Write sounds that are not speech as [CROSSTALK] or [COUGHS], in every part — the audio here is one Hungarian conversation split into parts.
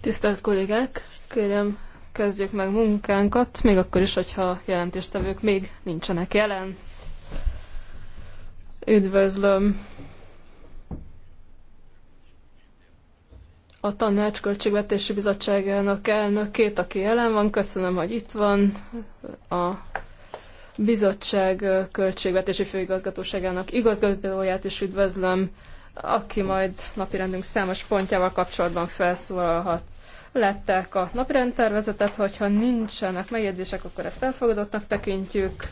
Tisztelt kollégák, kérem, kezdjük meg munkánkat, még akkor is, hogyha jelentéstevők még nincsenek jelen. Üdvözlöm a Tanács Költségvetési Bizottságának elnökét, aki jelen van. Köszönöm, hogy itt van. A bizottság költségvetési főigazgatóságának igazgatóját is üdvözlöm, aki majd napirendünk számos pontjával kapcsolatban felszólalhat. Lettek a napirendtervezetet, hogyha nincsenek megjegyzések, akkor ezt elfogadottnak tekintjük,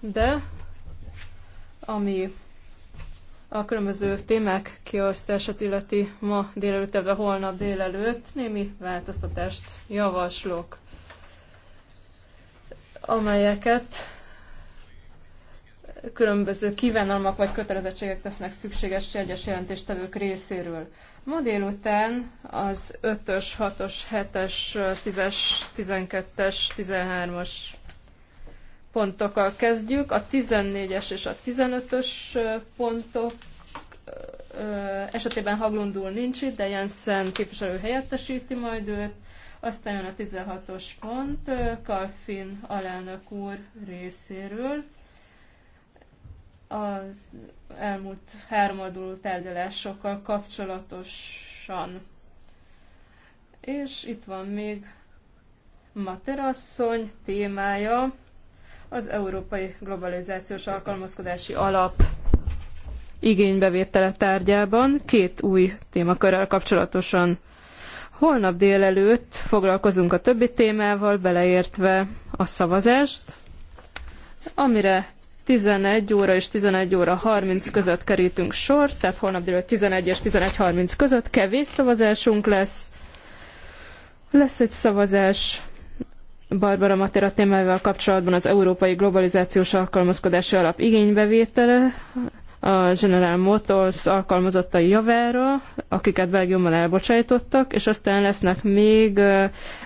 de ami a különböző témák kiosztását illeti ma délelőtt, de holnap délelőtt némi változtatást javaslok, amelyeket különböző kívánalmak vagy kötelezettségek tesznek szükséges egyes jelentéstevők részéről. Ma délután az 5-ös, 6-os, 7-es, 10-es, 12-es, 13-as pontokkal kezdjük. A 14-es és a 15-ös pontok esetében Haglundul nincs itt, de Jensen képviselő helyettesíti majd őt. Aztán jön a 16-os pont, Kalfin alelnök úr részéről az elmúlt háromaduló tárgyalásokkal kapcsolatosan. És itt van még Materasszony témája, az Európai Globalizációs Alkalmazkodási Alap igénybevétele tárgyában két új témakörrel kapcsolatosan. Holnap délelőtt foglalkozunk a többi témával, beleértve a szavazást, amire 11 óra és 11 óra 30 között kerítünk sort, tehát holnap délután 11 és 11.30 között kevés szavazásunk lesz. Lesz egy szavazás Barbara Matera témával kapcsolatban az Európai Globalizációs Alkalmazkodási Alap igénybevétele a General Motors alkalmazottai javára, akiket Belgiumban elbocsájtottak, és aztán lesznek még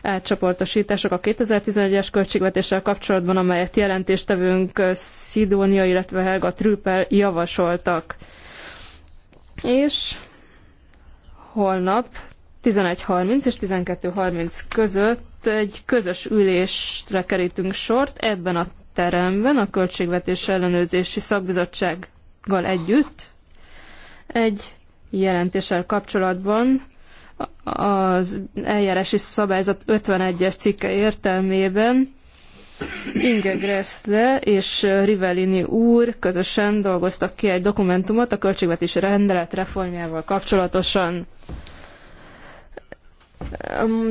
átcsoportosítások a 2011-es költségvetéssel kapcsolatban, amelyet jelentéstevünk Szidónia, illetve Helga Trüppel javasoltak. És holnap 11.30 és 12.30 között egy közös ülésre kerítünk sort ebben a teremben, a Költségvetés Ellenőrzési Szakbizottság gal együtt egy jelentéssel kapcsolatban az eljárási szabályzat 51-es cikke értelmében Inge Gressle és Rivellini úr közösen dolgoztak ki egy dokumentumot a költségvetési rendelet reformjával kapcsolatosan.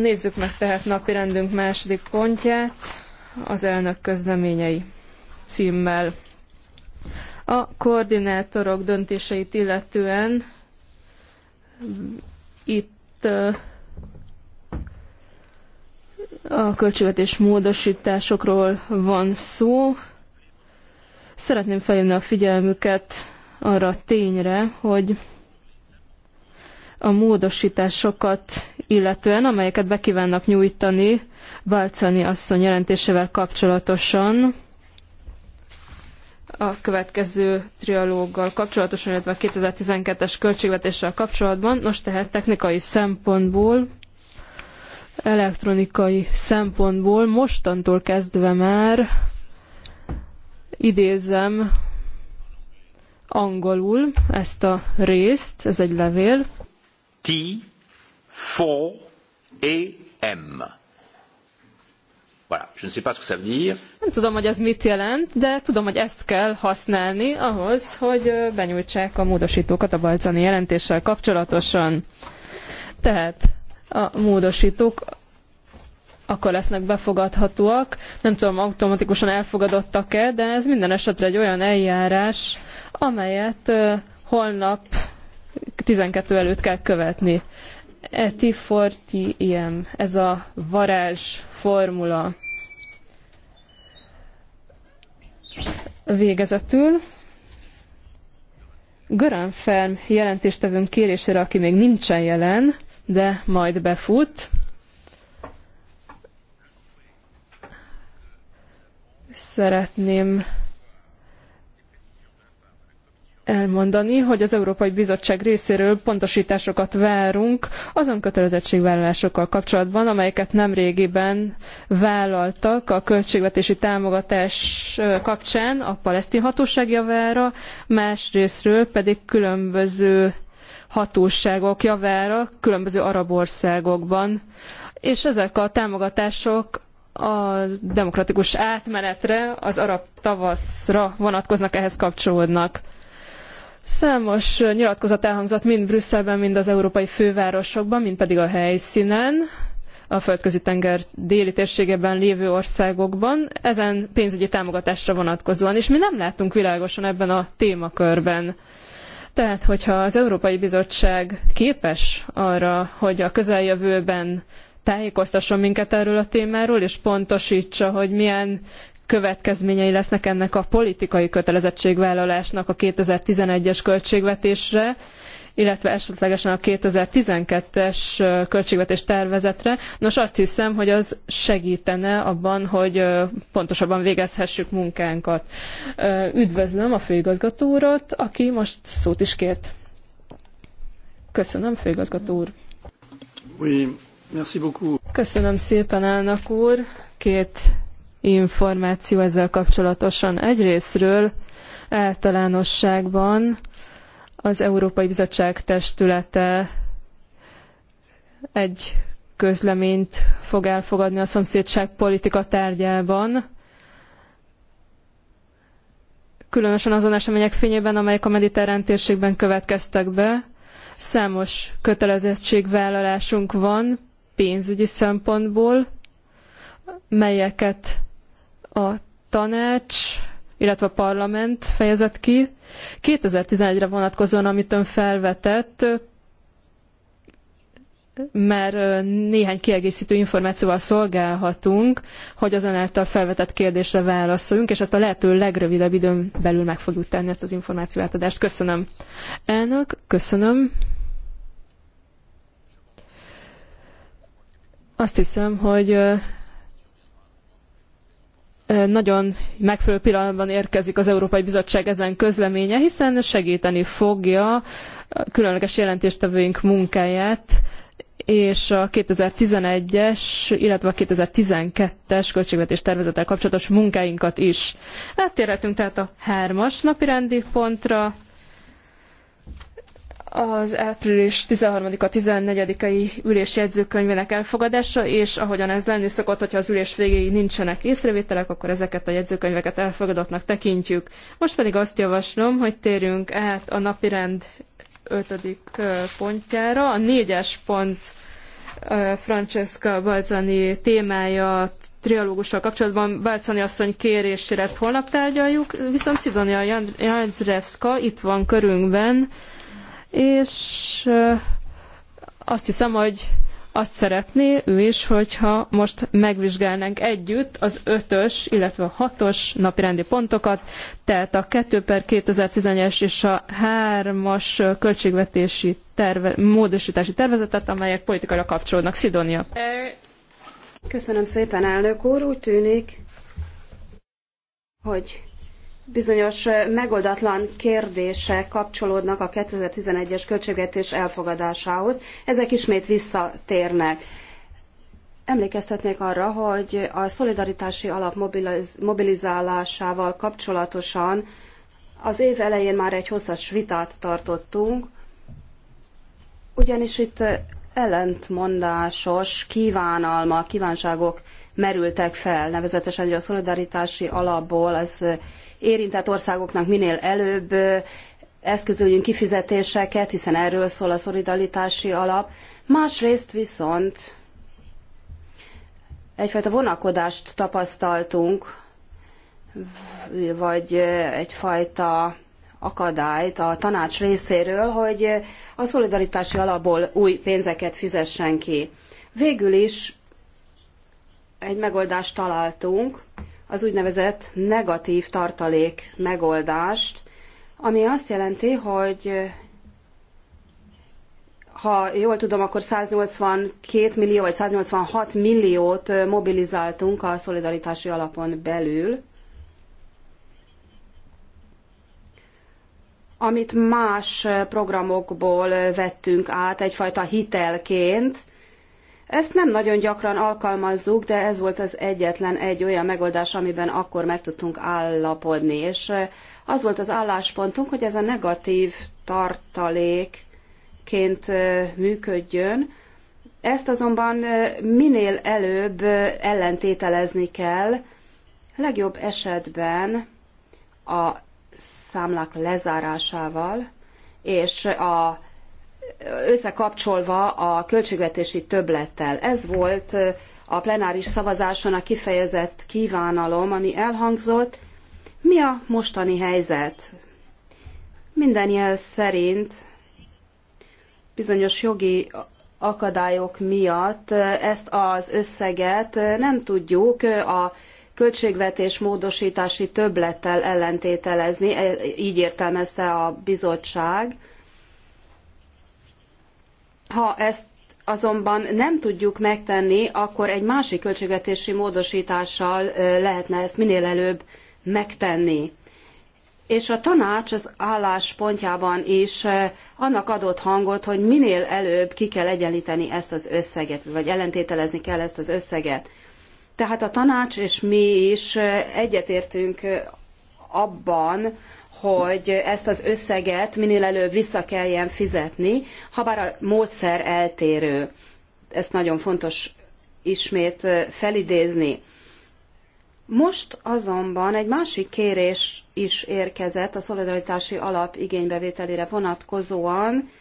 Nézzük meg tehát napirendünk második pontját, az elnök közleményei címmel. A koordinátorok döntéseit illetően itt a költségvetés módosításokról van szó. Szeretném felhívni a figyelmüket arra a tényre, hogy a módosításokat illetően, amelyeket bekívánnak nyújtani Balcani asszony jelentésével kapcsolatosan, a következő trialóggal kapcsolatosan, illetve a 2012-es költségvetéssel kapcsolatban. Nos, tehát technikai szempontból, elektronikai szempontból mostantól kezdve már idézem angolul ezt a részt, ez egy levél. T 4 AM. Voilà. Je ne sais pas ce que ça veut dire. Nem tudom, hogy ez mit jelent, de tudom, hogy ezt kell használni ahhoz, hogy benyújtsák a módosítókat a balcani jelentéssel kapcsolatosan. Tehát a módosítók akkor lesznek befogadhatóak. Nem tudom, automatikusan elfogadottak-e, de ez minden esetre egy olyan eljárás, amelyet holnap 12 előtt kell követni. Eti forti ilyen, ez a varázs formula. Végezetül Görön Ferm jelentéstevőnk kérésére, aki még nincsen jelen, de majd befut. Szeretném elmondani, hogy az Európai Bizottság részéről pontosításokat várunk azon kötelezettségvállalásokkal kapcsolatban, amelyeket nemrégiben vállaltak a költségvetési támogatás kapcsán a palesztin hatóság javára, részről pedig különböző hatóságok javára különböző arab országokban. És ezek a támogatások a demokratikus átmenetre, az arab tavaszra vonatkoznak, ehhez kapcsolódnak. Számos nyilatkozat elhangzott mind Brüsszelben, mind az európai fővárosokban, mind pedig a helyszínen, a földközi tenger déli térségében lévő országokban, ezen pénzügyi támogatásra vonatkozóan, és mi nem látunk világosan ebben a témakörben. Tehát, hogyha az Európai Bizottság képes arra, hogy a közeljövőben tájékoztasson minket erről a témáról, és pontosítsa, hogy milyen következményei lesznek ennek a politikai kötelezettségvállalásnak a 2011-es költségvetésre, illetve esetlegesen a 2012-es költségvetés tervezetre. Nos, azt hiszem, hogy az segítene abban, hogy pontosabban végezhessük munkánkat. Üdvözlöm a főigazgató urat, aki most szót is kért. Köszönöm, főigazgató úr. Köszönöm szépen, elnök úr. Két információ ezzel kapcsolatosan. Egyrésztről általánosságban az Európai Bizottság testülete egy közleményt fog elfogadni a szomszédság politika tárgyában, különösen azon események fényében, amelyek a mediterrán térségben következtek be. Számos kötelezettségvállalásunk van pénzügyi szempontból, melyeket a tanács, illetve a parlament fejezett ki. 2011-re vonatkozóan, amit ön felvetett, mert néhány kiegészítő információval szolgálhatunk, hogy az ön által felvetett kérdésre válaszoljunk, és ezt a lehető legrövidebb időn belül meg fogjuk tenni ezt az információ átadást. Köszönöm. Elnök, köszönöm. Azt hiszem, hogy nagyon megfelelő pillanatban érkezik az Európai Bizottság ezen közleménye, hiszen segíteni fogja különleges jelentéstevőink munkáját, és a 2011-es, illetve a 2012-es költségvetés tervezettel kapcsolatos munkáinkat is. Áttérhetünk tehát a hármas napirendi pontra, az április 13-a 14-i ülés jegyzőkönyvének elfogadása, és ahogyan ez lenni szokott, hogyha az ülés végéig nincsenek észrevételek, akkor ezeket a jegyzőkönyveket elfogadottnak tekintjük. Most pedig azt javaslom, hogy térjünk át a napirend 5. pontjára. A 4-es pont Francesca Balzani témája trialógussal kapcsolatban Balzani asszony kérésére ezt holnap tárgyaljuk, viszont Szidonia Jandzrevska itt van körünkben, és azt hiszem, hogy azt szeretné ő is, hogyha most megvizsgálnánk együtt az ötös, illetve a hatos napirendi pontokat, tehát a 2 per 2011-es és a 3-as költségvetési terve, módosítási tervezetet, amelyek politikailag kapcsolódnak. Szidónia. Köszönöm szépen, elnök úr. Úgy tűnik, hogy bizonyos megoldatlan kérdések kapcsolódnak a 2011-es költségvetés elfogadásához. Ezek ismét visszatérnek. Emlékeztetnék arra, hogy a szolidaritási alap mobilizálásával kapcsolatosan az év elején már egy hosszas vitát tartottunk, ugyanis itt ellentmondásos kívánalmak, kívánságok merültek fel, nevezetesen, hogy a szolidaritási alapból az érintett országoknak minél előbb eszközöljünk kifizetéseket, hiszen erről szól a szolidaritási alap. Másrészt viszont egyfajta vonakodást tapasztaltunk, vagy egyfajta akadályt a tanács részéről, hogy a szolidaritási alapból új pénzeket fizessen ki. Végül is egy megoldást találtunk, az úgynevezett negatív tartalék megoldást, ami azt jelenti, hogy eh, ha jól tudom, akkor 182 millió vagy 186 milliót eh, mobilizáltunk a szolidaritási alapon belül, amit más eh, programokból vettünk át egyfajta hitelként, ezt nem nagyon gyakran alkalmazzuk, de ez volt az egyetlen egy olyan megoldás, amiben akkor meg tudtunk állapodni. És az volt az álláspontunk, hogy ez a negatív tartalékként működjön. Ezt azonban minél előbb ellentételezni kell. Legjobb esetben a számlák lezárásával és a összekapcsolva a költségvetési többlettel. Ez volt a plenáris szavazáson a kifejezett kívánalom, ami elhangzott. Mi a mostani helyzet? Minden jel szerint bizonyos jogi akadályok miatt ezt az összeget nem tudjuk a költségvetés módosítási többlettel ellentételezni, e, így értelmezte a bizottság. Ha ezt azonban nem tudjuk megtenni, akkor egy másik költségvetési módosítással lehetne ezt minél előbb megtenni. És a tanács az álláspontjában is annak adott hangot, hogy minél előbb ki kell egyenlíteni ezt az összeget, vagy ellentételezni kell ezt az összeget. Tehát a tanács és mi is egyetértünk abban, hogy ezt az összeget minél előbb vissza kelljen fizetni, habár a módszer eltérő. Ezt nagyon fontos ismét felidézni. Most azonban egy másik kérés is érkezett a szolidaritási alap igénybevételére vonatkozóan.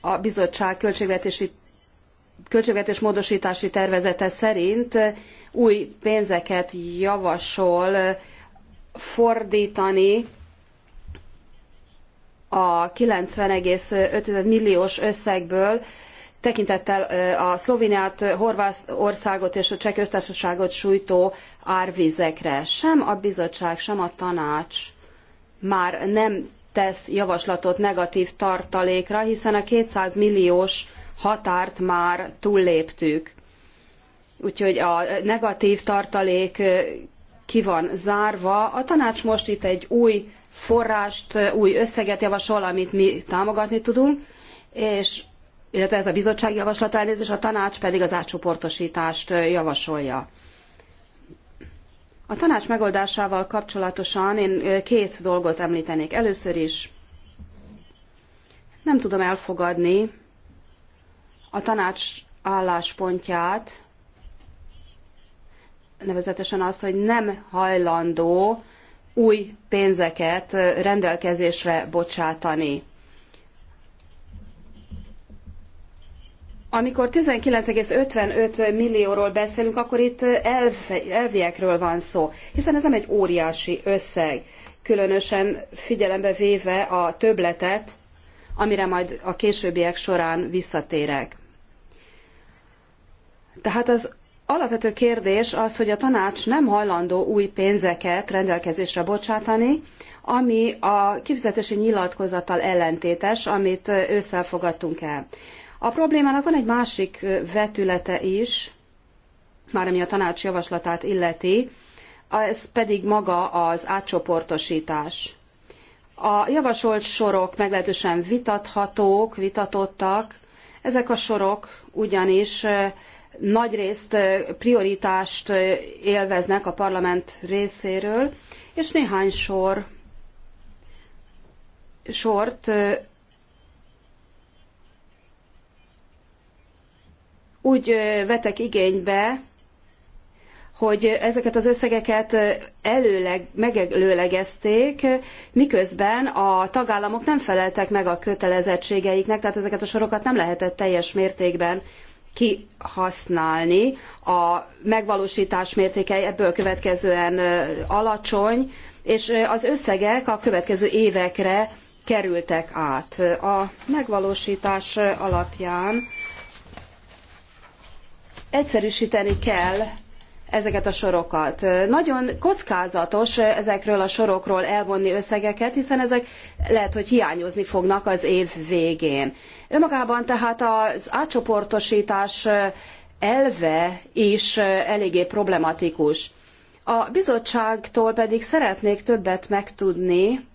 A bizottság költségvetési költségvetés módostási tervezete szerint új pénzeket javasol fordítani a 90,5 milliós összegből, tekintettel a Szlovéniát, Horvátországot és a Cseh köztársaságot sújtó árvizekre. Sem a bizottság, sem a tanács már nem tesz javaslatot negatív tartalékra, hiszen a 200 milliós határt már túlléptük. Úgyhogy a negatív tartalék ki van zárva. A tanács most itt egy új forrást, új összeget javasol, amit mi támogatni tudunk, és illetve ez a bizottság javaslata elnézés, a tanács pedig az átcsoportosítást javasolja. A tanács megoldásával kapcsolatosan én két dolgot említenék. Először is nem tudom elfogadni a tanács álláspontját, nevezetesen azt, hogy nem hajlandó új pénzeket rendelkezésre bocsátani. Amikor 19,55 millióról beszélünk, akkor itt elv, elviekről van szó, hiszen ez nem egy óriási összeg, különösen figyelembe véve a töbletet, amire majd a későbbiek során visszatérek. Tehát az alapvető kérdés az, hogy a tanács nem hajlandó új pénzeket rendelkezésre bocsátani, ami a kifizetési nyilatkozattal ellentétes, amit ősszel fogadtunk el. A problémának van egy másik vetülete is, már ami a tanács javaslatát illeti, ez pedig maga az átcsoportosítás. A javasolt sorok meglehetősen vitathatók, vitatottak, ezek a sorok ugyanis nagyrészt prioritást élveznek a parlament részéről, és néhány sor sort úgy vetek igénybe, hogy ezeket az összegeket előleg, megelőlegezték, miközben a tagállamok nem feleltek meg a kötelezettségeiknek, tehát ezeket a sorokat nem lehetett teljes mértékben kihasználni. A megvalósítás mértéke ebből következően alacsony, és az összegek a következő évekre kerültek át. A megvalósítás alapján egyszerűsíteni kell ezeket a sorokat. Nagyon kockázatos ezekről a sorokról elvonni összegeket, hiszen ezek lehet, hogy hiányozni fognak az év végén. Önmagában tehát az átcsoportosítás elve is eléggé problematikus. A bizottságtól pedig szeretnék többet megtudni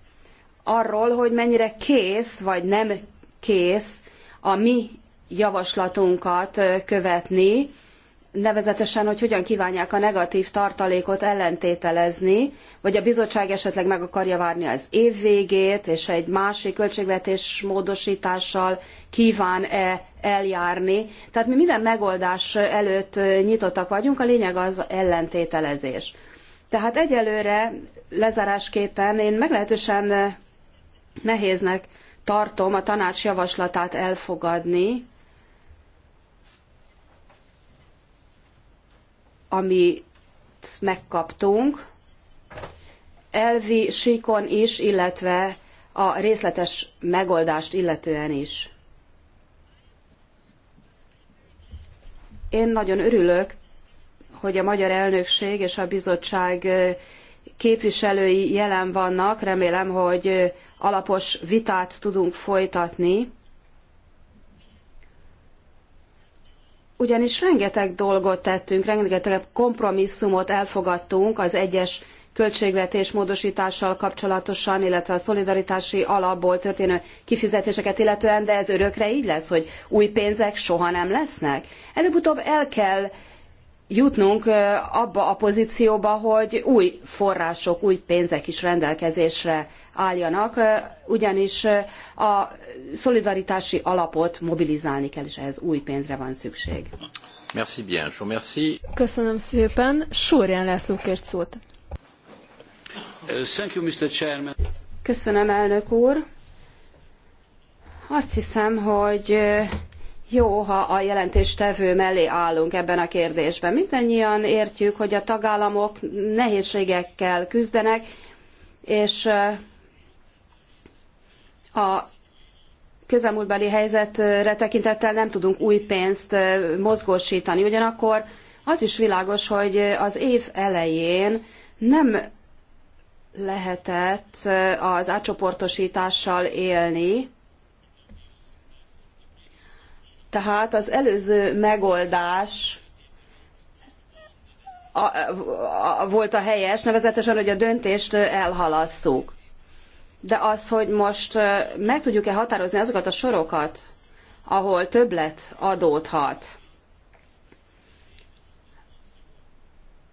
arról, hogy mennyire kész vagy nem kész a mi javaslatunkat követni, nevezetesen, hogy hogyan kívánják a negatív tartalékot ellentételezni, vagy a bizottság esetleg meg akarja várni az év végét, és egy másik költségvetés módosítással kíván-e eljárni. Tehát mi minden megoldás előtt nyitottak vagyunk, a lényeg az ellentételezés. Tehát egyelőre lezárásképpen én meglehetősen nehéznek tartom a tanács javaslatát elfogadni, amit megkaptunk, elvi síkon is, illetve a részletes megoldást illetően is. Én nagyon örülök, hogy a magyar elnökség és a bizottság képviselői jelen vannak. Remélem, hogy alapos vitát tudunk folytatni ugyanis rengeteg dolgot tettünk, rengeteg kompromisszumot elfogadtunk az egyes költségvetés módosítással kapcsolatosan, illetve a szolidaritási alapból történő kifizetéseket illetően, de ez örökre így lesz, hogy új pénzek soha nem lesznek. Előbb-utóbb el kell jutnunk abba a pozícióba, hogy új források, új pénzek is rendelkezésre álljanak, ugyanis a szolidaritási alapot mobilizálni kell, és ehhez új pénzre van szükség. Merci bien, merci. Köszönöm szépen. Súrján László kért szót. Uh, thank you, Mr. Chairman. Köszönöm, elnök úr. Azt hiszem, hogy jó, ha a jelentéstevő mellé állunk ebben a kérdésben. Mindennyian értjük, hogy a tagállamok nehézségekkel küzdenek, és a közelmúltbeli helyzetre tekintettel nem tudunk új pénzt mozgósítani. Ugyanakkor az is világos, hogy az év elején nem lehetett az átcsoportosítással élni, tehát az előző megoldás volt a helyes, nevezetesen, hogy a döntést elhalasszuk de az, hogy most meg tudjuk-e határozni azokat a sorokat, ahol többlet adódhat,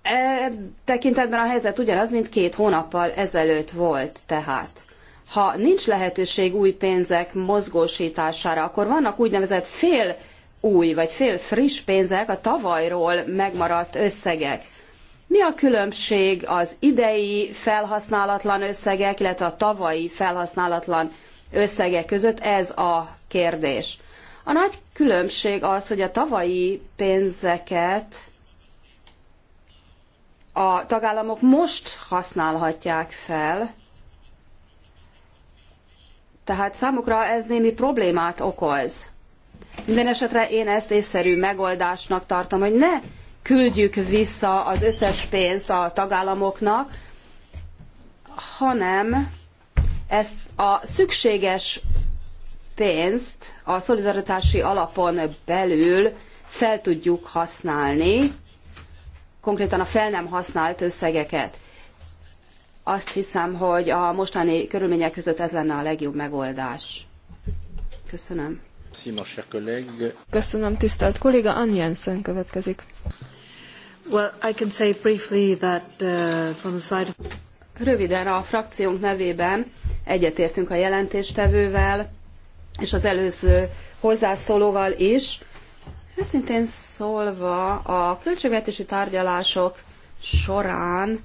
E tekintetben a helyzet ugyanaz, mint két hónappal ezelőtt volt tehát. Ha nincs lehetőség új pénzek mozgósítására, akkor vannak úgynevezett fél új vagy fél friss pénzek, a tavalyról megmaradt összegek. Mi a különbség az idei felhasználatlan összegek, illetve a tavalyi felhasználatlan összegek között? Ez a kérdés. A nagy különbség az, hogy a tavalyi pénzeket a tagállamok most használhatják fel, tehát számukra ez némi problémát okoz. Minden esetre én ezt észszerű megoldásnak tartom, hogy ne küldjük vissza az összes pénzt a tagállamoknak, hanem ezt a szükséges pénzt a szolidaritási alapon belül fel tudjuk használni, konkrétan a fel nem használt összegeket. Azt hiszem, hogy a mostani körülmények között ez lenne a legjobb megoldás. Köszönöm. Köszönöm, tisztelt kolléga. Ann Jensen következik. Well, I can say briefly that uh, from the side of... Röviden a frakciónk nevében egyetértünk a jelentéstevővel és az előző hozzászólóval is. Őszintén szólva a költségvetési tárgyalások során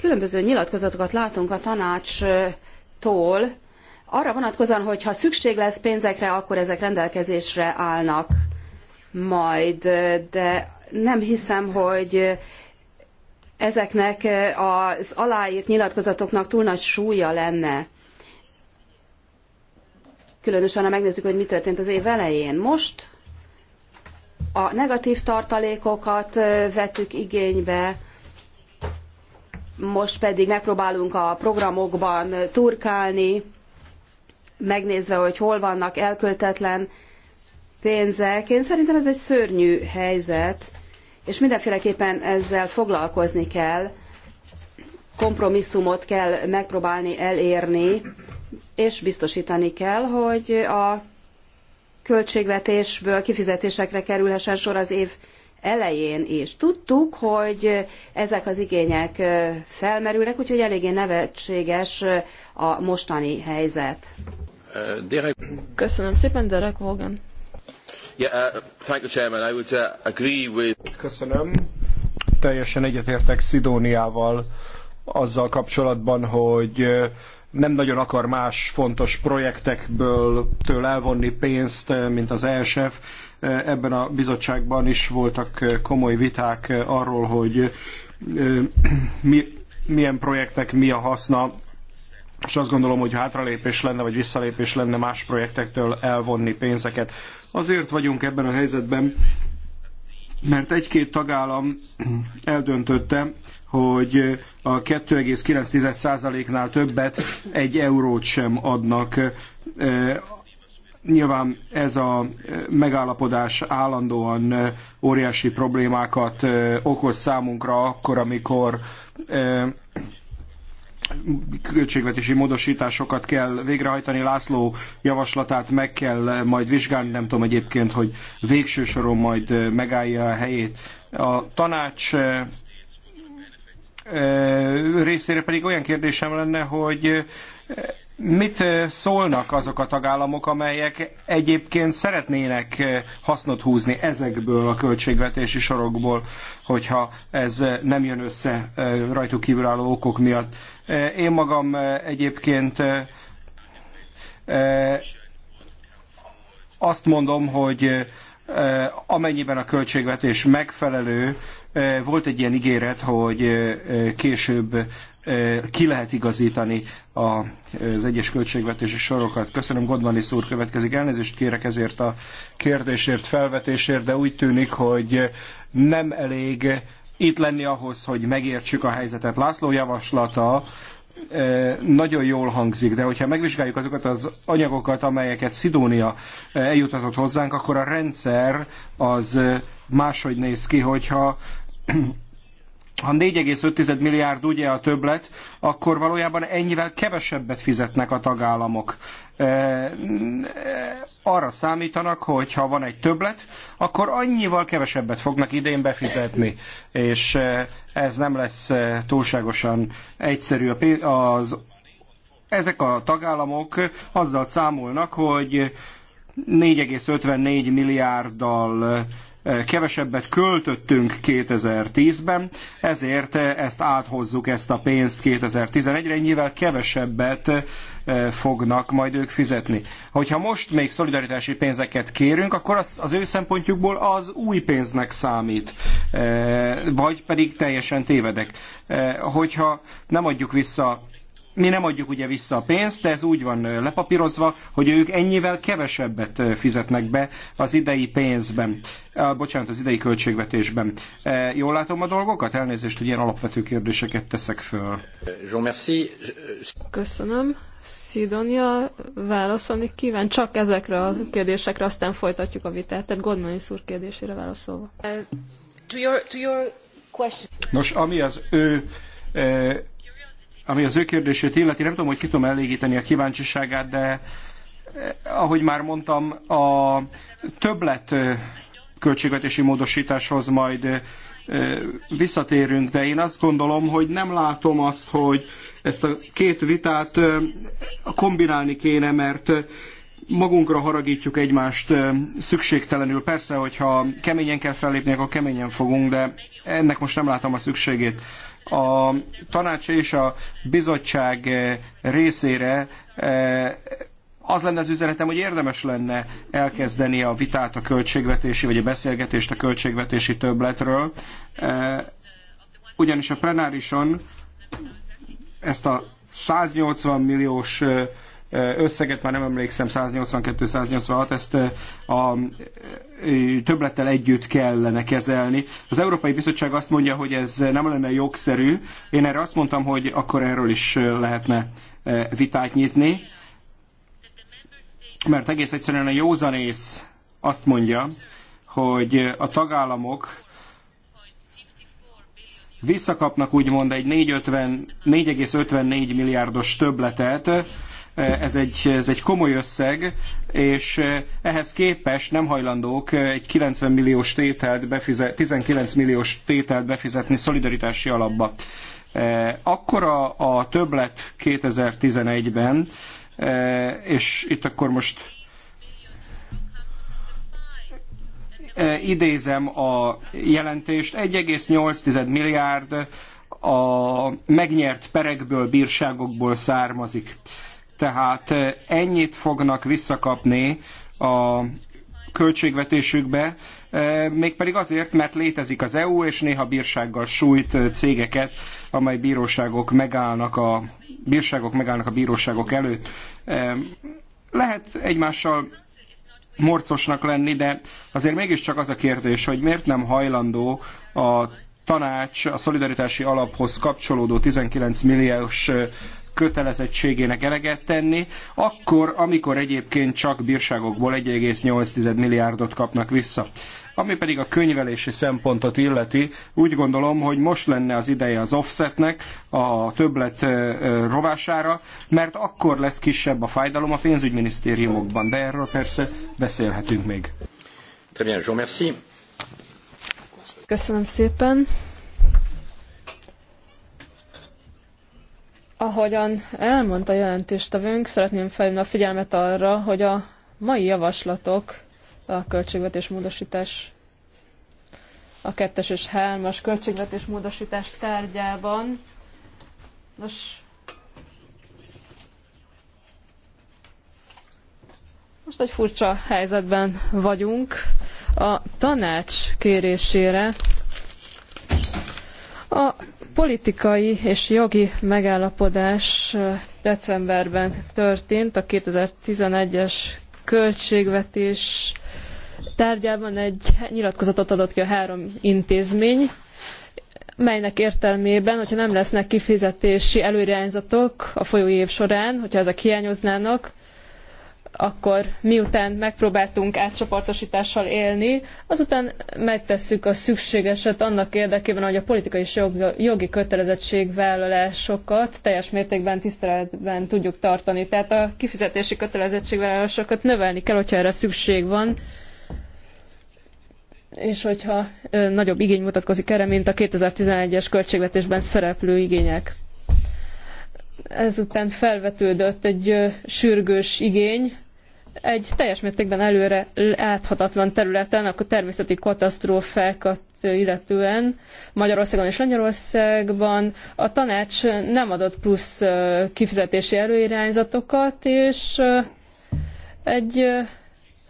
különböző nyilatkozatokat látunk a tanácstól, arra vonatkozóan, hogy ha szükség lesz pénzekre, akkor ezek rendelkezésre állnak majd, de nem hiszem, hogy ezeknek az aláírt nyilatkozatoknak túl nagy súlya lenne. Különösen, ha megnézzük, hogy mi történt az év elején. Most a negatív tartalékokat vettük igénybe, most pedig megpróbálunk a programokban turkálni, megnézve, hogy hol vannak elköltetlen pénzek. Én szerintem ez egy szörnyű helyzet és mindenféleképpen ezzel foglalkozni kell, kompromisszumot kell megpróbálni elérni, és biztosítani kell, hogy a költségvetésből kifizetésekre kerülhessen sor az év elején is. Tudtuk, hogy ezek az igények felmerülnek, úgyhogy eléggé nevetséges a mostani helyzet. Köszönöm szépen, Derek Hogan. Uh, uh, Köszönöm. Teljesen egyetértek Szidóniával azzal kapcsolatban, hogy uh, nem nagyon akar más fontos projektekből től elvonni pénzt, mint az ESF. Ebben a bizottságban is voltak komoly viták arról, hogy mi, milyen projektek mi a haszna, és azt gondolom, hogy hátralépés lenne, vagy visszalépés lenne más projektektől elvonni pénzeket. Azért vagyunk ebben a helyzetben, mert egy-két tagállam eldöntötte, hogy a 2,9%-nál többet egy eurót sem adnak. E, nyilván ez a megállapodás állandóan óriási problémákat e, okoz számunkra akkor, amikor e, költségvetési módosításokat kell végrehajtani. László javaslatát meg kell majd vizsgálni, nem tudom egyébként, hogy végső soron majd megállja a helyét. A tanács eh, eh, részére pedig olyan kérdésem lenne, hogy eh, Mit szólnak azok a tagállamok, amelyek egyébként szeretnének hasznot húzni ezekből a költségvetési sorokból, hogyha ez nem jön össze rajtuk kívülálló okok miatt? Én magam egyébként azt mondom, hogy amennyiben a költségvetés megfelelő, volt egy ilyen ígéret, hogy később ki lehet igazítani az egyes költségvetési sorokat. Köszönöm, Godmani szúr következik. Elnézést kérek ezért a kérdésért, felvetésért, de úgy tűnik, hogy nem elég itt lenni ahhoz, hogy megértsük a helyzetet. László javaslata nagyon jól hangzik, de hogyha megvizsgáljuk azokat az anyagokat, amelyeket Szidónia eljutatott hozzánk, akkor a rendszer az máshogy néz ki, hogyha ha 4,5 milliárd ugye a többlet, akkor valójában ennyivel kevesebbet fizetnek a tagállamok. Arra számítanak, hogy ha van egy többlet, akkor annyival kevesebbet fognak idén befizetni, és ez nem lesz túlságosan egyszerű. Az, ezek a tagállamok azzal számolnak, hogy 4,54 milliárddal kevesebbet költöttünk 2010-ben, ezért eh, ezt áthozzuk, ezt a pénzt 2011-re, ennyivel kevesebbet eh, fognak majd ők fizetni. Hogyha most még szolidaritási pénzeket kérünk, akkor az, az ő szempontjukból az új pénznek számít, eh, vagy pedig teljesen tévedek. Hogyha nem adjuk vissza mi nem adjuk ugye vissza a pénzt, de ez úgy van lepapírozva, hogy ők ennyivel kevesebbet fizetnek be az idei pénzben, bocsánat, az idei költségvetésben. Jól látom a dolgokat? Elnézést, hogy ilyen alapvető kérdéseket teszek föl. Köszönöm. Szidonia válaszolni kíván csak ezekre a kérdésekre, aztán folytatjuk a vitát. Tehát Godmanis úr kérdésére válaszolva. Uh, Nos, ami az ő ami az ő kérdését illeti, nem tudom, hogy ki tudom elégíteni a kíváncsiságát, de eh, ahogy már mondtam, a többlet eh, költségvetési módosításhoz majd eh, visszatérünk, de én azt gondolom, hogy nem látom azt, hogy ezt a két vitát kombinálni kéne, mert magunkra haragítjuk egymást szükségtelenül. Persze, hogyha keményen kell fellépni, akkor keményen fogunk, de ennek most nem látom a szükségét a tanács és a bizottság eh, részére eh, az lenne az üzenetem, hogy érdemes lenne elkezdeni a vitát a költségvetési, vagy a beszélgetést a költségvetési többletről, eh, ugyanis a plenárison ezt a 180 milliós összeget, már nem emlékszem, 182-186, ezt a többlettel együtt kellene kezelni. Az Európai Bizottság azt mondja, hogy ez nem lenne jogszerű. Én erre azt mondtam, hogy akkor erről is lehetne vitát nyitni, mert egész egyszerűen a józanész azt mondja, hogy a tagállamok visszakapnak úgymond egy 4,54 milliárdos többletet, ez egy, ez egy komoly összeg, és eh, ehhez képest nem hajlandók eh, egy 90 milliós tételt befizet, 19 milliós tételt befizetni szolidaritási alapba. Eh, akkora a többlet 2011-ben, és itt akkor most idézem a jelentést, 1,8 milliárd a megnyert perekből, bírságokból származik. Tehát eh, ennyit fognak visszakapni a költségvetésükbe, eh, mégpedig azért, mert létezik az EU, és néha bírsággal sújt eh, cégeket, amely bíróságok megállnak a, bírságok megállnak a bíróságok előtt. Lehet egymással morcosnak lenni, de azért mégiscsak az a kérdés, hogy miért nem hajlandó a tanács a szolidaritási alaphoz kapcsolódó 19 milliós kötelezettségének eleget tenni, akkor, amikor egyébként csak bírságokból 1,8 milliárdot kapnak vissza. Ami pedig a könyvelési szempontot illeti, úgy gondolom, hogy most lenne az ideje az offsetnek a többlet rovására, mert akkor lesz kisebb a fájdalom a pénzügyminisztériumokban, de erről persze beszélhetünk még. Très bien, Köszönöm szépen. Ahogyan elmondta a jelentéstevőnk, szeretném felhívni a figyelmet arra, hogy a mai javaslatok a költségvetés módosítás a kettes és hármas költségvetés módosítás tárgyában. Nos, most egy furcsa helyzetben vagyunk. A tanács kérésére a politikai és jogi megállapodás decemberben történt a 2011-es költségvetés tárgyában egy nyilatkozatot adott ki a három intézmény, melynek értelmében, hogyha nem lesznek kifizetési előirányzatok a folyó év során, hogyha ezek hiányoznának, akkor miután megpróbáltunk átcsoportosítással élni, azután megtesszük a szükségeset annak érdekében, hogy a politikai és jogi kötelezettségvállalásokat teljes mértékben tiszteletben tudjuk tartani. Tehát a kifizetési kötelezettségvállalásokat növelni kell, hogyha erre szükség van és hogyha ö, nagyobb igény mutatkozik erre, mint a 2011-es költségvetésben szereplő igények ezután felvetődött egy sürgős igény, egy teljes mértékben előre láthatatlan területen, akkor természeti katasztrófákat illetően Magyarországon és Lengyelországban a tanács nem adott plusz kifizetési előirányzatokat, és egy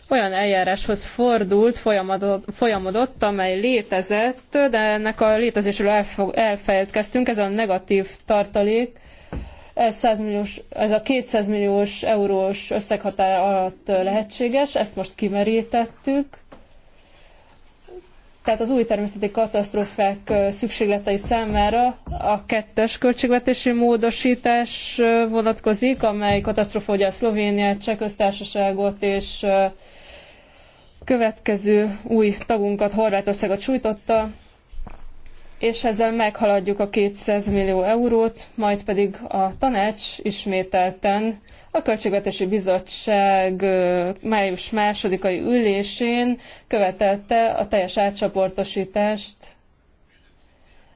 olyan eljáráshoz fordult, folyamodott, folyamodott, amely létezett, de ennek a létezésről elfeledkeztünk ez a negatív tartalék, ez, 100 milliós, ez a 200 milliós eurós összeghatár alatt lehetséges, ezt most kimerítettük. Tehát az új természeti katasztrófák szükségletei számára a kettes költségvetési módosítás vonatkozik, amely katasztrófa ugye a Szlovéniát, Cseh köztársaságot és következő új tagunkat, Horvátországot sújtotta és ezzel meghaladjuk a 200 millió eurót, majd pedig a tanács ismételten a Költségvetési Bizottság május másodikai ülésén követelte a teljes átcsoportosítást,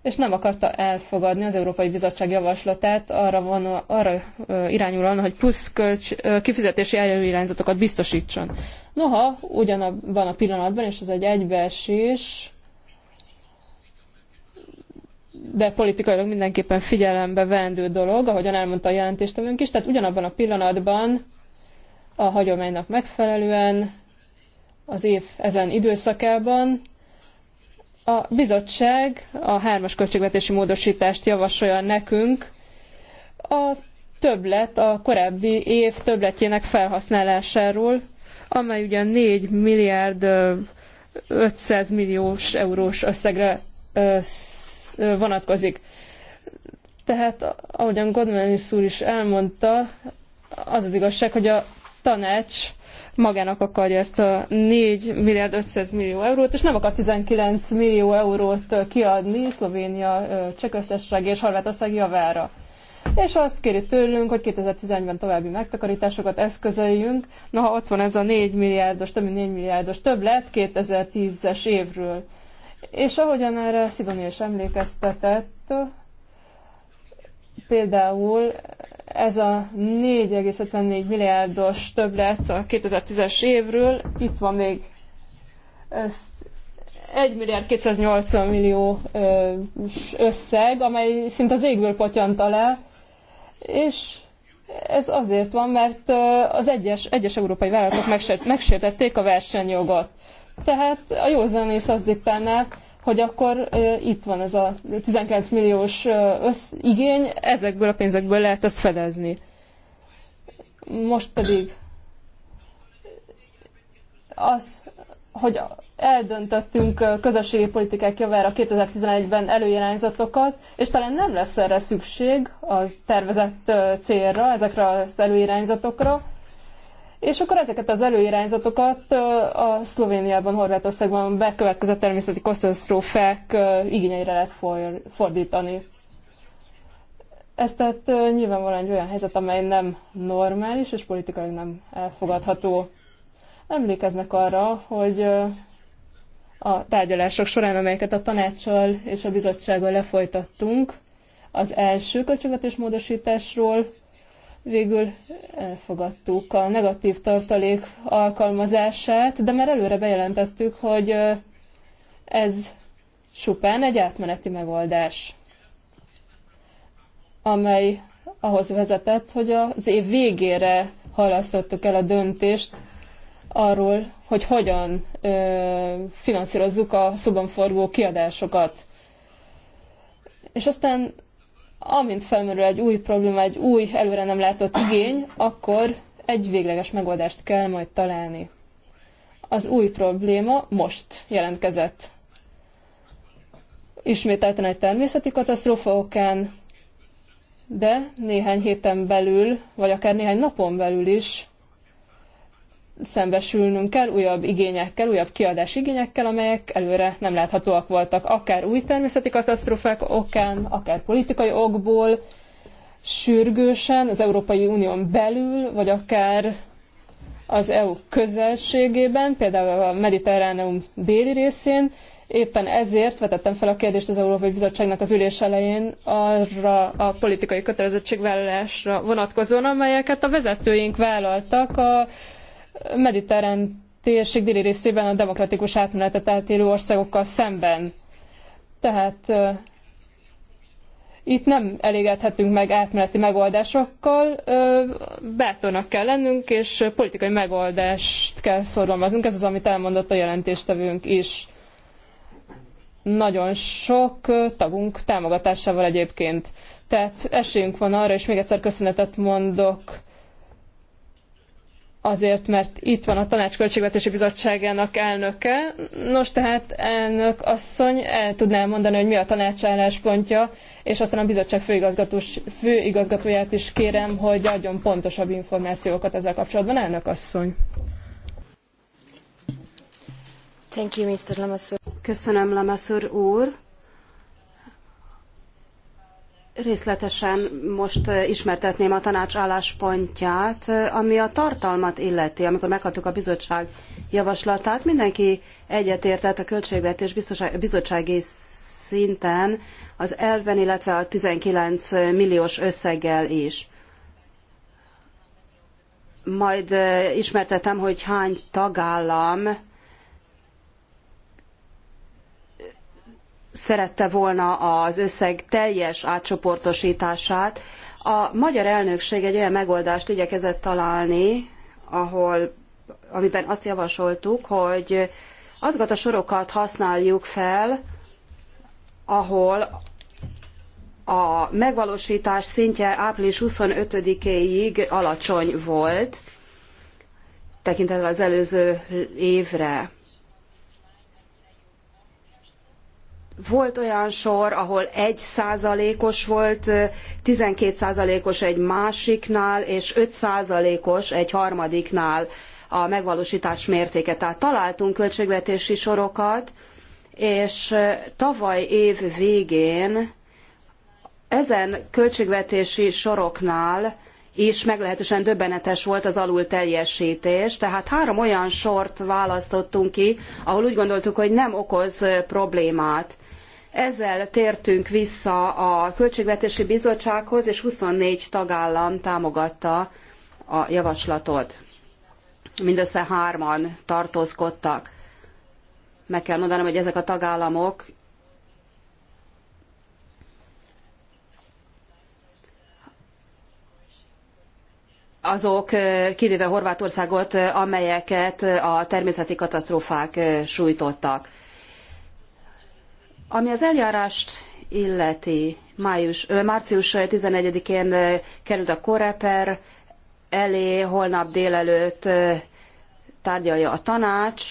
és nem akarta elfogadni az Európai Bizottság javaslatát arra, van, arra irányulóan, hogy plusz kölcs, kifizetési előirányzatokat biztosítson. Noha, ugyanabban a pillanatban, és ez egy egybeesés, de politikailag mindenképpen figyelembe vendő dolog, ahogyan elmondta a jelentéstevőnk is, tehát ugyanabban a pillanatban a hagyománynak megfelelően az év ezen időszakában a bizottság a hármas költségvetési módosítást javasolja nekünk a többlet, a korábbi év többletjének felhasználásáról, amely ugye 4 milliárd 500 milliós eurós összegre vonatkozik. Tehát, ahogyan Godmanis úr is elmondta, az az igazság, hogy a tanács magának akarja ezt a 4 milliárd 500 millió eurót, és nem akar 19 millió eurót kiadni Szlovénia, Csehköztársaság és Horvátország javára. És azt kéri tőlünk, hogy 2011-ben további megtakarításokat eszközöljünk. Na, ha ott van ez a 4 milliárdos, több mint 4 milliárdos többlet 2010-es évről. És ahogyan erre Szidoni is emlékeztetett, például ez a 4,54 milliárdos többlet a 2010-es évről, itt van még 1 milliárd 280 millió összeg, amely szinte az égből potyant alá, és ez azért van, mert az egyes, egyes európai vállalatok megsértették a versenyjogot. Tehát a józan ész azt diktálná, hogy akkor e, itt van ez a 19 milliós össz igény, ezekből a pénzekből lehet ezt fedezni. Most pedig az, hogy eldöntöttünk közösségi politikák javára 2011-ben előirányzatokat, és talán nem lesz erre szükség a tervezett célra, ezekre az előirányzatokra, és akkor ezeket az előirányzatokat a Szlovéniában, Horvátországban bekövetkezett természeti katasztrófák igényeire lehet fordítani. Ez tehát nyilvánvalóan egy olyan helyzet, amely nem normális és politikailag nem elfogadható. Emlékeznek arra, hogy a tárgyalások során, amelyeket a tanácssal és a bizottsággal lefolytattunk, az első költségvetés módosításról Végül elfogadtuk a negatív tartalék alkalmazását, de már előre bejelentettük, hogy ez csupán egy átmeneti megoldás, amely ahhoz vezetett, hogy az év végére halasztottuk el a döntést arról, hogy hogyan ö, finanszírozzuk a szoban forgó kiadásokat. És aztán amint felmerül egy új probléma, egy új, előre nem látott igény, akkor egy végleges megoldást kell majd találni. Az új probléma most jelentkezett. Ismételten egy természeti katasztrófa okán, de néhány héten belül, vagy akár néhány napon belül is szembesülnünk kell újabb igényekkel, újabb kiadás igényekkel, amelyek előre nem láthatóak voltak, akár új természeti katasztrófák okán, akár politikai okból, sürgősen az Európai Unión belül, vagy akár az EU közelségében, például a Mediterráneum déli részén. Éppen ezért vetettem fel a kérdést az Európai Bizottságnak az ülés elején arra a politikai kötelezettségvállalásra vonatkozóan, amelyeket a vezetőink vállaltak a mediterrán térség déli részében a demokratikus átmenetet átélő országokkal szemben. Tehát itt nem elégedhetünk meg átmeneti megoldásokkal, bátornak kell lennünk, és politikai megoldást kell szorgalmaznunk. Ez az, amit elmondott a jelentéstevőnk is. Nagyon sok tagunk támogatásával egyébként. Tehát esélyünk van arra, és még egyszer köszönetet mondok azért, mert itt van a Tanács Költségvetési Bizottságának elnöke. Nos, tehát elnök asszony el tudná mondani, hogy mi a tanács álláspontja, és aztán a bizottság főigazgatóját is kérem, hogy adjon pontosabb információkat ezzel kapcsolatban, elnök asszony. Thank you, Mr. Köszönöm, Lamassur úr. Részletesen most eh, ismertetném a tanács álláspontját, eh, ami a tartalmat illeti. Amikor megkaptuk a bizottság javaslatát, mindenki egyetértett a költségvetés bizottsági szinten az elven, illetve a 19 milliós összeggel is. Majd eh, ismertetem, hogy hány tagállam szerette volna az összeg teljes átcsoportosítását. A magyar elnökség egy olyan megoldást igyekezett találni, ahol, amiben azt javasoltuk, hogy azokat a sorokat használjuk fel, ahol a megvalósítás szintje április 25-éig alacsony volt, tekintettel az előző évre. Volt olyan sor, ahol egy százalékos volt, 12 százalékos egy másiknál, és 5 százalékos egy harmadiknál a megvalósítás mértéke. Tehát találtunk költségvetési sorokat, és tavaly év végén ezen költségvetési soroknál is meglehetősen döbbenetes volt az teljesítés, tehát három olyan sort választottunk ki, ahol úgy gondoltuk, hogy nem okoz problémát ezzel tértünk vissza a Költségvetési Bizottsághoz, és 24 tagállam támogatta a javaslatot. Mindössze hárman tartózkodtak. Meg kell mondanom, hogy ezek a tagállamok azok, kivéve Horvátországot, amelyeket a természeti katasztrófák sújtottak. Ami az eljárást illeti, május, március 11-én került a Koreper elé, holnap délelőtt tárgyalja a tanács.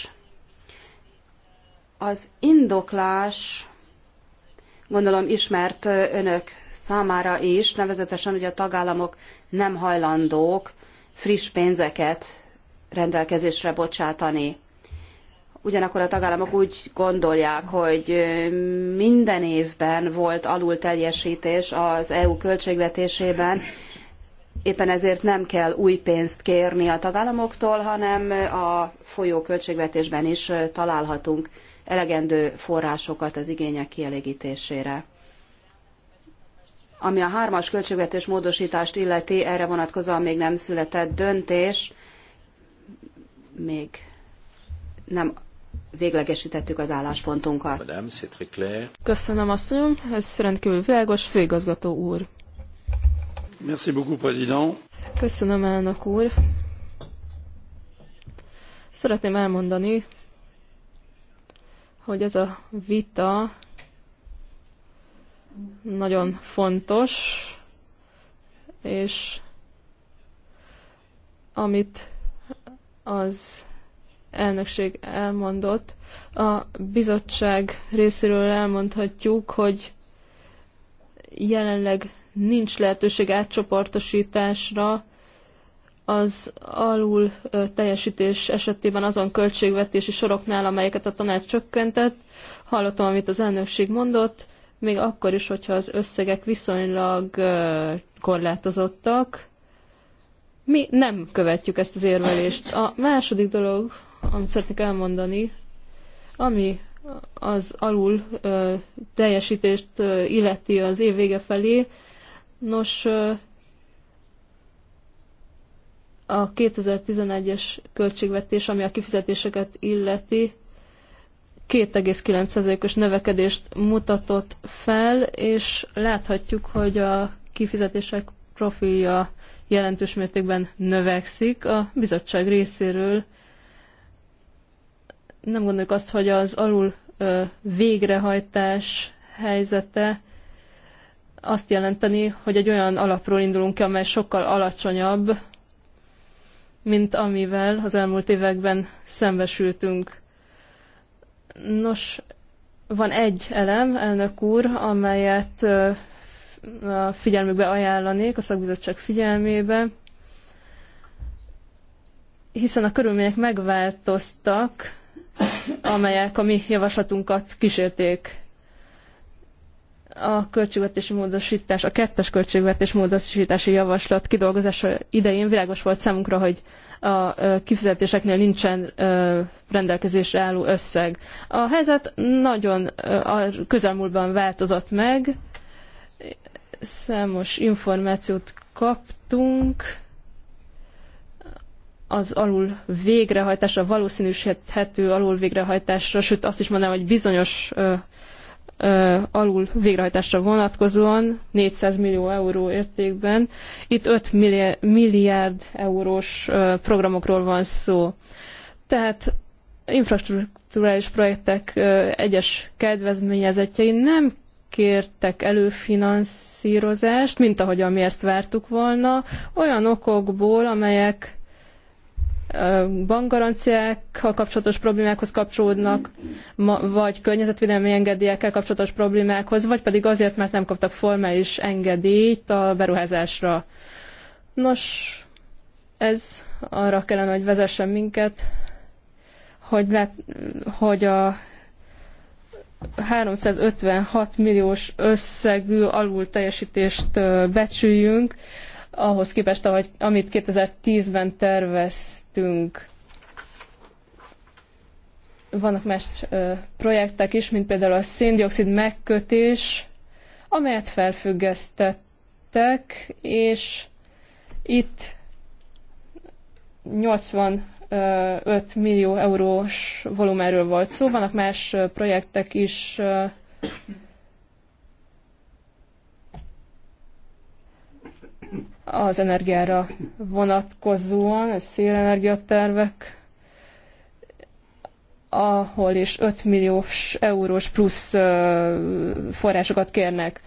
Az indoklás gondolom ismert önök számára is, nevezetesen, hogy a tagállamok nem hajlandók friss pénzeket rendelkezésre bocsátani. Ugyanakkor a tagállamok úgy gondolják, hogy minden évben volt teljesítés az EU költségvetésében, éppen ezért nem kell új pénzt kérni a tagállamoktól, hanem a folyó költségvetésben is találhatunk elegendő forrásokat az igények kielégítésére. Ami a hármas költségvetés módosítást illeti, erre vonatkozóan még nem született döntés, még nem véglegesítettük az álláspontunkat. Madame, Köszönöm, asszonyom. Ez rendkívül világos, főigazgató úr. Merci beaucoup, président. Köszönöm, elnök úr. Szeretném elmondani, hogy ez a vita nagyon fontos, és amit az elnökség elmondott. A bizottság részéről elmondhatjuk, hogy jelenleg nincs lehetőség átcsoportosításra az alul teljesítés esetében azon költségvetési soroknál, amelyeket a tanács csökkentett. Hallottam, amit az elnökség mondott, még akkor is, hogyha az összegek viszonylag korlátozottak. Mi nem követjük ezt az érvelést. A második dolog, amit szeretnék elmondani, ami az alul ö, teljesítést ö, illeti az év vége felé. Nos, ö, a 2011-es költségvetés, ami a kifizetéseket illeti, 2,9%-os növekedést mutatott fel, és láthatjuk, hogy a kifizetések profilja jelentős mértékben növekszik. A bizottság részéről nem gondoljuk azt, hogy az alul végrehajtás helyzete azt jelenteni, hogy egy olyan alapról indulunk ki, amely sokkal alacsonyabb, mint amivel az elmúlt években szembesültünk. Nos, van egy elem, elnök úr, amelyet a figyelmükbe ajánlanék, a szakbizottság figyelmébe, hiszen a körülmények megváltoztak, amelyek a mi javaslatunkat kísérték. A költségvetési módosítás, a kettes költségvetés módosítási javaslat kidolgozása idején világos volt számunkra, hogy a kifizetéseknél nincsen rendelkezésre álló összeg. A helyzet nagyon a közelmúltban változott meg, számos információt kaptunk, az alul végrehajtásra, valószínűsíthető alul végrehajtásra, sőt azt is mondanám, hogy bizonyos ö, ö, alul végrehajtásra vonatkozóan 400 millió euró értékben. Itt 5 milliárd, milliárd eurós ö, programokról van szó. Tehát infrastruktúrális projektek ö, egyes kedvezményezetjei nem kértek előfinanszírozást, mint ahogyan mi ezt vártuk volna, olyan okokból, amelyek bankgaranciákkal kapcsolatos problémákhoz kapcsolódnak, vagy környezetvédelmi engedélyekkel kapcsolatos problémákhoz, vagy pedig azért, mert nem kaptak formális engedélyt a beruházásra. Nos, ez arra kellene, hogy vezessen minket, hogy, lát, hogy a 356 milliós összegű alulteljesítést becsüljünk, ahhoz képest, ahogy, amit 2010-ben terveztünk. Vannak más ö, projektek is, mint például a széndiokszid megkötés, amelyet felfüggesztettek, és itt 85 millió eurós volumenről volt szó. Vannak más projektek is, az energiára vonatkozóan, szélenergiatervek, ahol is 5 milliós eurós plusz forrásokat kérnek.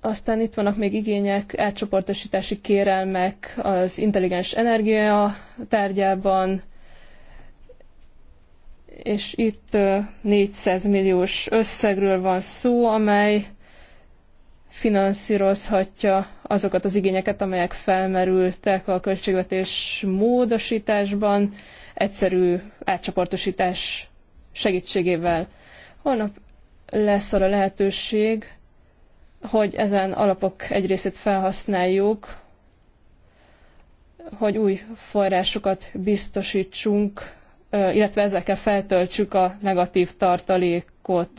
Aztán itt vannak még igények, átcsoportosítási kérelmek az intelligens energia tárgyában, és itt 400 milliós összegről van szó, amely finanszírozhatja azokat az igényeket, amelyek felmerültek a költségvetés módosításban, egyszerű átcsoportosítás segítségével. Holnap lesz arra lehetőség, hogy ezen alapok egy részét felhasználjuk, hogy új forrásokat biztosítsunk, illetve ezekkel feltöltsük a negatív tartalékot.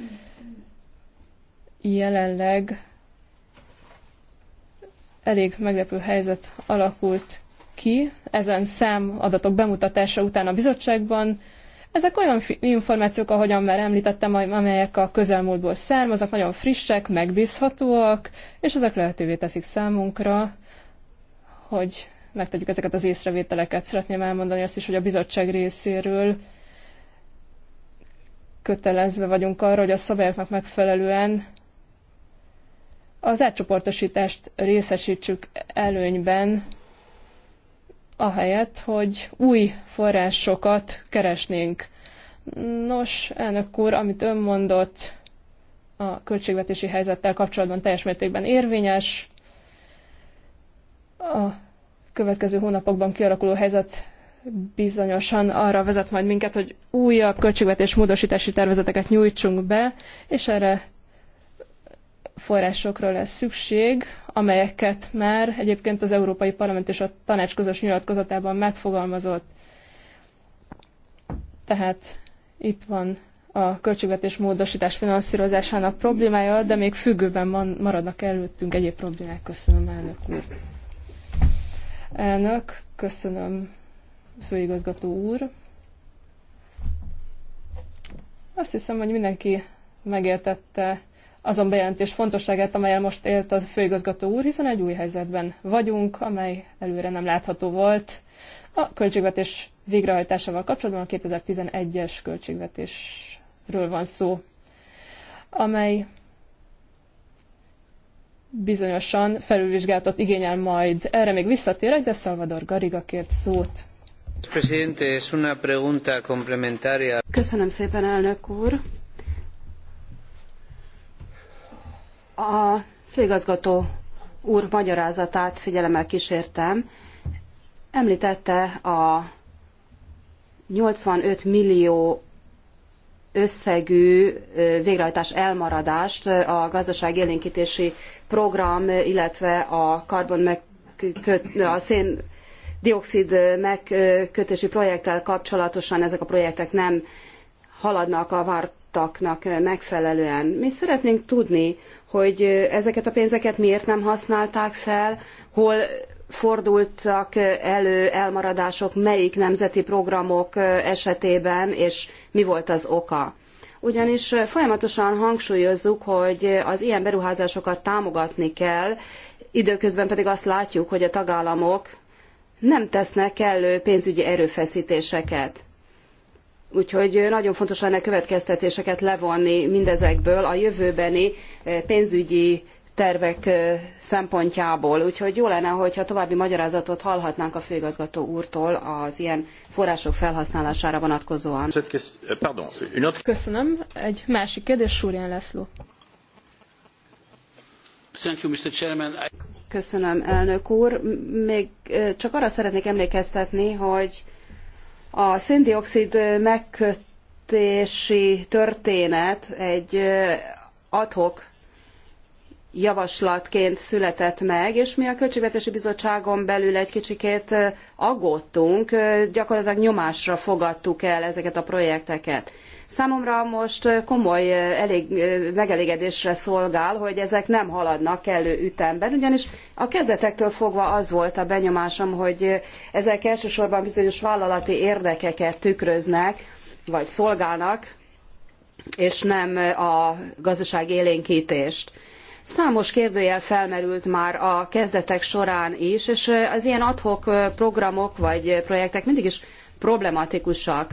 Mm jelenleg elég meglepő helyzet alakult ki ezen szám adatok bemutatása után a bizottságban. Ezek olyan információk, ahogyan már említettem, amelyek a közelmúltból származnak, nagyon frissek, megbízhatóak, és ezek lehetővé teszik számunkra, hogy megtegyük ezeket az észrevételeket. Szeretném elmondani azt is, hogy a bizottság részéről kötelezve vagyunk arra, hogy a szabályoknak megfelelően az átcsoportosítást részesítsük előnyben, ahelyett, hogy új forrásokat keresnénk. Nos, elnök úr, amit ön mondott a költségvetési helyzettel kapcsolatban teljes mértékben érvényes, a következő hónapokban kialakuló helyzet bizonyosan arra vezet majd minket, hogy újabb költségvetés módosítási tervezeteket nyújtsunk be, és erre forrásokra lesz szükség, amelyeket már egyébként az Európai Parlament és a Tanács közös nyilatkozatában megfogalmazott. Tehát itt van a költségvetés módosítás finanszírozásának problémája, de még függőben maradnak előttünk egyéb problémák. Köszönöm, elnök úr. Elnök, köszönöm, főigazgató úr. Azt hiszem, hogy mindenki megértette azon bejelentés fontosságát, amelyel most élt a főigazgató úr, hiszen egy új helyzetben vagyunk, amely előre nem látható volt. A költségvetés végrehajtásával kapcsolatban a 2011-es költségvetésről van szó, amely bizonyosan felülvizsgáltat igényel majd. Erre még visszatérek, de Salvador Gariga kért szót. Köszönöm szépen, elnök úr. A főigazgató úr magyarázatát figyelemmel kísértem. Említette a 85 millió összegű végrehajtás elmaradást a gazdaságélénkítési program, illetve a karbon megköt, a szén dioxid megkötési projekttel kapcsolatosan ezek a projektek nem haladnak a vártaknak megfelelően. Mi szeretnénk tudni, hogy ezeket a pénzeket miért nem használták fel, hol fordultak elő elmaradások, melyik nemzeti programok esetében, és mi volt az oka. Ugyanis folyamatosan hangsúlyozzuk, hogy az ilyen beruházásokat támogatni kell, időközben pedig azt látjuk, hogy a tagállamok nem tesznek kellő pénzügyi erőfeszítéseket. Úgyhogy nagyon fontos lenne következtetéseket levonni mindezekből a jövőbeni pénzügyi tervek szempontjából. Úgyhogy jó lenne, hogyha további magyarázatot hallhatnánk a főigazgató úrtól az ilyen források felhasználására vonatkozóan. Euh, Köszönöm. Egy másik kérdés, Súrján László. Köszönöm, elnök úr. Még csak arra szeretnék emlékeztetni, hogy a széndiokszid megkötési történet egy adhok javaslatként született meg, és mi a Költségvetési Bizottságon belül egy kicsikét aggódtunk, gyakorlatilag nyomásra fogadtuk el ezeket a projekteket. Számomra most komoly elég, megelégedésre szolgál, hogy ezek nem haladnak kellő ütemben, ugyanis a kezdetektől fogva az volt a benyomásom, hogy ezek elsősorban bizonyos vállalati érdekeket tükröznek, vagy szolgálnak, és nem a gazdaság élénkítést. Számos kérdőjel felmerült már a kezdetek során is, és az ilyen adhok programok vagy projektek mindig is problematikusak.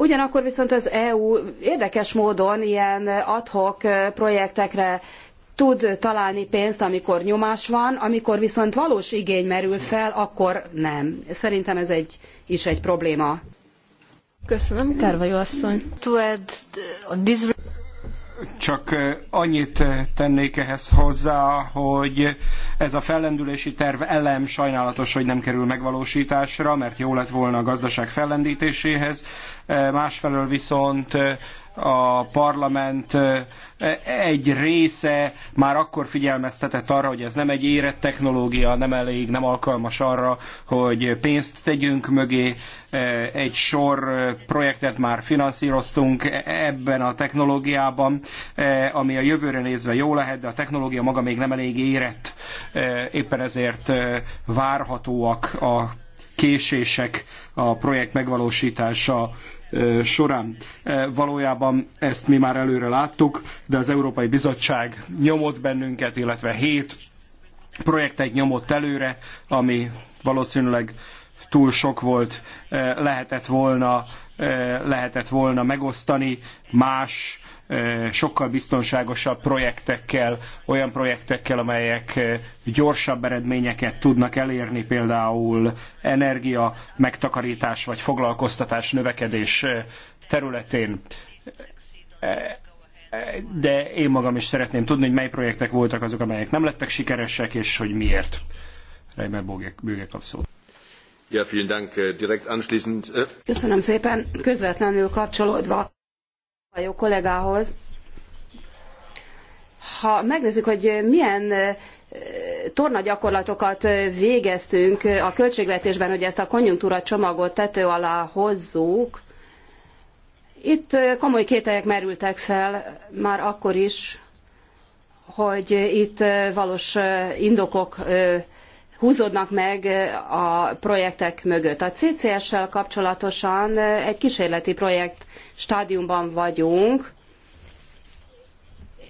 Ugyanakkor viszont az EU érdekes módon ilyen adhok projektekre tud találni pénzt, amikor nyomás van, amikor viszont valós igény merül fel, akkor nem. Szerintem ez egy, is egy probléma. Köszönöm, Kárvajó asszony. Uh, csak annyit tennék ehhez hozzá, hogy ez a fellendülési terv elem sajnálatos, hogy nem kerül megvalósításra, mert jó lett volna a gazdaság fellendítéséhez. Másfelől viszont a parlament egy része már akkor figyelmeztetett arra, hogy ez nem egy érett technológia, nem elég, nem alkalmas arra, hogy pénzt tegyünk mögé. Egy sor projektet már finanszíroztunk e-, ebben a technológiában, ami a jövőre nézve jó lehet, de a technológia maga még nem elég érett. Éppen ezért várhatóak a késések a projekt megvalósítása során. Valójában ezt mi már előre láttuk, de az Európai Bizottság nyomott bennünket, illetve hét projektet nyomott előre, ami valószínűleg túl sok volt, lehetett volna, lehetett volna megosztani más sokkal biztonságosabb projektekkel, olyan projektekkel, amelyek gyorsabb eredményeket tudnak elérni, például energia, megtakarítás vagy foglalkoztatás növekedés területén de én magam is szeretném tudni, hogy mely projektek voltak azok, amelyek nem lettek sikeresek, és hogy miért. Reimer Bőge kap szót. Ja, vielen Dank. Äh, direkt anschließend. Äh, Köszönöm szépen. Közvetlenül kapcsolódva a jó kollégához. Ha megnézzük, hogy milyen tornagyakorlatokat végeztünk a költségvetésben, hogy ezt a konjunktúra csomagot tető alá hozzuk, itt komoly kételyek merültek fel már akkor is, hogy itt valós indokok húzódnak meg a projektek mögött. A CCS-sel kapcsolatosan egy kísérleti projekt stádiumban vagyunk,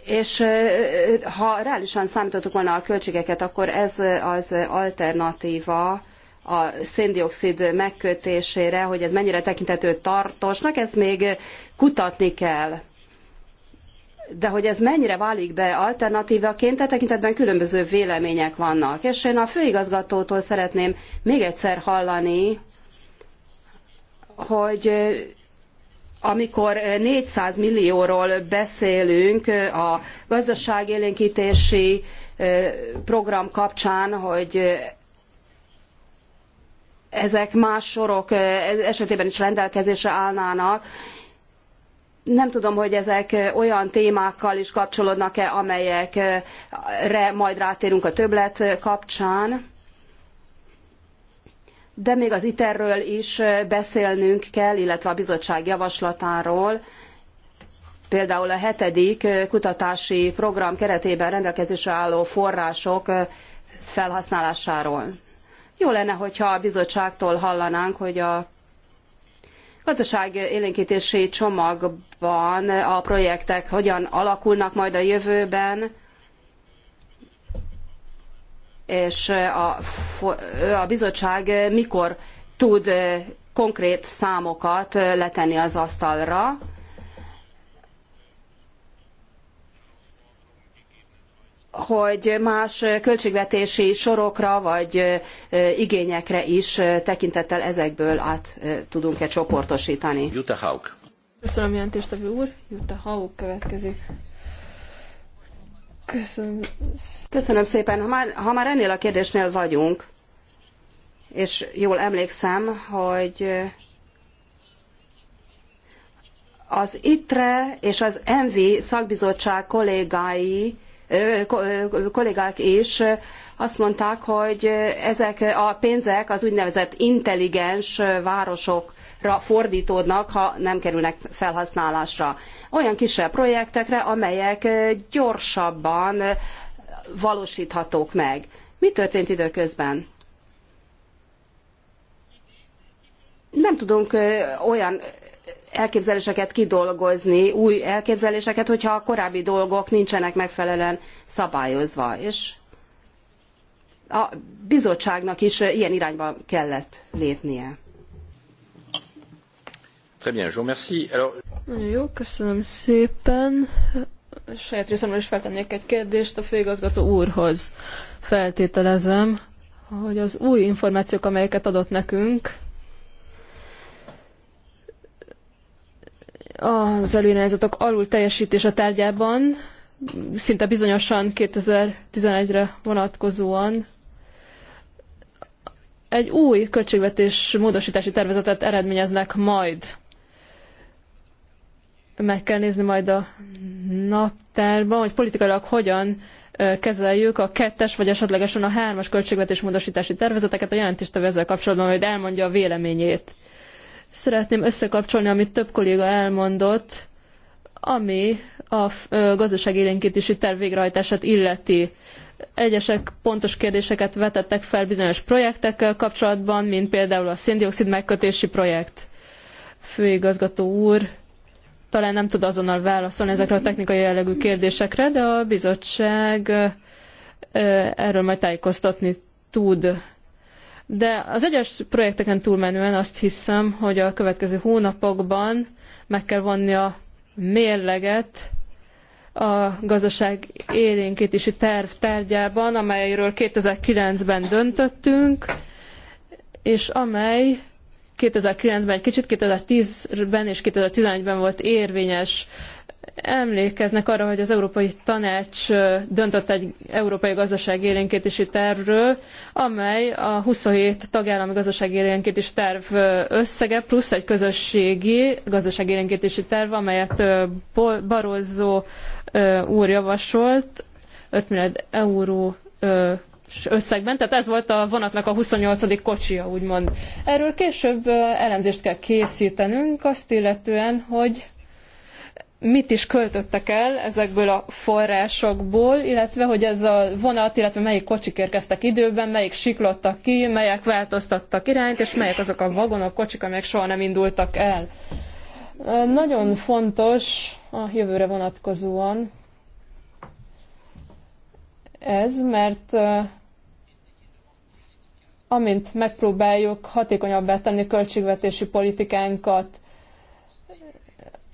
és ha reálisan számítottuk volna a költségeket, akkor ez az alternatíva a széndiokszid megkötésére, hogy ez mennyire tekintető tartósnak, ezt még kutatni kell de hogy ez mennyire válik be alternatívaként, e tekintetben különböző vélemények vannak. És én a főigazgatótól szeretném még egyszer hallani, hogy amikor 400 millióról beszélünk a gazdaságélénkítési program kapcsán, hogy ezek más sorok e-, esetében is rendelkezésre állnának, nem tudom, hogy ezek olyan témákkal is kapcsolódnak-e, amelyekre majd rátérünk a többlet kapcsán. De még az ITER-ről is beszélnünk kell, illetve a bizottság javaslatáról. Például a hetedik kutatási program keretében rendelkezésre álló források felhasználásáról. Jó lenne, hogyha a bizottságtól hallanánk, hogy a gazdaságélénktési csomagban a projektek hogyan alakulnak majd a jövőben, és a, a bizottság mikor tud konkrét számokat letenni az asztalra, hogy más költségvetési sorokra vagy igényekre is tekintettel ezekből át tudunk-e csoportosítani. Jutta Haug. Köszönöm, jelentéstevő úr. Jutta Haug következik. Köszönöm. Köszönöm szépen. Ha már, ha már ennél a kérdésnél vagyunk, és jól emlékszem, hogy az ITRE és az ENVI szakbizottság kollégái kollégák is azt mondták, hogy ezek a pénzek az úgynevezett intelligens városokra fordítódnak, ha nem kerülnek felhasználásra. Olyan kisebb projektekre, amelyek gyorsabban valósíthatók meg. Mi történt időközben? Nem tudunk olyan elképzeléseket kidolgozni, új elképzeléseket, hogyha a korábbi dolgok nincsenek megfelelően szabályozva. És a bizottságnak is ilyen irányba kellett lépnie. Très bien, Alors... Nagyon jó, köszönöm szépen. Saját részemről is feltennék egy kérdést a főigazgató úrhoz. Feltételezem, hogy az új információk, amelyeket adott nekünk, az előirányzatok alul a tárgyában szinte bizonyosan 2011-re vonatkozóan egy új költségvetés módosítási tervezetet eredményeznek majd. Meg kell nézni majd a naptárban, hogy politikailag hogyan kezeljük a kettes, vagy esetlegesen a hármas költségvetés módosítási tervezeteket. A jelentéstevő ezzel kapcsolatban majd elmondja a véleményét. Szeretném összekapcsolni, amit több kolléga elmondott, ami a gazdaságélénkítési terv végrehajtását illeti. Egyesek pontos kérdéseket vetettek fel bizonyos projektekkel kapcsolatban, mint például a széndiokszid megkötési projekt. Főigazgató úr talán nem tud azonnal válaszolni ezekre a technikai jellegű kérdésekre, de a bizottság erről majd tájékoztatni tud. De az egyes projekteken túlmenően azt hiszem, hogy a következő hónapokban meg kell vonni a mérleget a gazdaság élénkítési terv tárgyában, amelyről 2009-ben döntöttünk, és amely 2009-ben egy kicsit, 2010-ben és 2011-ben volt érvényes emlékeznek arra, hogy az Európai Tanács döntött egy európai gazdaságélénkítési tervről, amely a 27 tagállami gazdaságélénkítési terv összege, plusz egy közösségi gazdaságélénkítési terv, amelyet Barozó úr javasolt, 5 milliárd euró összegben, tehát ez volt a vonatnak a 28. kocsia, úgymond. Erről később elemzést kell készítenünk, azt illetően, hogy mit is költöttek el ezekből a forrásokból, illetve hogy ez a vonat, illetve melyik kocsik érkeztek időben, melyik siklottak ki, melyek változtattak irányt, és melyek azok a vagonok, kocsik, amelyek soha nem indultak el. Nagyon fontos a jövőre vonatkozóan ez, mert amint megpróbáljuk hatékonyabbá tenni költségvetési politikánkat,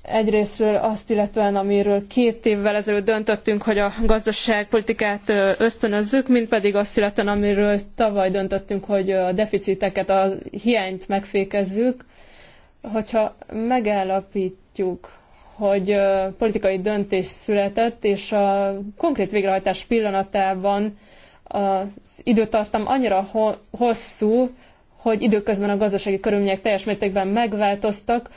egyrésztről azt illetően, amiről két évvel ezelőtt döntöttünk, hogy a gazdaságpolitikát ösztönözzük, mint pedig azt illetően, amiről tavaly döntöttünk, hogy a deficiteket, a hiányt megfékezzük. Hogyha megállapítjuk, hogy politikai döntés született, és a konkrét végrehajtás pillanatában az időtartam annyira hosszú, hogy időközben a gazdasági körülmények teljes mértékben megváltoztak,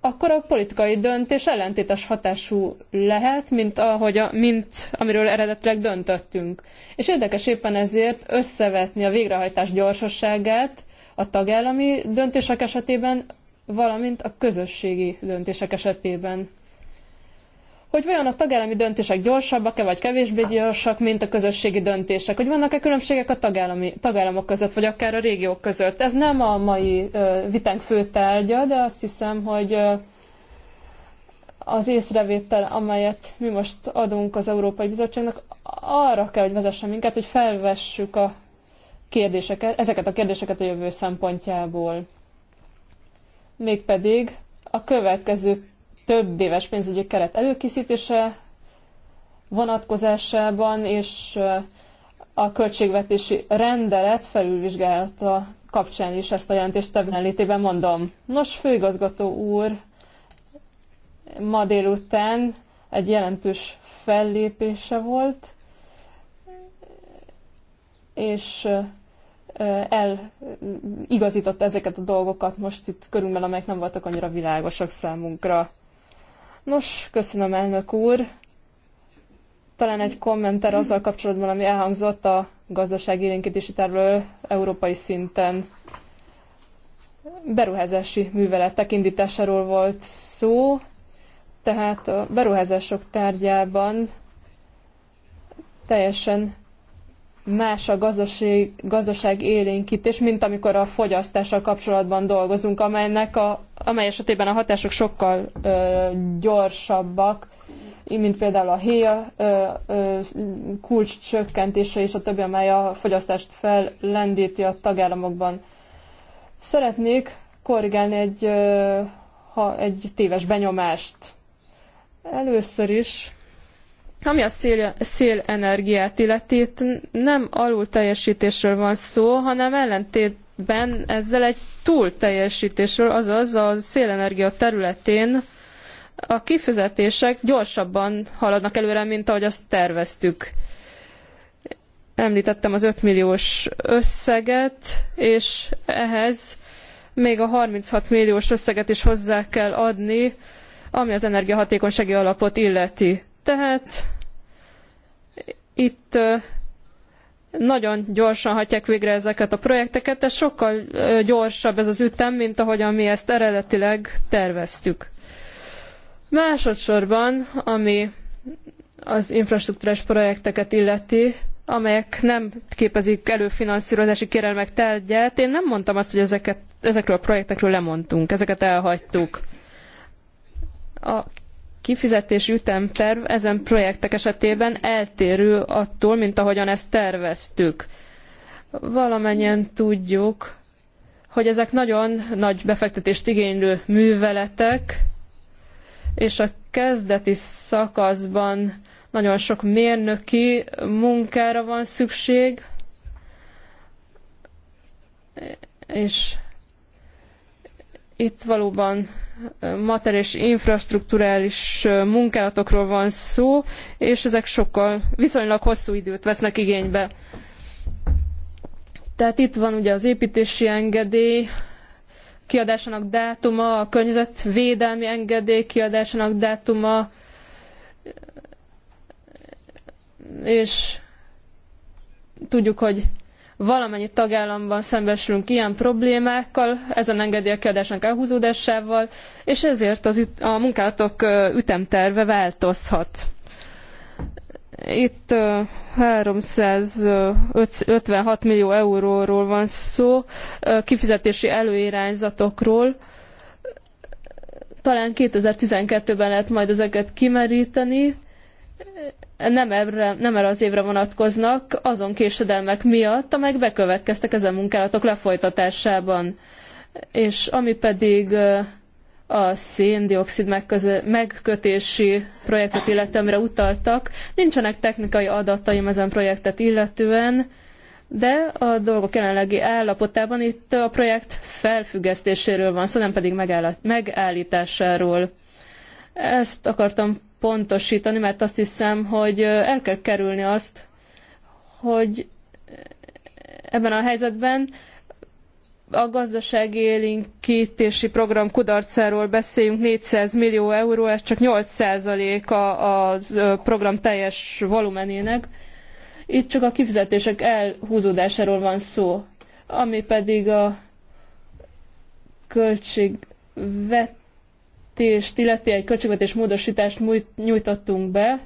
akkor a politikai döntés ellentétes hatású lehet, mint, ahogy a, mint amiről eredetileg döntöttünk. És érdekes éppen ezért összevetni a végrehajtás gyorsosságát a tagállami döntések esetében, valamint a közösségi döntések esetében hogy vajon a tagállami döntések gyorsabbak-e vagy kevésbé gyorsak, mint a közösségi döntések, hogy vannak-e különbségek a tagállami, tagállamok között, vagy akár a régiók között. Ez nem a mai vitánk fő tárgya, de azt hiszem, hogy az észrevétel, amelyet mi most adunk az Európai Bizottságnak, arra kell, hogy vezessen minket, hogy felvessük a kérdéseket, ezeket a kérdéseket a jövő szempontjából. Mégpedig a következő több éves pénzügyi keret előkészítése vonatkozásában, és a költségvetési rendelet felülvizsgálata kapcsán is ezt a jelentést tevnellétében mondom. Nos, főigazgató úr, ma délután egy jelentős fellépése volt, és eligazította ezeket a dolgokat most itt körülbelül, amelyek nem voltak annyira világosak számunkra. Nos, köszönöm elnök úr. Talán egy kommenter azzal kapcsolatban, ami elhangzott a gazdasági élénkítési tervről európai szinten beruházási műveletek indításáról volt szó, tehát a beruházások tárgyában teljesen más a gazdaság, gazdaság élénkítés, mint amikor a fogyasztással kapcsolatban dolgozunk, amelynek a, amely esetében a hatások sokkal ö, gyorsabbak, mint például a héja kulcs csökkentése és a többi, amely a fogyasztást fellendíti a tagállamokban. Szeretnék korrigálni egy, ö, ha, egy téves benyomást. Először is ami a szél, szélenergiát illeti, itt nem alul teljesítésről van szó, hanem ellentétben ezzel egy túl teljesítésről, azaz a szélenergia területén a kifizetések gyorsabban haladnak előre, mint ahogy azt terveztük. Említettem az 5 milliós összeget, és ehhez még a 36 milliós összeget is hozzá kell adni, ami az energiahatékonysági alapot illeti. Tehát itt nagyon gyorsan hagyják végre ezeket a projekteket, ez sokkal gyorsabb ez az ütem, mint ahogyan mi ezt eredetileg terveztük. Másodszorban, ami az infrastruktúrás projekteket illeti, amelyek nem képezik előfinanszírozási kérelmek tárgyát. Én nem mondtam azt, hogy ezeket, ezekről a projektekről lemondtunk, ezeket elhagytuk. A kifizetési ütemterv ezen projektek esetében eltérő attól, mint ahogyan ezt terveztük. Valamennyien tudjuk, hogy ezek nagyon nagy befektetést igénylő műveletek, és a kezdeti szakaszban nagyon sok mérnöki munkára van szükség, és itt valóban mater és infrastrukturális munkálatokról van szó, és ezek sokkal viszonylag hosszú időt vesznek igénybe. Tehát itt van ugye az építési engedély kiadásának dátuma, a környezetvédelmi engedély kiadásának dátuma, és tudjuk, hogy Valamennyi tagállamban szembesülünk ilyen problémákkal, ezen engedélykiadásnak elhúzódásával, és ezért az üt, a munkálatok ütemterve változhat. Itt 356 millió euróról van szó, kifizetési előirányzatokról, talán 2012-ben lehet majd ezeket kimeríteni, nem erre, nem erre az évre vonatkoznak azon késedelmek miatt, amelyek bekövetkeztek ezen munkálatok lefolytatásában. És ami pedig a széndiokszid megkötési projektet illeti, amire utaltak. Nincsenek technikai adataim ezen projektet illetően, de a dolgok jelenlegi állapotában itt a projekt felfüggesztéséről van szó, nem pedig megállításáról. Ezt akartam pontosítani, mert azt hiszem, hogy el kell kerülni azt, hogy ebben a helyzetben a gazdasági élénkítési program kudarcáról beszéljünk, 400 millió euró, ez csak 8% a, a program teljes volumenének. Itt csak a kifizetések elhúzódásáról van szó, ami pedig a költségvet költségvetést illeti egy költségvetés módosítást nyújtottunk be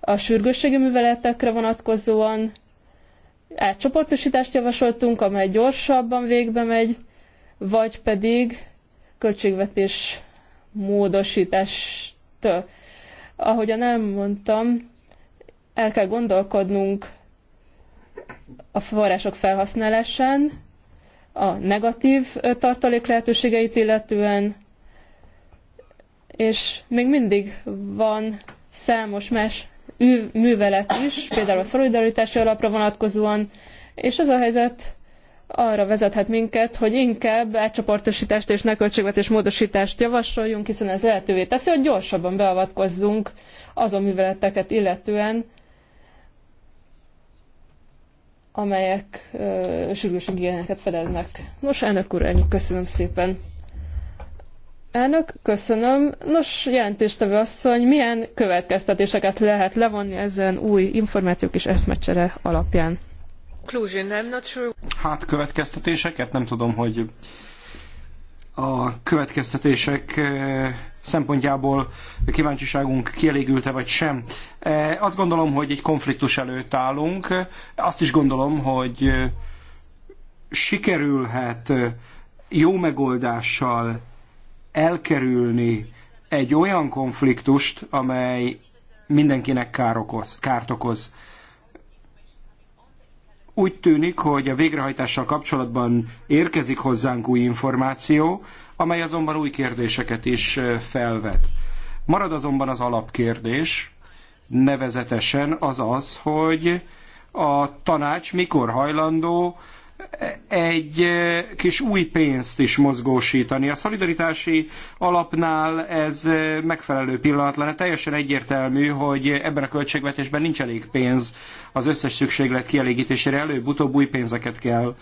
a sürgősségi műveletekre vonatkozóan. Átcsoportosítást javasoltunk, amely gyorsabban végbe megy, vagy pedig költségvetés módosítást. Ahogyan elmondtam, el kell gondolkodnunk a források felhasználásán, a negatív tartalék lehetőségeit illetően, és még mindig van számos más művelet is, például a szolidaritási alapra vonatkozóan, és ez a helyzet arra vezethet minket, hogy inkább átcsoportosítást és neköltségvetés módosítást javasoljunk, hiszen ez lehetővé teszi, hogy gyorsabban beavatkozzunk azon műveleteket illetően, amelyek uh, sürgős igényeket fedeznek. Nos, elnök úr, ennyi. Köszönöm szépen. Elnök, köszönöm. Nos, jelentéstevő asszony, milyen következtetéseket lehet levonni ezen új információk és eszmecsere alapján? Hát következtetéseket nem tudom, hogy a következtetések eh, szempontjából kíváncsiságunk kielégülte vagy sem. Eh, azt gondolom, hogy egy konfliktus előtt állunk. Azt is gondolom, hogy eh, sikerülhet jó megoldással elkerülni egy olyan konfliktust, amely mindenkinek kár okoz, kárt okoz. Úgy tűnik, hogy a végrehajtással kapcsolatban érkezik hozzánk új információ, amely azonban új kérdéseket is felvet. Marad azonban az alapkérdés, nevezetesen az az, hogy a tanács mikor hajlandó egy kis új pénzt is mozgósítani. A szolidaritási alapnál ez megfelelő pillanat lenne. Teljesen egyértelmű, hogy ebben a költségvetésben nincs elég pénz az összes szükséglet kielégítésére. Előbb-utóbb új pénzeket kell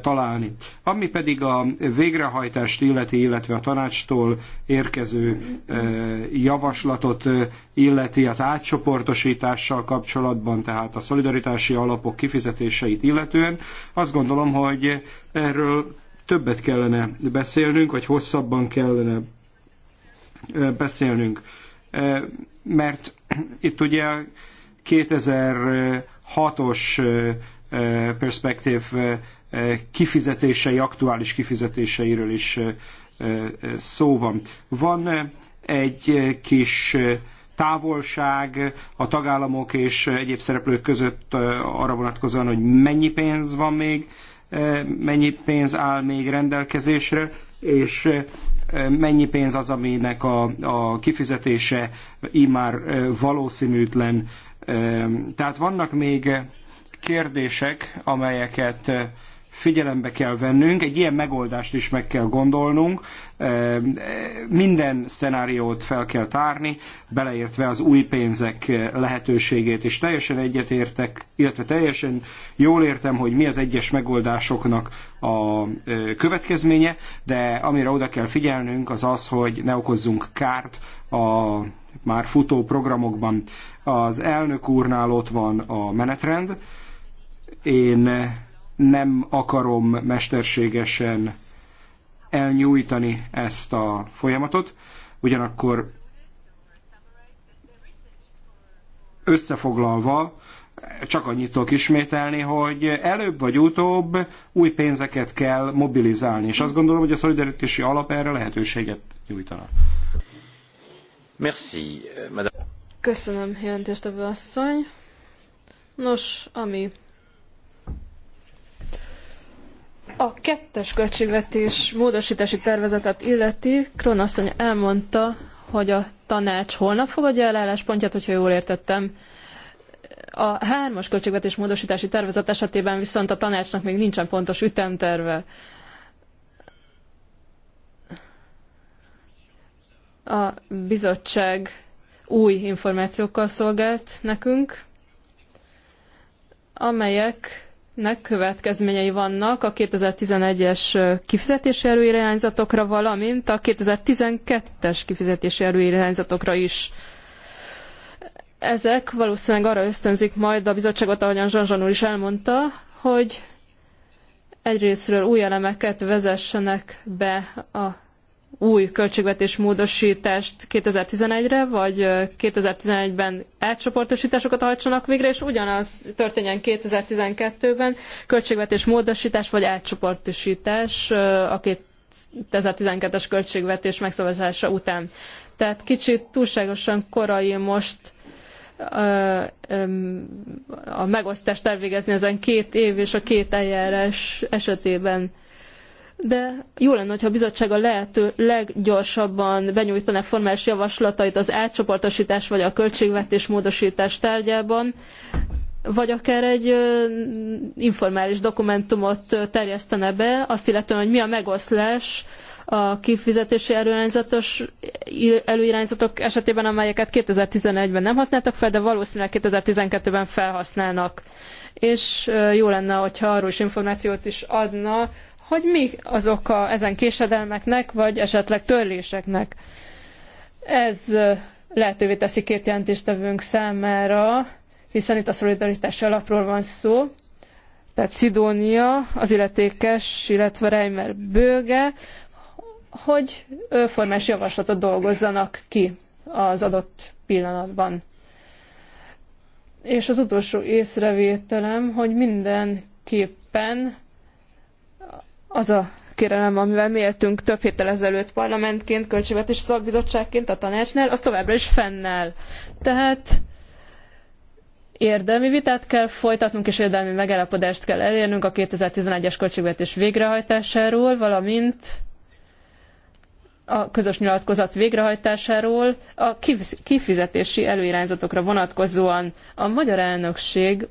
találni. Ami pedig a végrehajtást illeti, illetve a tanácstól érkező javaslatot illeti az átcsoportosítással kapcsolatban, tehát a szolidaritási alapok kifizetéseit illetően, azt gondolom, hogy erről többet kellene beszélnünk, vagy hosszabban kellene beszélnünk. Mert itt ugye 2006-os perspektív kifizetései, aktuális kifizetéseiről is szó van. Van egy kis távolság a tagállamok és egyéb szereplők között arra vonatkozóan, hogy mennyi pénz van még mennyi pénz áll még rendelkezésre, és eh, mennyi pénz az, aminek a, a kifizetése immár eh, valószínűtlen. Eh, tehát vannak még kérdések, amelyeket figyelembe kell vennünk, egy ilyen megoldást is meg kell gondolnunk, minden szenáriót fel kell tárni, beleértve az új pénzek lehetőségét, és teljesen egyetértek, illetve teljesen jól értem, hogy mi az egyes megoldásoknak a következménye, de amire oda kell figyelnünk az az, hogy ne okozzunk kárt a már futó programokban. Az elnök úrnál ott van a menetrend, én nem akarom mesterségesen elnyújtani ezt a folyamatot, ugyanakkor összefoglalva csak annyit tudok ismételni, hogy előbb vagy utóbb új pénzeket kell mobilizálni, és azt gondolom, hogy a szolidaritási alap erre lehetőséget nyújtana. Merci, madame. Köszönöm, jelentéstevő asszony. Nos, ami a kettes költségvetés módosítási tervezetet illeti, Kronasszony elmondta, hogy a tanács holnap fogadja el álláspontját, hogyha jól értettem. A hármas költségvetés módosítási tervezet esetében viszont a tanácsnak még nincsen pontos ütemterve. A bizottság új információkkal szolgált nekünk, amelyek ennek következményei vannak a 2011-es kifizetési előirányzatokra, valamint a 2012-es kifizetési előirányzatokra is. Ezek valószínűleg arra ösztönzik majd a bizottságot, ahogyan Zsanzsan úr is elmondta, hogy egyrésztről új elemeket vezessenek be a új költségvetés módosítást 2011-re, vagy 2011-ben átcsoportosításokat hajtsanak végre, és ugyanaz történjen 2012-ben, költségvetés módosítás vagy átcsoportosítás a 2012-es költségvetés megszavazása után. Tehát kicsit túlságosan korai most a megosztást elvégezni ezen két év és a két eljárás esetében de jó lenne, hogyha a bizottság a lehető leggyorsabban benyújtaná formális javaslatait az átcsoportosítás vagy a költségvetés módosítás tárgyában, vagy akár egy informális dokumentumot terjesztene be, azt illetően, hogy mi a megoszlás a kifizetési előirányzatos előirányzatok esetében, amelyeket 2011-ben nem használtak fel, de valószínűleg 2012-ben felhasználnak. És jó lenne, hogyha arról is információt is adna, hogy mi az oka ezen késedelmeknek, vagy esetleg törléseknek. Ez lehetővé teszi két jelentéstevőnk számára, hiszen itt a szolidaritási alapról van szó, tehát Szidónia, az illetékes, illetve Reimer bőge, hogy formás javaslatot dolgozzanak ki az adott pillanatban. És az utolsó észrevételem, hogy mindenképpen az a kérelem, amivel mi éltünk több héttel ezelőtt parlamentként, költségvetési szakbizottságként a tanácsnál, az továbbra is fennáll. Tehát érdemi vitát kell folytatnunk, és érdemi megállapodást kell elérnünk a 2011-es költségvetés végrehajtásáról, valamint a közös nyilatkozat végrehajtásáról a kifizetési előirányzatokra vonatkozóan. A magyar elnökség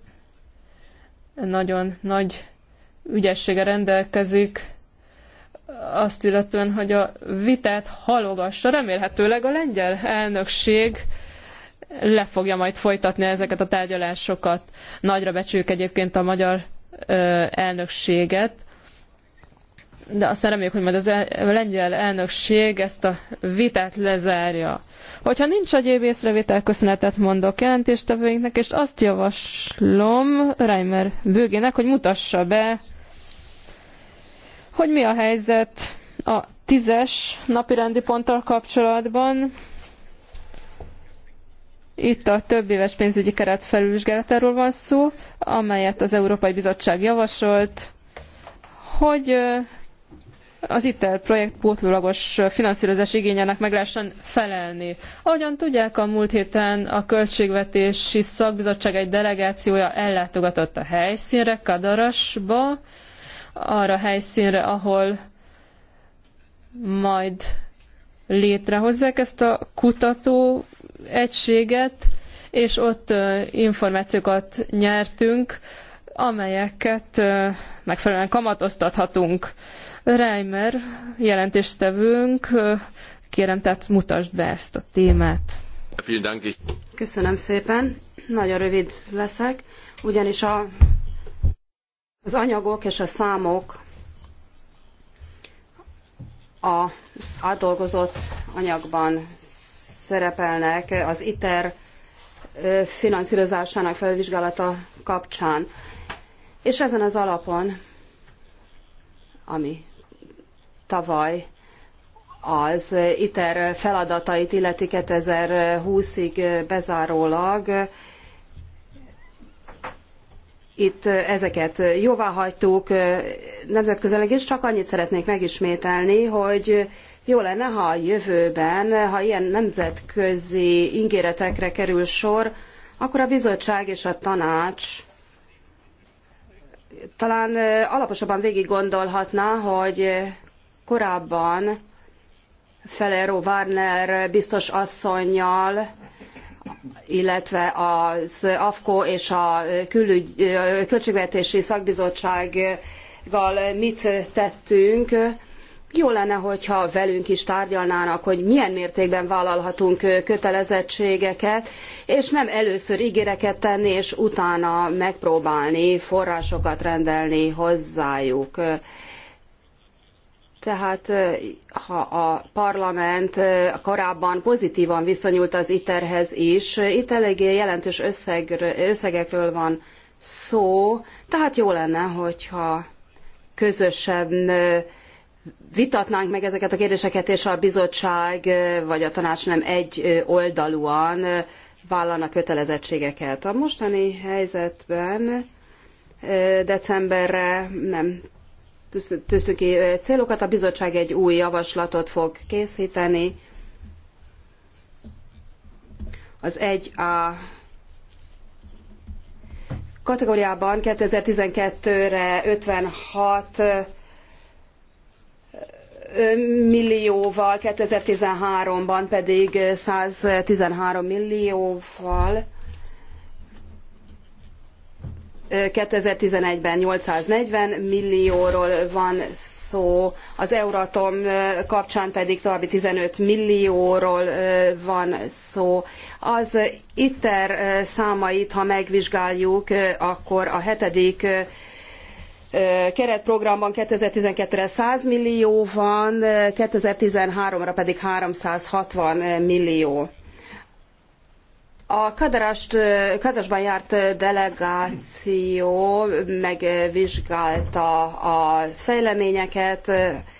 nagyon nagy ügyessége rendelkezik, azt illetően, hogy a vitát halogassa. Remélhetőleg a lengyel elnökség le fogja majd folytatni ezeket a tárgyalásokat. Nagyra becsüljük egyébként a magyar elnökséget, de aztán reméljük, hogy majd az el, a lengyel elnökség ezt a vitát lezárja. Hogyha nincs egyéb észrevétel, köszönetet mondok jelentéstevőinknek, és azt javaslom Reimer bőgének, hogy mutassa be, hogy mi a helyzet a tízes napirendi ponttal kapcsolatban. Itt a több éves pénzügyi keret felülvizsgálatáról van szó, amelyet az Európai Bizottság javasolt, hogy az ITER projekt pótlólagos finanszírozás igényének meg lehessen felelni. Ahogyan tudják, a múlt héten a Költségvetési Szakbizottság egy delegációja ellátogatott a helyszínre, Kadarasba, arra a helyszínre, ahol majd létrehozzák ezt a kutató egységet, és ott információkat nyertünk, amelyeket megfelelően kamatoztathatunk. Reimer jelentéstevőnk, kérem, tehát mutasd be ezt a témát. Köszönöm szépen, nagyon rövid leszek, ugyanis a, az anyagok és a számok az átdolgozott anyagban szerepelnek az ITER finanszírozásának felvizsgálata kapcsán. És ezen az alapon, ami tavaly az ITER feladatait illeti 2020-ig bezárólag. Itt ezeket jóváhagytuk nemzetközileg, és csak annyit szeretnék megismételni, hogy jó lenne, ha a jövőben, ha ilyen nemzetközi ígéretekre kerül sor, akkor a bizottság és a tanács talán alaposabban végiggondolhatná, hogy korábban Ferrero Warner biztos asszonynal, illetve az AFKO és a külügy, költségvetési szakbizottsággal mit tettünk. Jó lenne, hogyha velünk is tárgyalnának, hogy milyen mértékben vállalhatunk kötelezettségeket, és nem először ígéreket tenni, és utána megpróbálni forrásokat rendelni hozzájuk. Tehát ha a parlament korábban pozitívan viszonyult az ITER-hez is, itt eléggé jelentős összegről, összegekről van szó, tehát jó lenne, hogyha közösen vitatnánk meg ezeket a kérdéseket, és a bizottság vagy a tanács nem egy oldalúan vállalna kötelezettségeket. A mostani helyzetben decemberre nem tűztünk célokat, a bizottság egy új javaslatot fog készíteni. Az egy a kategóriában 2012-re 56 millióval, 2013-ban pedig 113 millióval 2011-ben 840 millióról van szó, az Euratom kapcsán pedig további 15 millióról van szó. Az ITER számait, ha megvizsgáljuk, akkor a hetedik keretprogramban 2012-re 100 millió van, 2013-ra pedig 360 millió. A Kadarast, Kadasban járt delegáció megvizsgálta a fejleményeket,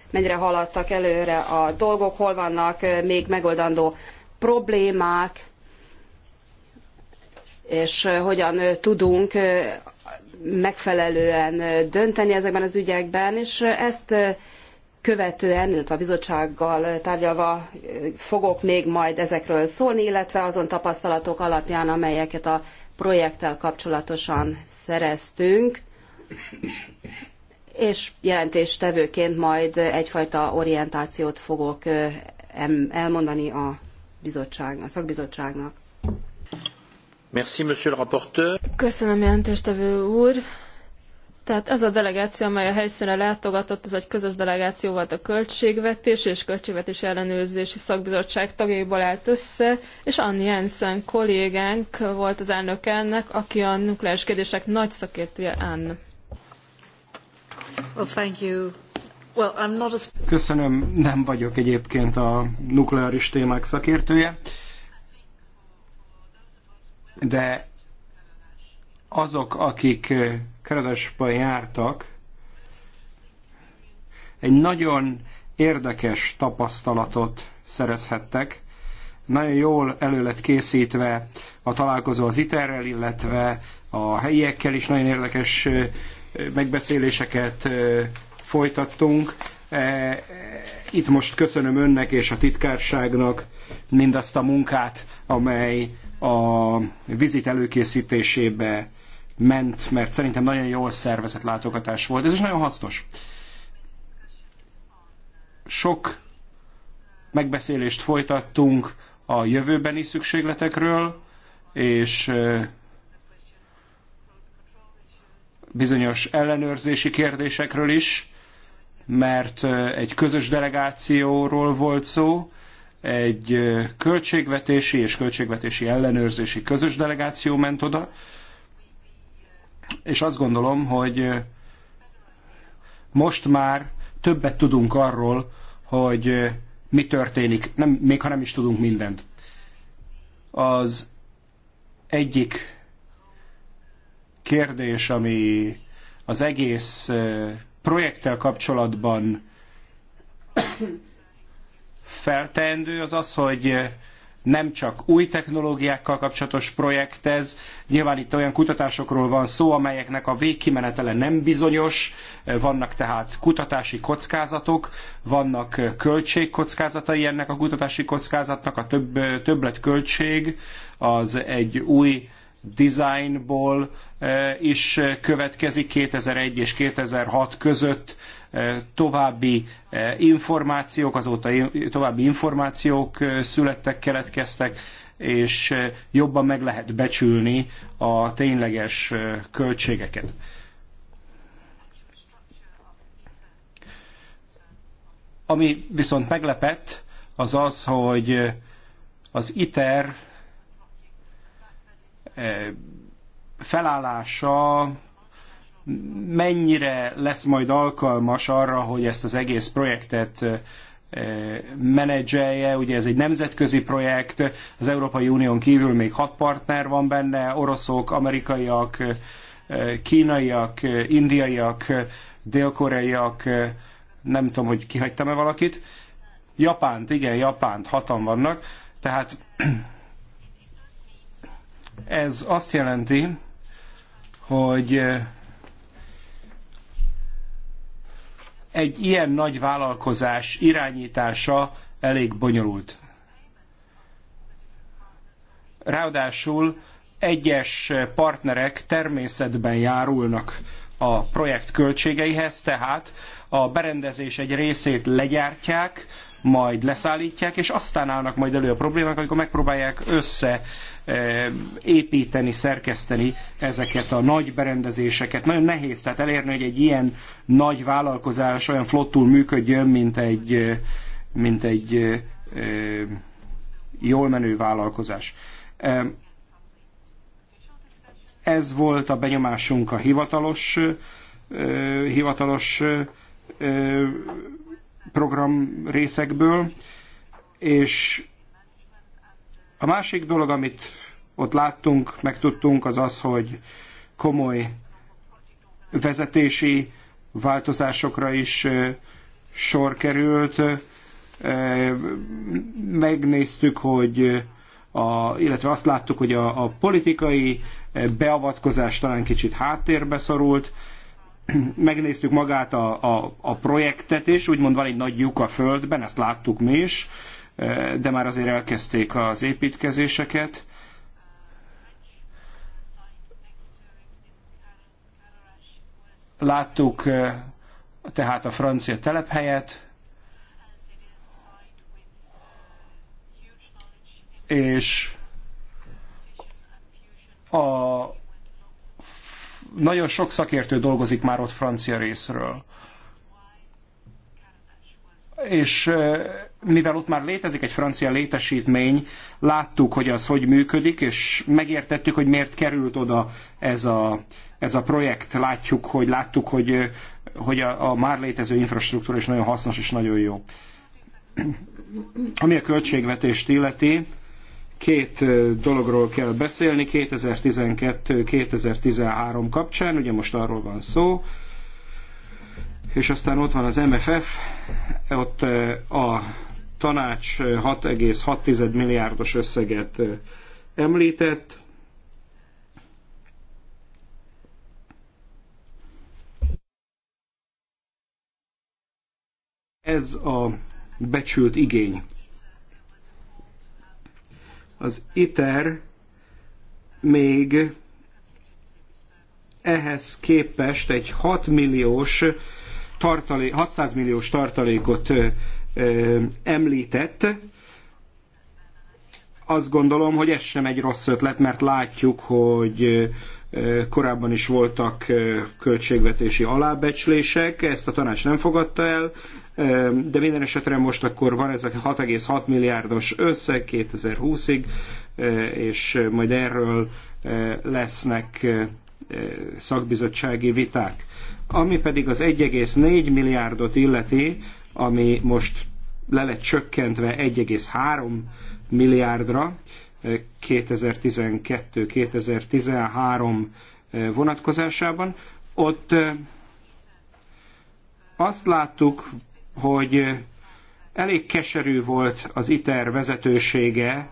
mennyire haladtak előre a dolgok, hol vannak még megoldandó problémák, és hogyan tudunk megfelelően dönteni ezekben az ügyekben, és ezt követően, illetve a bizottsággal tárgyalva eh, fogok még majd ezekről szólni, illetve azon tapasztalatok alapján, amelyeket a projekttel kapcsolatosan szereztünk, és jelentéstevőként majd egyfajta orientációt fogok eh, elmondani a, bizottság, a szakbizottságnak. Merci, monsieur le rapporteur. Köszönöm, jelentéstevő úr. Tehát ez a delegáció, amely a helyszínen látogatott, ez egy közös delegáció volt a költségvetés és költségvetés ellenőrzési szakbizottság tagjaiból állt össze, és Anni Jensen kollégánk volt az elnök ennek, aki a nukleáris kérdések nagy szakértője Ann. Well, thank you. Well, I'm not a... Köszönöm, nem vagyok egyébként a nukleáris témák szakértője, de azok, akik Kredesben jártak, egy nagyon érdekes tapasztalatot szerezhettek, nagyon jól elő lett készítve a találkozó az iterrel, illetve a helyiekkel is nagyon érdekes megbeszéléseket folytattunk. E, e, itt most köszönöm önnek és a titkárságnak mindazt a munkát, amely a vizit előkészítésébe ment, mert szerintem nagyon jól szervezett látogatás volt. Ez is nagyon hasznos. Sok megbeszélést folytattunk a jövőbeni szükségletekről, és bizonyos ellenőrzési kérdésekről is, mert egy közös delegációról volt szó, egy költségvetési és költségvetési ellenőrzési közös delegáció ment oda, és azt gondolom, hogy most már többet tudunk arról, hogy mi történik, nem, még ha nem is tudunk mindent. Az egyik kérdés, ami az egész projekttel kapcsolatban [COUGHS] feltendő, az az, hogy nem csak új technológiákkal kapcsolatos projekt ez, nyilván itt olyan kutatásokról van szó, amelyeknek a végkimenetele nem bizonyos, vannak tehát kutatási kockázatok, vannak költségkockázatai ennek a kutatási kockázatnak, a több, többletköltség az egy új designból eh, is következik 2001 és 2006 között további információk, azóta további információk születtek, keletkeztek, és jobban meg lehet becsülni a tényleges költségeket. Ami viszont meglepett, az az, hogy az ITER felállása mennyire lesz majd alkalmas arra, hogy ezt az egész projektet eh, menedzselje, ugye ez egy nemzetközi projekt, az Európai Unión kívül még hat partner van benne, oroszok, amerikaiak, eh, kínaiak, eh, indiaiak, dél-koreaiak, nem tudom, hogy kihagytam-e valakit. Japánt, igen, Japánt, hatan vannak. Tehát [CLEARS THROAT] ez azt jelenti, hogy egy ilyen nagy vállalkozás irányítása elég bonyolult. Ráadásul egyes partnerek természetben járulnak a projekt költségeihez, tehát a berendezés egy részét legyártják, majd leszállítják, és aztán állnak majd elő a problémák, amikor megpróbálják összeépíteni, eh, szerkeszteni ezeket a nagy berendezéseket. Nagyon nehéz tehát elérni, hogy egy ilyen nagy vállalkozás olyan flottul működjön, mint egy, eh, mint egy eh, jól menő vállalkozás. Ez volt a benyomásunk a hivatalos hivatalos program részekből, és a másik dolog, amit ott láttunk, megtudtunk, az az, hogy komoly vezetési változásokra is sor került. Megnéztük, hogy a, illetve azt láttuk, hogy a, a politikai beavatkozás talán kicsit háttérbe szorult, [CLEARS THROAT] megnéztük magát a, a, a projektet is, úgymond van egy nagy lyuk a földben, ezt láttuk mi is, eh, de már azért elkezdték az építkezéseket. Láttuk eh, tehát a francia telephelyet, és a nagyon sok szakértő dolgozik már ott francia részről. És mivel ott már létezik egy francia létesítmény, láttuk, hogy az hogy működik, és megértettük, hogy miért került oda ez a, ez a projekt. Látjuk, hogy láttuk, hogy, hogy a, a már létező infrastruktúra is nagyon hasznos és nagyon jó. Ami a költségvetést illeti, két dologról kell beszélni 2012-2013 kapcsán, ugye most arról van szó, és aztán ott van az MFF, ott a tanács 6,6 milliárdos összeget említett, ez a becsült igény. Az ITER még ehhez képest egy 6 milliós tartalé, 600 milliós tartalékot ö, említett, azt gondolom, hogy ez sem egy rossz ötlet, mert látjuk, hogy ö, korábban is voltak költségvetési alábecslések, ezt a tanács nem fogadta el, de minden esetre most akkor van ez a 6,6 milliárdos összeg 2020-ig, és majd erről lesznek szakbizottsági viták. Ami pedig az 1,4 milliárdot illeti, ami most le lett csökkentve 1,3 milliárdra, 2012-2013 vonatkozásában. Ott azt láttuk, hogy elég keserű volt az ITER vezetősége,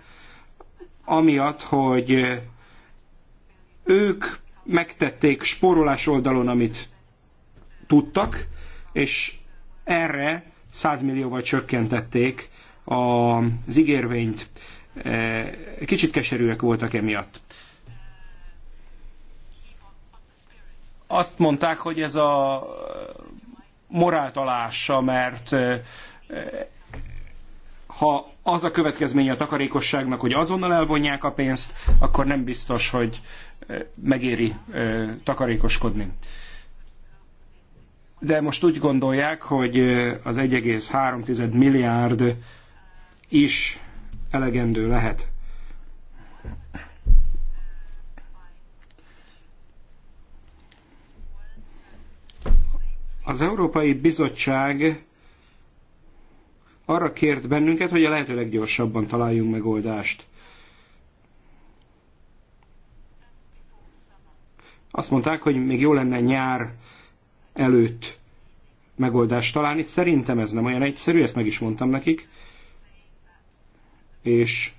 amiatt, hogy ők megtették spórolás oldalon, amit tudtak, és erre 100 millióval csökkentették az ígérvényt. Eh, kicsit keserűek voltak emiatt. Azt mondták, hogy ez a moráltalása, mert eh, ha az a következménye a takarékosságnak, hogy azonnal elvonják a pénzt, akkor nem biztos, hogy eh, megéri takarékoskodni. De most úgy gondolják, hogy az 1,3 milliárd is elegendő lehet. Az Európai Bizottság arra kért bennünket, hogy a lehető leggyorsabban találjunk megoldást. Azt mondták, hogy még jó lenne nyár előtt megoldást találni. Szerintem ez nem olyan egyszerű, ezt meg is mondtam nekik és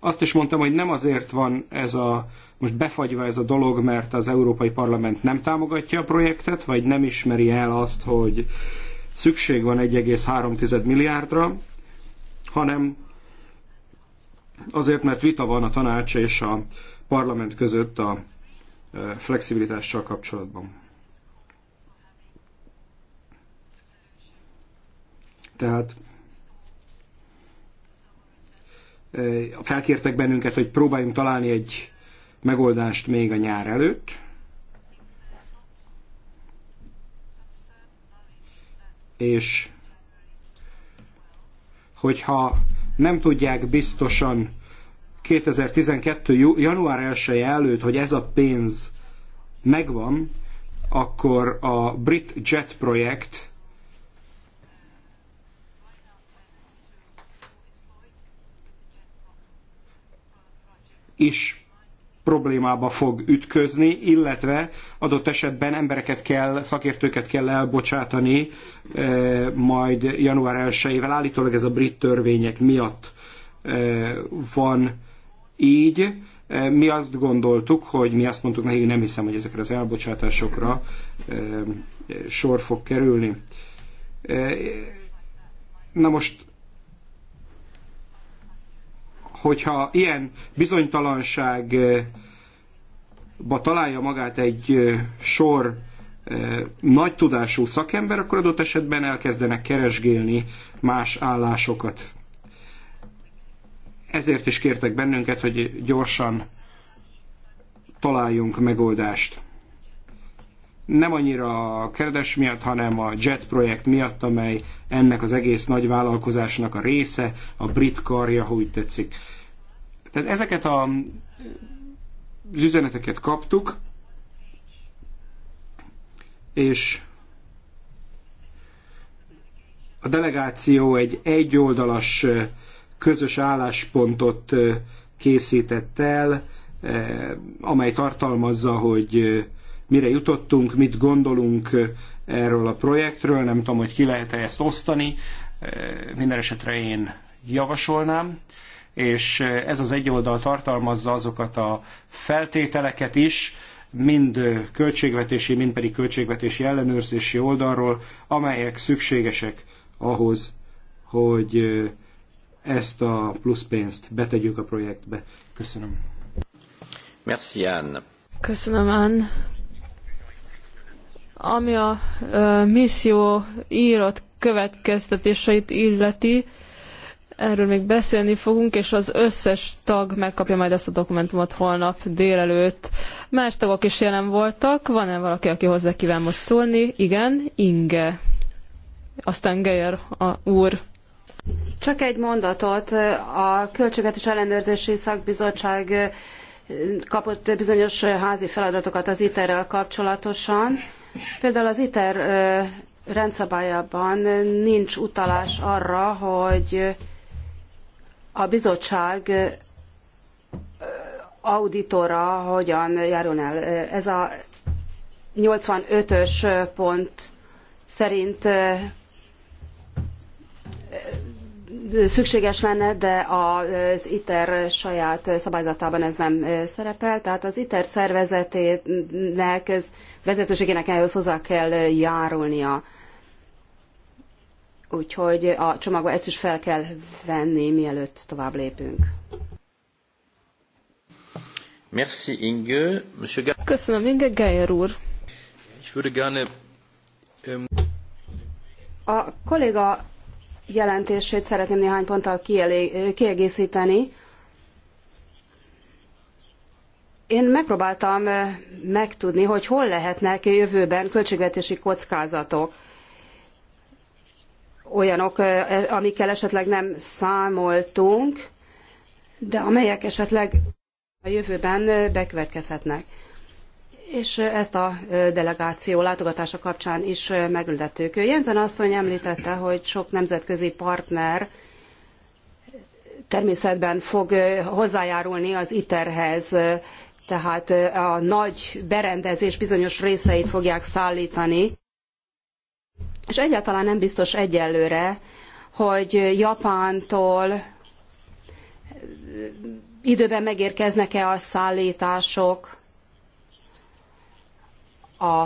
azt is mondtam, hogy nem azért van ez a most befagyva ez a dolog, mert az Európai Parlament nem támogatja a projektet, vagy nem ismeri el azt, hogy szükség van 1,3 milliárdra, hanem azért, mert vita van a tanács és a parlament között a e, flexibilitással kapcsolatban. Tehát felkértek bennünket, hogy próbáljunk találni egy megoldást még a nyár előtt. És hogyha nem tudják biztosan 2012. január 1 előtt, hogy ez a pénz megvan, akkor a Brit Jet projekt is problémába fog ütközni, illetve adott esetben embereket kell, szakértőket kell elbocsátani eh, majd január 1-ével. Állítólag ez a brit törvények miatt eh, van így. Eh, mi azt gondoltuk, hogy mi azt mondtuk nekik, nem hiszem, hogy ezekre az elbocsátásokra sor fog kerülni. Na most hogyha ilyen bizonytalanságba találja magát egy sor nagy tudású szakember, akkor adott esetben elkezdenek keresgélni más állásokat. Ezért is kértek bennünket, hogy gyorsan találjunk megoldást. Nem annyira a keredes miatt, hanem a JET projekt miatt, amely ennek az egész nagy vállalkozásnak a része, a brit karja, hogy tetszik. Tehát ezeket a, mm, az üzeneteket kaptuk, és a delegáció egy egyoldalas közös álláspontot készített el, amely tartalmazza, hogy mire jutottunk, mit gondolunk erről a projektről, nem tudom, hogy ki lehet-e ezt osztani, minden esetre én javasolnám és ez az egy oldal tartalmazza azokat a feltételeket is, mind költségvetési, mind pedig költségvetési ellenőrzési oldalról, amelyek szükségesek ahhoz, hogy ezt a plusz pénzt betegyük a projektbe. Köszönöm. Merci, Anne. Köszönöm, Anne. Ami a ö, misszió írott következtetéseit illeti, Erről még beszélni fogunk, és az összes tag megkapja majd ezt a dokumentumot holnap délelőtt. Más tagok is jelen voltak. Van-e valaki, aki hozzá kíván most szólni? Igen, Inge. Aztán Geyer a úr. Csak egy mondatot. A Költségvetés Ellenőrzési Szakbizottság kapott bizonyos házi feladatokat az ITER-rel kapcsolatosan. Például az ITER rendszabályában nincs utalás arra, hogy a bizottság auditora hogyan járul el. Ez a 85-ös pont szerint szükséges lenne, de az ITER saját szabályzatában ez nem szerepel, tehát az ITER szervezetének, vezetőségének ehhez hozzá kell járulnia. Úgyhogy a csomagba ezt is fel kell venni, mielőtt tovább lépünk. Merci Inge. Monsieur Ga- Köszönöm Inge, Geyer úr. Ich würde gerne, um... A kolléga jelentését szeretném néhány ponttal kiegészíteni. Én megpróbáltam megtudni, hogy hol lehetnek jövőben költségvetési kockázatok olyanok, amikkel esetleg nem számoltunk, de amelyek esetleg a jövőben bekövetkezhetnek. És ezt a delegáció látogatása kapcsán is megüldettük. Jensen asszony említette, hogy sok nemzetközi partner természetben fog hozzájárulni az ITER-hez, tehát a nagy berendezés bizonyos részeit fogják szállítani és egyáltalán nem biztos egyelőre, hogy Japántól eh, időben megérkeznek-e a szállítások, a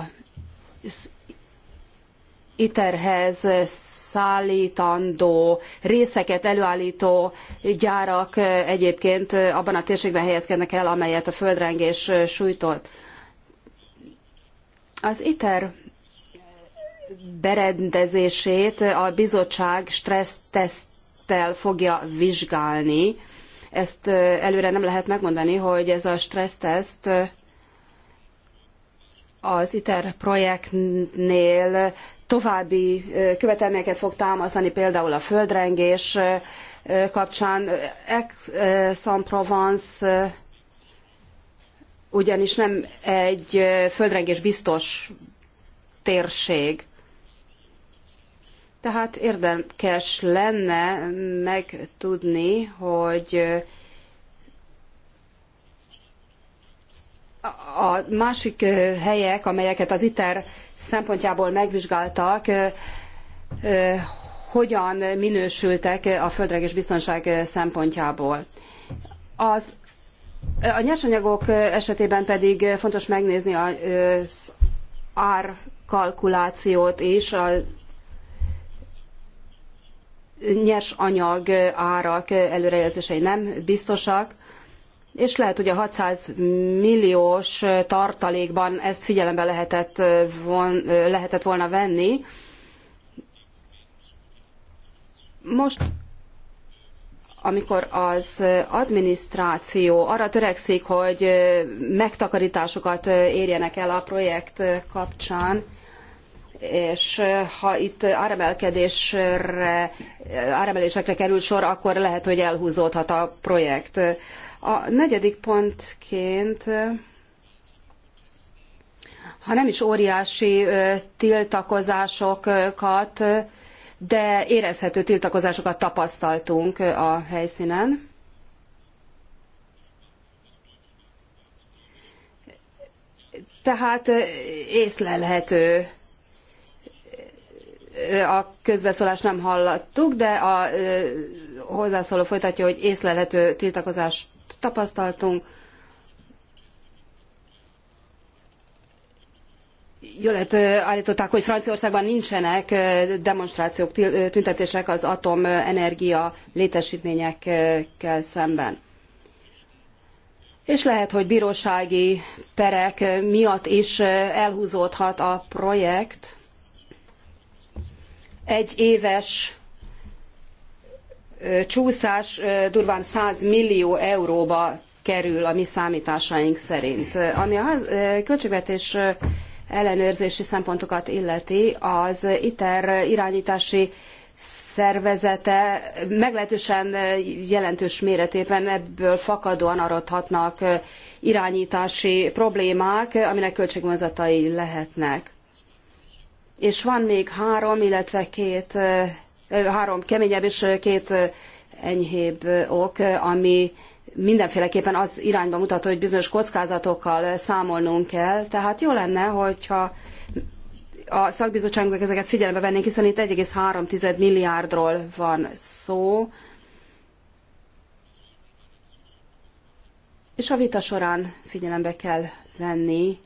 iterhez szállítandó részeket előállító gyárak eh, egyébként eh, abban a térségben helyezkednek el, amelyet a földrengés sújtott. Az ITER berendezését a bizottság stresszteszttel fogja vizsgálni. Ezt előre nem lehet megmondani, hogy ez a stresszteszt az ITER projektnél további követelményeket fog támasztani, például a földrengés kapcsán. Aix-en-Provence ugyanis nem egy földrengés biztos térség. Tehát érdekes lenne megtudni, hogy a másik helyek, amelyeket az ITER szempontjából megvizsgáltak, hogyan minősültek a földrengés biztonság szempontjából. Az, a nyersanyagok esetében pedig fontos megnézni az árkalkulációt is, az nyers anyag árak előrejelzései nem biztosak, és lehet, hogy a 600 milliós tartalékban ezt figyelembe lehetett, von, lehetett volna venni. Most, amikor az adminisztráció arra törekszik, hogy megtakarításokat érjenek el a projekt kapcsán, és eh, ha itt áremelkedésre, eh, áremelésekre kerül sor, akkor lehet, hogy elhúzódhat a projekt. A negyedik pontként eh, ha nem is óriási tiltakozásokat, de érezhető tiltakozásokat tapasztaltunk a helyszínen. Tehát észlelhető a közbeszólást nem hallattuk, de a hozzászóló folytatja, hogy észlelhető tiltakozást tapasztaltunk. Jól lett, állították, hogy Franciaországban nincsenek demonstrációk, tüntetések az atomenergia létesítményekkel szemben. És lehet, hogy bírósági perek miatt is elhúzódhat a projekt, egy éves csúszás durván 100 millió euróba kerül a mi számításaink szerint. Ami a költségvetés ellenőrzési szempontokat illeti, az ITER irányítási szervezete meglehetősen jelentős méretében ebből fakadóan aradhatnak irányítási problémák, aminek költségvonzatai lehetnek és van még három, illetve két, három keményebb és két enyhébb ok, ami mindenféleképpen az irányba mutat, hogy bizonyos kockázatokkal számolnunk kell. Tehát jó lenne, hogyha a szakbizottságunk ezeket figyelembe vennénk, hiszen itt 1,3 milliárdról van szó. És a vita során figyelembe kell venni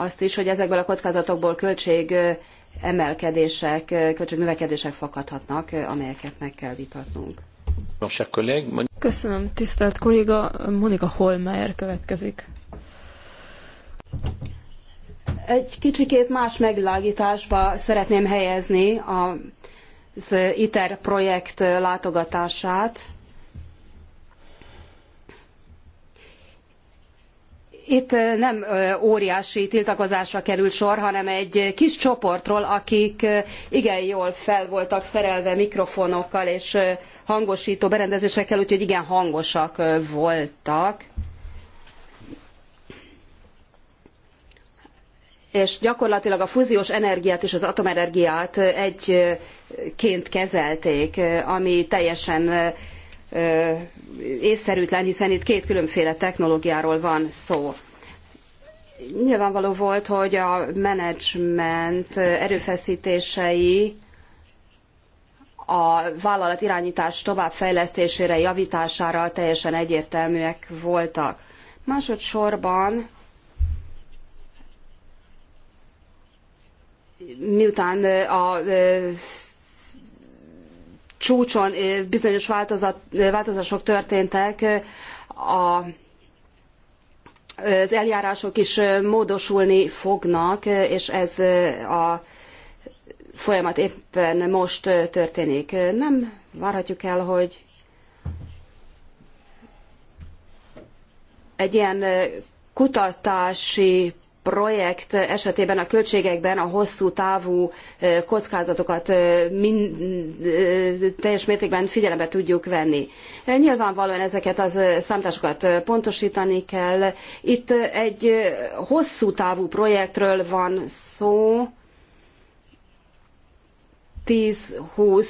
azt is, hogy ezekből a kockázatokból költség emelkedések, költségnövekedések fakadhatnak, amelyeket meg kell vitatnunk. Köszönöm, tisztelt kolléga. Monika Holmeier következik. Egy kicsikét más megvilágításba szeretném helyezni az ITER projekt látogatását. Itt nem óriási tiltakozásra került sor, hanem egy kis csoportról, akik igen jól fel voltak szerelve mikrofonokkal és hangosító berendezésekkel, úgyhogy igen hangosak voltak. és gyakorlatilag a fúziós energiát és az atomenergiát egyként kezelték, ami teljesen észszerűtlen, hiszen itt két különféle technológiáról van szó. Nyilvánvaló volt, hogy a menedzsment erőfeszítései a vállalat irányítás továbbfejlesztésére, javítására teljesen egyértelműek voltak. Másodszorban miután a csúcson eh, bizonyos változat, eh, változások történtek, eh, a, az eljárások is módosulni fognak, és ez a folyamat éppen most történik. Nem várhatjuk el, hogy egy ilyen kutatási projekt esetében a költségekben a hosszú távú kockázatokat mind, teljes mértékben figyelembe tudjuk venni. E, nyilvánvalóan ezeket az számításokat pontosítani kell. Itt egy hosszú távú projektről van szó, 10-20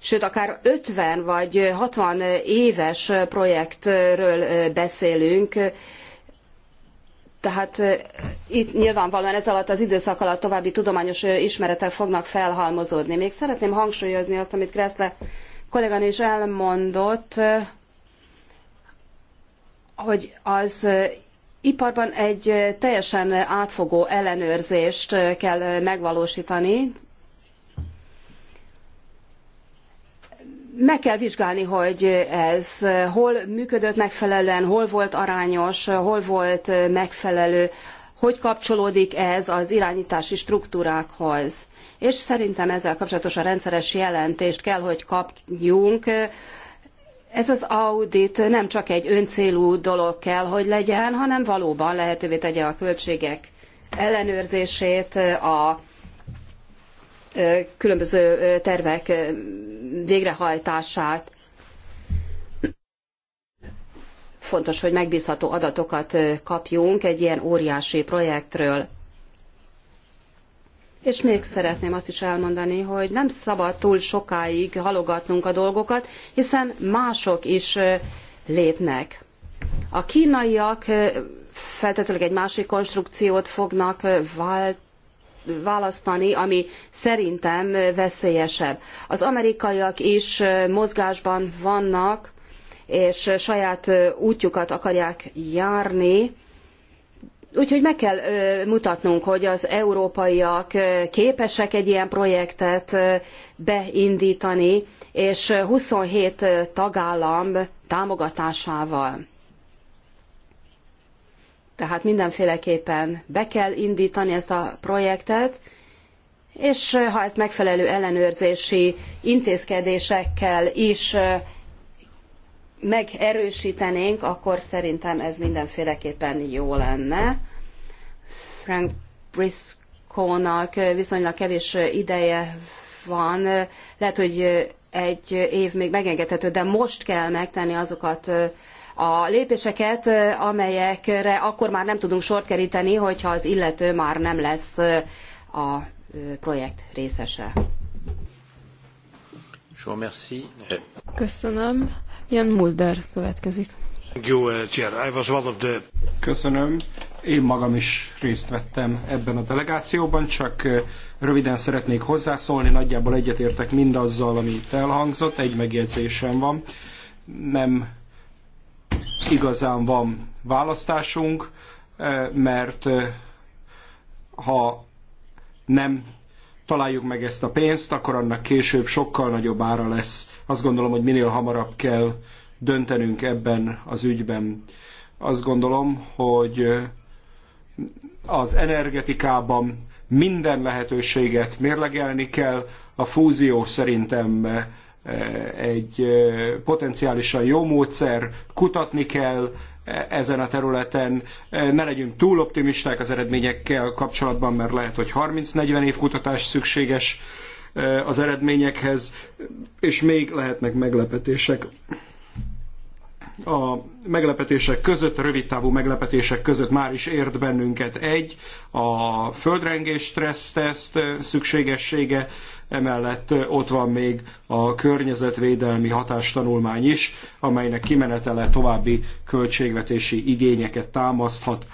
sőt akár 50 vagy 60 éves projektről beszélünk, tehát itt nyilvánvalóan ez alatt az időszak alatt további tudományos ismeretek fognak felhalmozódni. Még szeretném hangsúlyozni azt, amit Kreszle kolléganő is elmondott, hogy az iparban egy teljesen átfogó ellenőrzést kell megvalósítani, meg kell vizsgálni, hogy ez hol működött megfelelően, hol volt arányos, hol volt megfelelő, hogy kapcsolódik ez az irányítási struktúrákhoz. És szerintem ezzel kapcsolatosan rendszeres jelentést kell, hogy kapjunk. Ez az audit nem csak egy öncélú dolog kell, hogy legyen, hanem valóban lehetővé tegye a költségek ellenőrzését, a különböző tervek végrehajtását. Fontos, hogy megbízható adatokat kapjunk egy ilyen óriási projektről. És még szeretném azt is elmondani, hogy nem szabad túl sokáig halogatnunk a dolgokat, hiszen mások is lépnek. A kínaiak feltetőleg egy másik konstrukciót fognak vált választani, ami szerintem veszélyesebb. Az amerikaiak is mozgásban vannak, és saját útjukat akarják járni, Úgyhogy meg kell mutatnunk, hogy az európaiak képesek egy ilyen projektet beindítani, és 27 tagállam támogatásával tehát mindenféleképpen be kell indítani ezt a projektet, és ha ezt megfelelő ellenőrzési intézkedésekkel is megerősítenénk, akkor szerintem ez mindenféleképpen jó lenne. Frank Briscoe-nak viszonylag kevés ideje van, lehet, hogy egy év még megengedhető, de most kell megtenni azokat a lépéseket, amelyekre akkor már nem tudunk sort keríteni, hogyha az illető már nem lesz a projekt részese. Köszönöm. Jan Mulder következik. Uh, Köszönöm. Én magam is részt vettem ebben a delegációban, csak röviden szeretnék hozzászólni, nagyjából egyetértek mindazzal, ami itt elhangzott, egy megjegyzésem van. Nem igazán van választásunk, eh, mert eh, ha nem találjuk meg ezt a pénzt, akkor annak később sokkal nagyobb ára lesz. Azt gondolom, hogy minél hamarabb kell döntenünk ebben az ügyben. Azt gondolom, hogy eh, az energetikában minden lehetőséget mérlegelni kell. A fúzió szerintem Eh, egy eh, potenciálisan jó módszer, kutatni kell eh, ezen a területen, ne legyünk túl optimisták az eredményekkel kapcsolatban, mert lehet, hogy 30-40 év kutatás szükséges az eredményekhez, és még lehetnek meglepetések a meglepetések között, a rövidtávú meglepetések között már is ért bennünket egy, a földrengés stresszteszt szükségessége, emellett ott van még a környezetvédelmi hatástanulmány is, amelynek kimenetele további költségvetési igényeket támaszthat.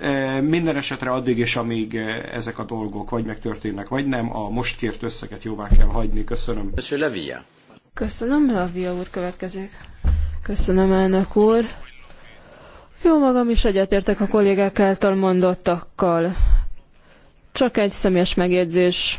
E, minden esetre addig és amíg ezek a dolgok vagy megtörténnek, vagy nem, a most kért összeget jóvá kell hagyni. Köszönöm. Köszönöm, Lavia úr következik. Köszönöm, elnök úr. Jó magam is egyetértek a kollégák által mondottakkal. Csak egy személyes megjegyzés.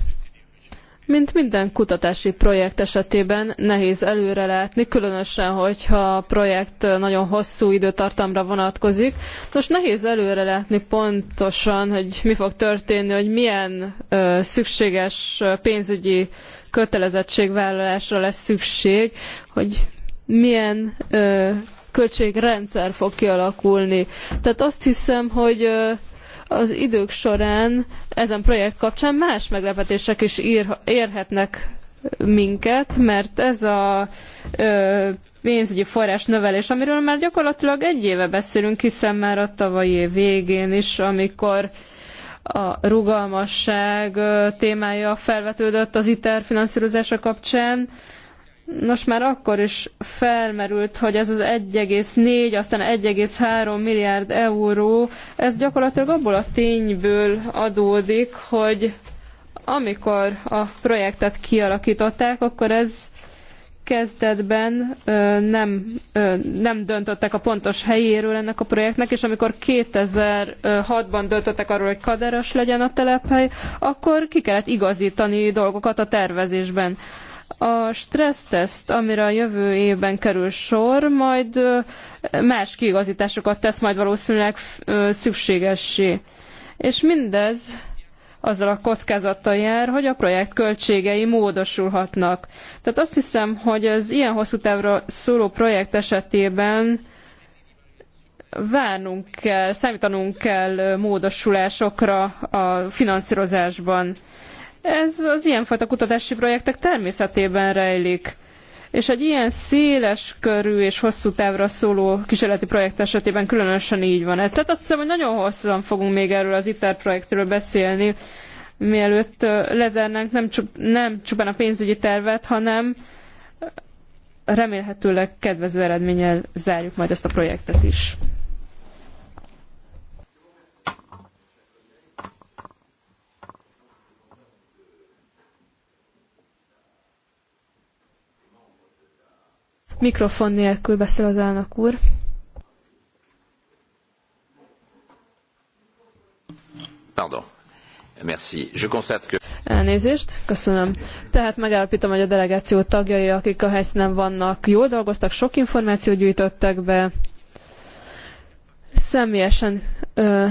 Mint minden kutatási projekt esetében nehéz előrelátni, különösen, hogyha a projekt nagyon hosszú időtartamra vonatkozik. Most nehéz előrelátni pontosan, hogy mi fog történni, hogy milyen ö, szükséges pénzügyi kötelezettségvállalásra lesz szükség, hogy milyen ö, költségrendszer fog kialakulni. Tehát azt hiszem, hogy ö, az idők során ezen projekt kapcsán más meglepetések is ír, érhetnek minket, mert ez a ö, pénzügyi forrás növelés, amiről már gyakorlatilag egy éve beszélünk, hiszen már a tavalyi év végén is, amikor a rugalmasság témája felvetődött az ITER finanszírozása kapcsán, Nos, már akkor is felmerült, hogy ez az 1,4, aztán 1,3 milliárd euró, ez gyakorlatilag abból a tényből adódik, hogy amikor a projektet kialakították, akkor ez kezdetben ö, nem, ö, nem döntöttek a pontos helyéről ennek a projektnek, és amikor 2006-ban döntöttek arról, hogy kaderas legyen a telephely, akkor ki kellett igazítani dolgokat a tervezésben. A stresszteszt, amire a jövő évben kerül sor, majd más kiigazításokat tesz majd valószínűleg szükségessé. És mindez azzal a kockázattal jár, hogy a projekt költségei módosulhatnak. Tehát azt hiszem, hogy az ilyen hosszú távra szóló projekt esetében várnunk kell, számítanunk kell módosulásokra a finanszírozásban. Ez az ilyenfajta kutatási projektek természetében rejlik. És egy ilyen széles körű és hosszú távra szóló kísérleti projekt esetében különösen így van ez. Tehát azt hiszem, hogy nagyon hosszan fogunk még erről az ITER projektről beszélni, mielőtt lezárnánk nem, csup, nem csupán a pénzügyi tervet, hanem remélhetőleg kedvező eredménnyel zárjuk majd ezt a projektet is. Mikrofon nélkül beszél az elnök úr. Pardon. Merci. Je constate que... Elnézést, köszönöm. Tehát megállapítom, hogy a delegáció tagjai, akik a helyszínen vannak, jól dolgoztak, sok információt gyűjtöttek be. Személyesen ö,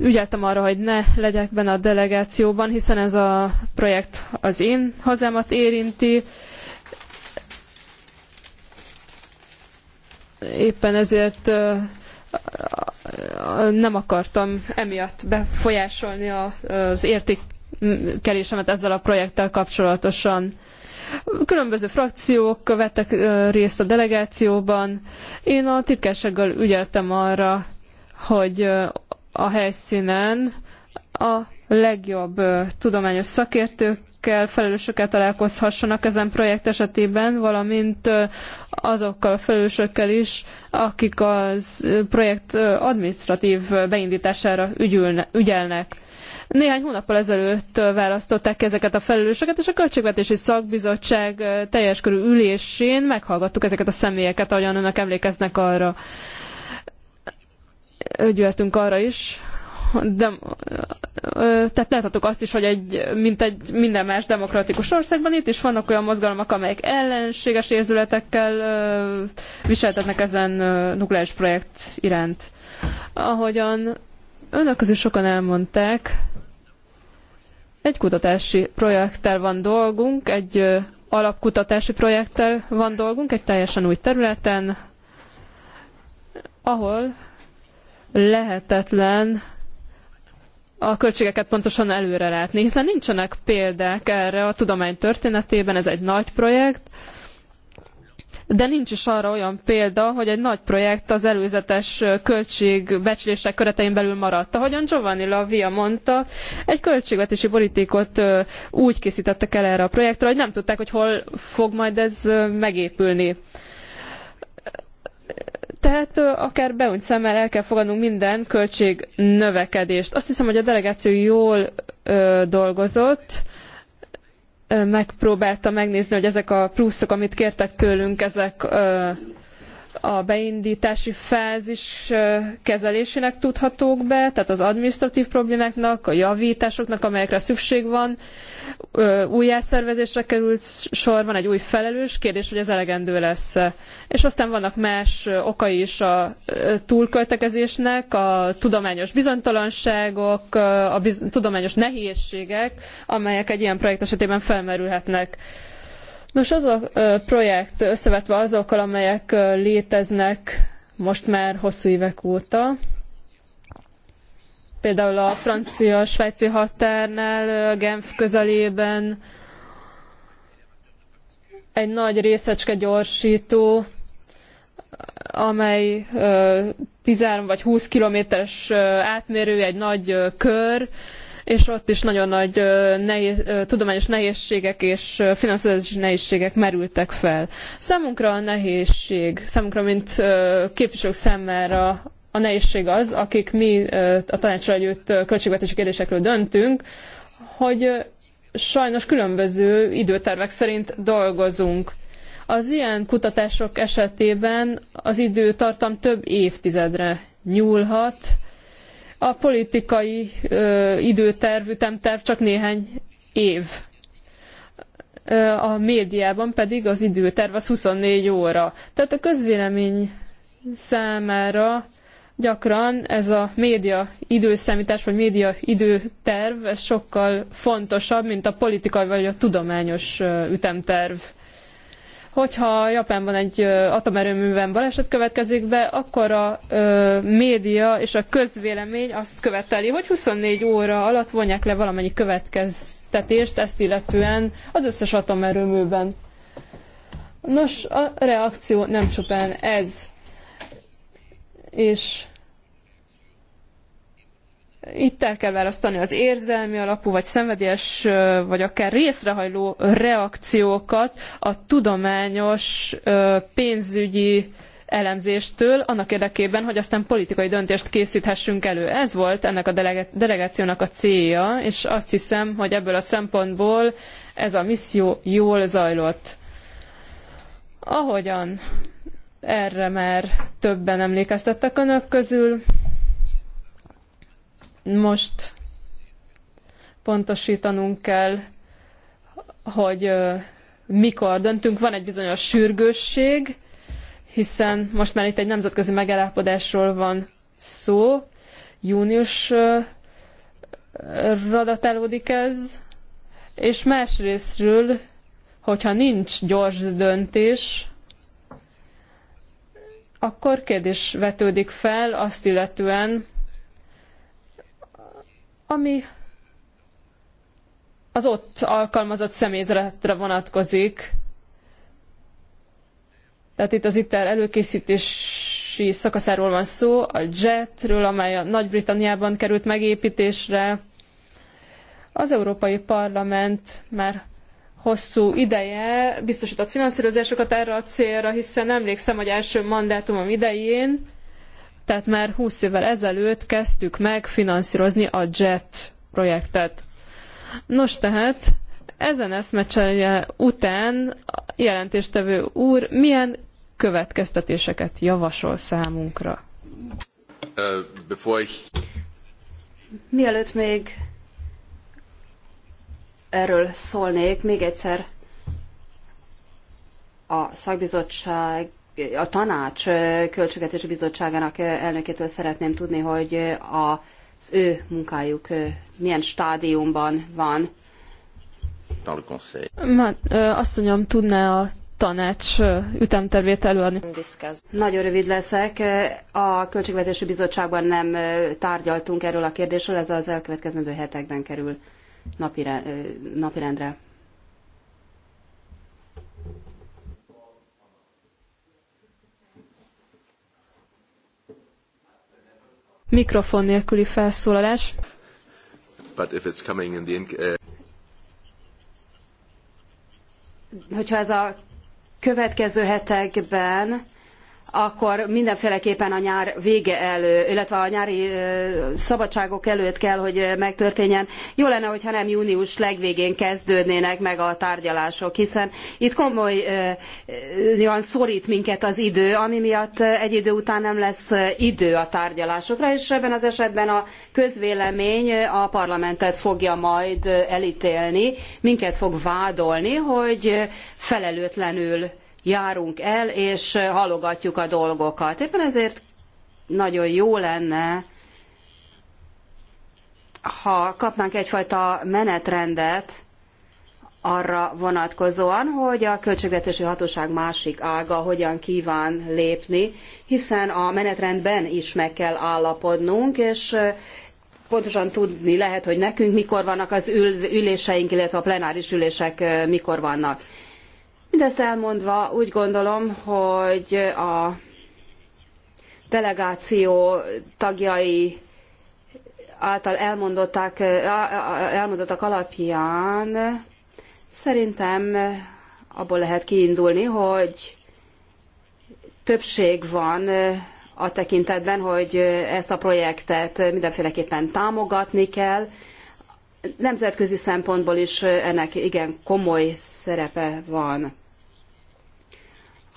ügyeltem arra, hogy ne legyek benne a delegációban, hiszen ez a projekt az én hazámat érinti, éppen ezért nem akartam emiatt befolyásolni az értékelésemet ezzel a projekttel kapcsolatosan. Különböző frakciók vettek részt a delegációban. Én a titkársággal ügyeltem arra, hogy a helyszínen a legjobb tudományos szakértők felelősökkel, felelősökkel találkozhassanak ezen projekt esetében, valamint azokkal a felelősökkel is, akik a projekt administratív beindítására ügyülne, ügyelnek. Néhány hónappal ezelőtt választották ezeket a felelősöket, és a Költségvetési Szakbizottság teljes körű ülésén meghallgattuk ezeket a személyeket, ahogyan önök emlékeznek arra. Ügyeltünk arra is, de, tehát láthatok azt is, hogy egy, mint egy minden más demokratikus országban itt is vannak olyan mozgalmak, amelyek ellenséges érzületekkel viseltetnek ezen nukleáris projekt iránt. Ahogyan önök közül sokan elmondták, egy kutatási projekttel van dolgunk, egy alapkutatási projekttel van dolgunk, egy teljesen új területen, ahol lehetetlen a költségeket pontosan előre látni, hiszen nincsenek példák erre a tudomány történetében, ez egy nagy projekt, de nincs is arra olyan példa, hogy egy nagy projekt az előzetes költségbecslések keretein belül maradt. Ahogyan Giovanni Lavia mondta, egy költségvetési politikot úgy készítettek el erre a projektre, hogy nem tudták, hogy hol fog majd ez megépülni. Tehát akár beúnyt szemmel el kell fogadnunk minden költség növekedést. Azt hiszem, hogy a delegáció jól ö, dolgozott, ö, megpróbálta megnézni, hogy ezek a pluszok, amit kértek tőlünk, ezek ö, a beindítási fázis kezelésének tudhatók be, tehát az administratív problémáknak, a javításoknak, amelyekre szükség van. Újjászervezésre került sor, van egy új felelős kérdés, hogy ez elegendő lesz. És aztán vannak más okai is a túlköltekezésnek, a tudományos bizonytalanságok, a biz tudományos nehézségek, amelyek egy ilyen projekt esetében felmerülhetnek. Nos, az a projekt összevetve azokkal, amelyek léteznek most már hosszú évek óta, például a francia-svájci határnál, Genf közelében egy nagy részecske gyorsító, amely 13 vagy 20 kilométeres átmérő, egy nagy kör, és ott is nagyon nagy nehéz, tudományos nehézségek és finanszírozási nehézségek merültek fel. Számunkra a nehézség, számunkra, mint képviselők számára a nehézség az, akik mi a tanácsra együtt költségvetési kérdésekről döntünk, hogy sajnos különböző időtervek szerint dolgozunk. Az ilyen kutatások esetében az időtartam több évtizedre nyúlhat, a politikai ö, időterv, ütemterv csak néhány év. A médiában pedig az időterv az 24 óra. Tehát a közvélemény számára gyakran ez a média időszámítás, vagy média időterv, ez sokkal fontosabb, mint a politikai vagy a tudományos ütemterv hogyha Japánban egy atomerőműben baleset következik be, akkor a ö, média és a közvélemény azt követeli, hogy 24 óra alatt vonják le valamennyi következtetést ezt illetően az összes atomerőműben. Nos, a reakció nem csupán ez. És itt el kell választani az érzelmi alapú, vagy szenvedélyes, vagy akár részrehajló reakciókat a tudományos pénzügyi elemzéstől, annak érdekében, hogy aztán politikai döntést készíthessünk elő. Ez volt ennek a delegációnak a célja, és azt hiszem, hogy ebből a szempontból ez a misszió jól zajlott. Ahogyan erre már többen emlékeztettek önök közül, most pontosítanunk kell, hogy mikor döntünk. Van egy bizonyos sürgősség, hiszen most már itt egy nemzetközi megállapodásról van szó. Június radatálódik ez, és másrésztről, hogyha nincs gyors döntés, akkor kérdés vetődik fel azt illetően, ami az ott alkalmazott személyzetre vonatkozik. Tehát itt az ITER előkészítési szakaszáról van szó, a jetről, amely a Nagy-Britanniában került megépítésre. Az Európai Parlament már hosszú ideje biztosított finanszírozásokat erre a célra, hiszen emlékszem, hogy első mandátumom idején tehát már 20 évvel ezelőtt kezdtük meg finanszírozni a JET projektet. Nos tehát, ezen eszmecsere után jelentéstevő úr milyen következtetéseket javasol számunkra? Mielőtt még erről szólnék, még egyszer a szakbizottság a tanács költségvetési bizottságának elnökétől szeretném tudni, hogy az ő munkájuk milyen stádiumban van. azt mondjam, tudná a tanács ütemtervét előadni? Nagyon rövid leszek. A Költségvetési Bizottságban nem tárgyaltunk erről a kérdésről, ez az elkövetkezendő hetekben kerül napire, napirendre. Mikrofon nélküli felszólalás. But if it's coming in the, uh... Hogyha ez a következő hetekben akkor mindenféleképpen a nyár vége elő, illetve a nyári szabadságok előtt kell, hogy megtörténjen. Jó lenne, hogyha nem június legvégén kezdődnének meg a tárgyalások, hiszen itt komolyan szort minket az idő, ami miatt egy idő után nem lesz idő a tárgyalásokra, és ebben az esetben a közvélemény a parlamentet fogja majd elítélni, minket fog vádolni, hogy felelőtlenül járunk el, és eh, halogatjuk a dolgokat. Éppen ezért nagyon jó lenne, ha kapnánk egyfajta menetrendet arra vonatkozóan, hogy a költségvetési hatóság másik ága hogyan kíván lépni, hiszen a menetrendben is meg kell állapodnunk, és eh, pontosan tudni lehet, hogy nekünk mikor vannak az üléseink, illetve a plenáris ülések eh, mikor vannak. Mindezt elmondva úgy gondolom, hogy a delegáció tagjai által elmondottak, elmondottak alapján szerintem abból lehet kiindulni, hogy többség van a tekintetben, hogy ezt a projektet mindenféleképpen támogatni kell, nemzetközi szempontból is ennek igen komoly szerepe van.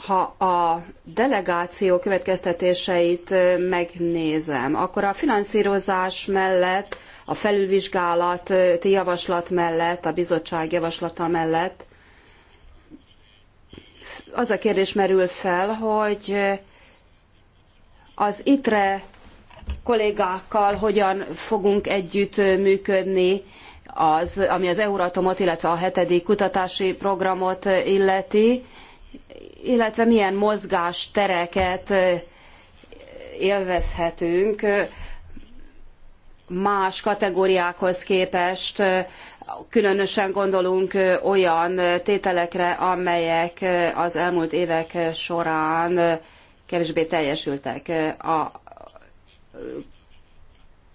Ha a delegáció következtetéseit megnézem, akkor a finanszírozás mellett, a felülvizsgálati javaslat mellett, a bizottság javaslata mellett az a kérdés merül fel, hogy az ITRE kollégákkal hogyan fogunk együtt működni, az, ami az Euratomot, illetve a hetedik kutatási programot illeti, illetve milyen mozgástereket élvezhetünk más kategóriákhoz képest, különösen gondolunk olyan tételekre, amelyek az elmúlt évek során kevésbé teljesültek. A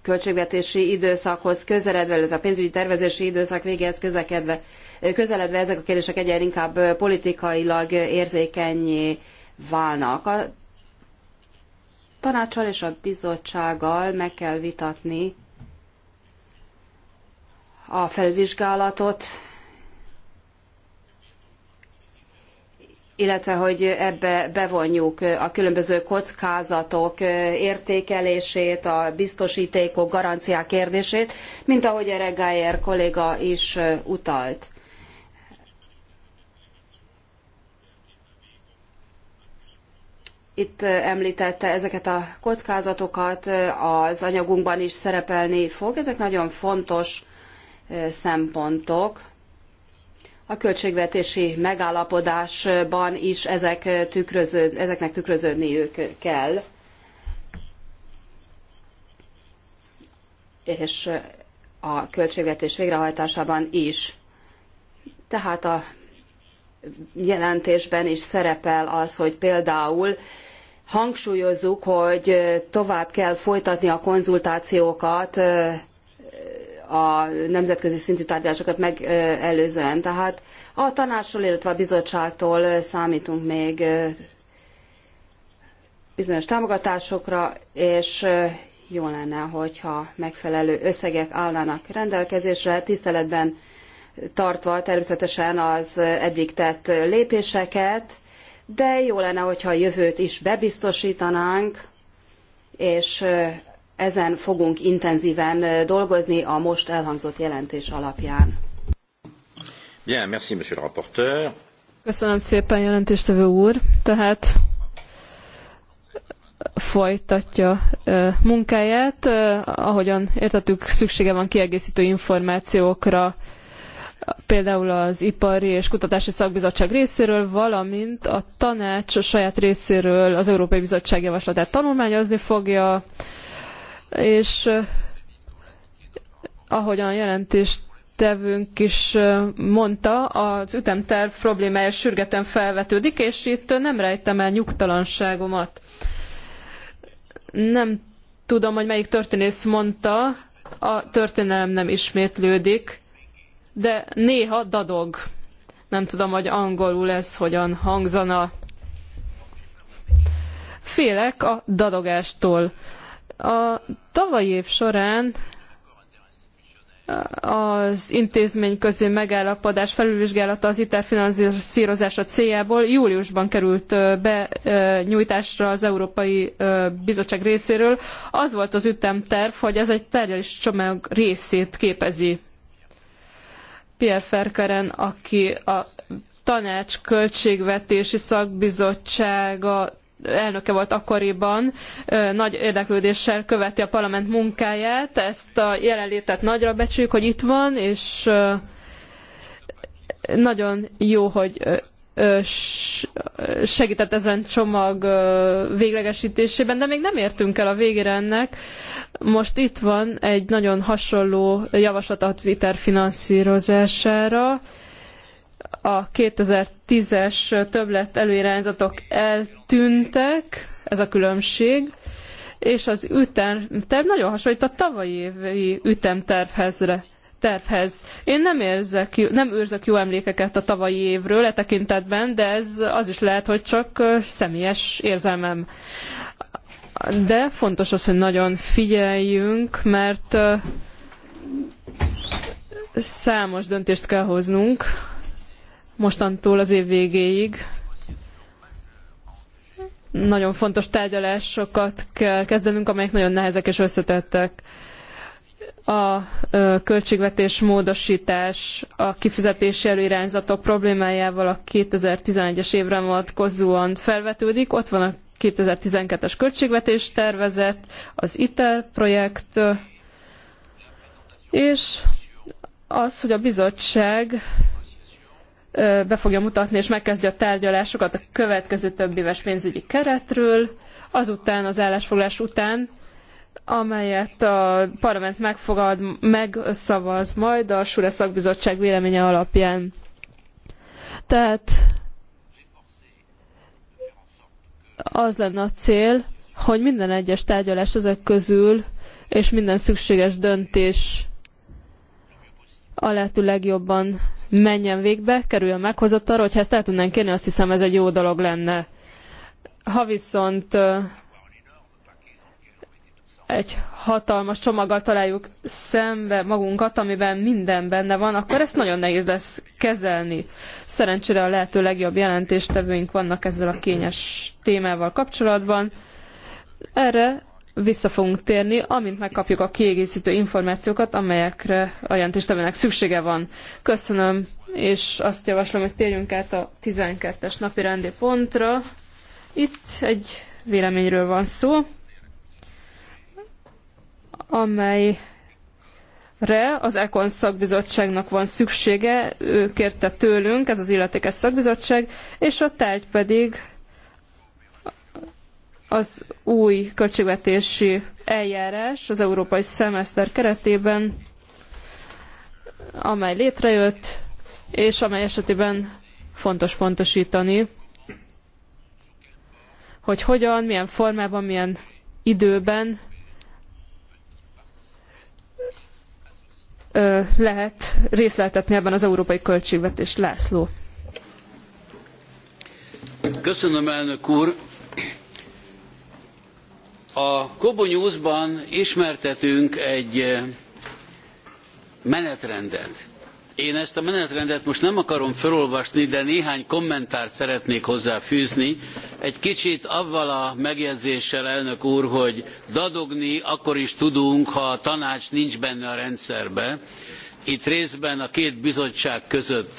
költségvetési időszakhoz közeledve, illetve a pénzügyi tervezési időszak végéhez közekedve, közeledve ezek a kérdések egyre inkább politikailag érzékenyé válnak. A tanácssal és a bizottsággal meg kell vitatni a felvizsgálatot, illetve hogy ebbe bevonjuk a különböző kockázatok értékelését, a biztosítékok, garanciák kérdését, mint ahogy erre Gájer kolléga is utalt. Itt említette ezeket a kockázatokat, az anyagunkban is szerepelni fog. Ezek nagyon fontos szempontok a költségvetési megállapodásban is ezek tükröződ, ezeknek tükröződniük kell. És a költségvetés végrehajtásában is. Tehát a jelentésben is szerepel az, hogy például hangsúlyozzuk, hogy tovább kell folytatni a konzultációkat a nemzetközi szintű tárgyalásokat megelőzően. Tehát a tanácsról, illetve a bizottságtól számítunk még bizonyos támogatásokra, és jó lenne, hogyha megfelelő összegek állnának rendelkezésre, tiszteletben tartva természetesen az eddig tett lépéseket, de jó lenne, hogyha a jövőt is bebiztosítanánk, és ezen fogunk intenzíven dolgozni a most elhangzott jelentés alapján. Bien, merci, monsieur le rapporteur. Köszönöm szépen, jelentéstevő úr. Tehát folytatja munkáját. Ahogyan értettük, szüksége van kiegészítő információkra, például az Ipari és Kutatási Szakbizottság részéről, valamint a tanács a saját részéről az Európai Bizottság javaslatát tanulmányozni fogja és ahogyan jelentést tevünk is mondta, az ütemterv problémája sürgeten felvetődik, és itt nem rejtem el nyugtalanságomat. Nem tudom, hogy melyik történész mondta, a történelem nem ismétlődik, de néha dadog. Nem tudom, hogy angolul ez hogyan hangzana. Félek a dadogástól. A tavalyi év során az intézmény közé megállapodás felülvizsgálata az hitelfinanszírozása céljából júliusban került benyújtásra az Európai Bizottság részéről. Az volt az ütemterv, hogy ez egy tárgyalási csomag részét képezi. Pierre Ferkeren, aki a tanács költségvetési szakbizottsága elnöke volt akkoriban, nagy érdeklődéssel követi a parlament munkáját. Ezt a jelenlétet nagyra becsüljük, hogy itt van, és nagyon jó, hogy segített ezen csomag véglegesítésében, de még nem értünk el a végére ennek. Most itt van egy nagyon hasonló javaslat az ITER finanszírozására, a 2010-es többlet előirányzatok eltűntek, ez a különbség, és az ütemterv nagyon hasonlít a tavalyi évi ütemtervhezre. Tervhez. Én nem, érzek, nem őrzök jó emlékeket a tavalyi évről e tekintetben, de ez az is lehet, hogy csak személyes érzelmem. De fontos az, hogy nagyon figyeljünk, mert számos döntést kell hoznunk mostantól az év végéig. Nagyon fontos tárgyalásokat kell kezdenünk, amelyek nagyon nehezek és összetettek. A költségvetés módosítás, a kifizetési előirányzatok problémájával a 2011-es évre vonatkozóan felvetődik. Ott van a 2012-es költségvetés tervezet, az ITER projekt, és az, hogy a bizottság be fogja mutatni és megkezdi a tárgyalásokat a következő több éves pénzügyi keretről, azután az állásfoglás után, amelyet a parlament megfogad, megszavaz majd a Sure szakbizottság véleménye alapján. Tehát az lenne a cél, hogy minden egyes tárgyalás ezek közül, és minden szükséges döntés a lehető legjobban menjen végbe, kerüljön meghozatalra, hogyha ezt el tudnánk kérni, azt hiszem ez egy jó dolog lenne. Ha viszont egy hatalmas csomaggal találjuk szembe magunkat, amiben minden benne van, akkor ezt nagyon nehéz lesz kezelni. Szerencsére a lehető legjobb jelentéstevőink vannak ezzel a kényes témával kapcsolatban. Erre vissza fogunk térni, amint megkapjuk a kiegészítő információkat, amelyekre a jelentéstevőnek szüksége van. Köszönöm, és azt javaslom, hogy térjünk át a 12-es napi rendi pontra. Itt egy véleményről van szó, amelyre az Ekon szakbizottságnak van szüksége, ő kérte tőlünk, ez az illetékes szakbizottság, és a tárgy pedig az új költségvetési eljárás az európai szemeszter keretében, amely létrejött, és amely esetében fontos pontosítani, hogy hogyan, milyen formában, milyen időben lehet részleltetni ebben az európai költségvetés. László. Köszönöm, elnök úr! A Kobo news ismertetünk egy eh, menetrendet. Én ezt a menetrendet most nem akarom felolvasni, de néhány kommentárt szeretnék hozzáfűzni. Egy kicsit avval a megjegyzéssel, elnök úr, hogy dadogni akkor is tudunk, ha a tanács nincs benne a rendszerbe. Itt részben a két bizottság között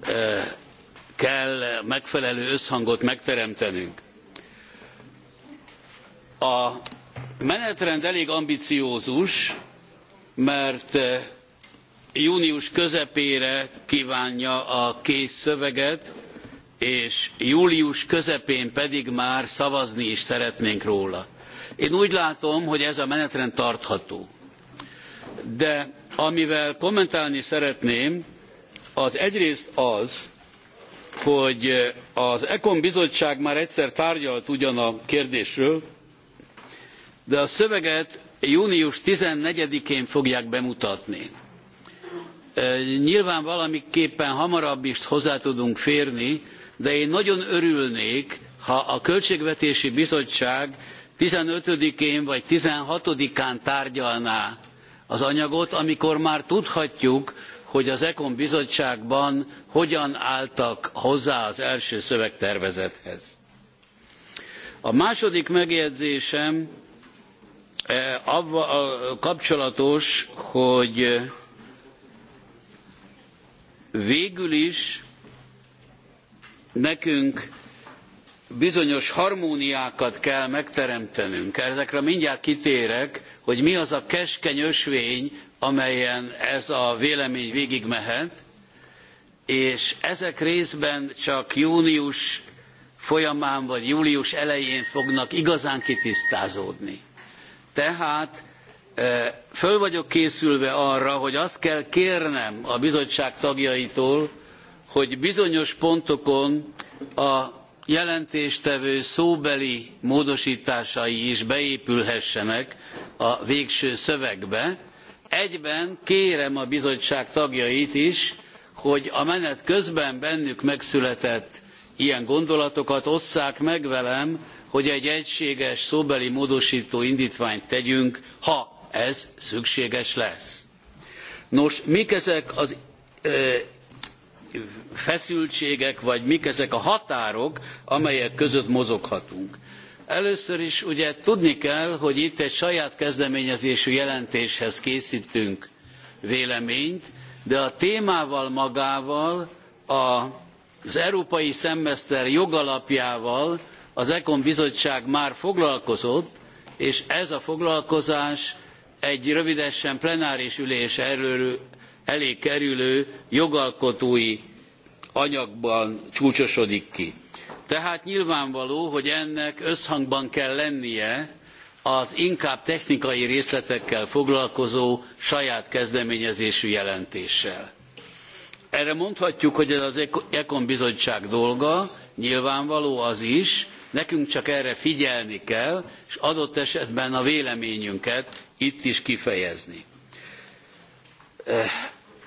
eh, kell megfelelő összhangot megteremtenünk. A menetrend elég ambiciózus, mert eh, június közepére kívánja a kész szöveget, és július közepén pedig már szavazni is szeretnénk róla. Én úgy látom, hogy ez a menetrend tartható. De amivel kommentálni szeretném, az egyrészt az, hogy az econ bizottság már egyszer tárgyalt ugyan a kérdésről, de a szöveget június fourteen én fogják bemutatni. Nyilván valamiképpen hamarabb is hozzá tudunk férni, de én nagyon örülnék, ha a Költségvetési Bizottság fifteen én vagy sixteen án tárgyalná az anyagot, amikor már tudhatjuk, hogy az Ekon bizottságban hogyan álltak hozzá az első szövegtervezethez. A második megjegyzésem E, avval kapcsolatos, hogy e, végül is nekünk bizonyos harmóniákat kell megteremtenünk. Ezekre mindjárt kitérek, hogy mi az a keskeny ösvény, amelyen ez a vélemény végigmehet, és ezek részben csak június folyamán vagy július elején fognak igazán kitisztázódni. Tehát föl vagyok készülve arra, hogy azt kell kérnem a bizottság tagjaitól, hogy bizonyos pontokon a jelentéstevő szóbeli módostásai is beépülhessenek a végső szövegbe. Egyben kérem a bizottság tagjait is, hogy a menet közben bennük megszületett ilyen gondolatokat osszák meg velem, hogy egy egységes szóbeli módostó indítványt tegyünk, ha ez szükséges lesz. Nos, mik ezek az ö, feszültségek, vagy mik ezek a határok, amelyek között mozoghatunk? Először is ugye tudni kell, hogy itt egy saját kezdeményezésű jelentéshez készítünk véleményt, de a témával magával, a, az európai szemeszter jogalapjával, az econ bizottság már foglalkozott és ez a foglalkozás egy rövidesen plenáris ülés elé kerülő jogalkotói anyagban csúcsosodik ki. tehát nyilvánvaló hogy ennek összhangban kell lennie az inkább technikai részletekkel foglalkozó saját kezdeményezésű jelentéssel. erre mondhatjuk hogy ez az econ bizottság dolga nyilvánvaló az is Nekünk csak erre figyelni kell, és adott esetben a véleményünket itt is kifejezni. Eh,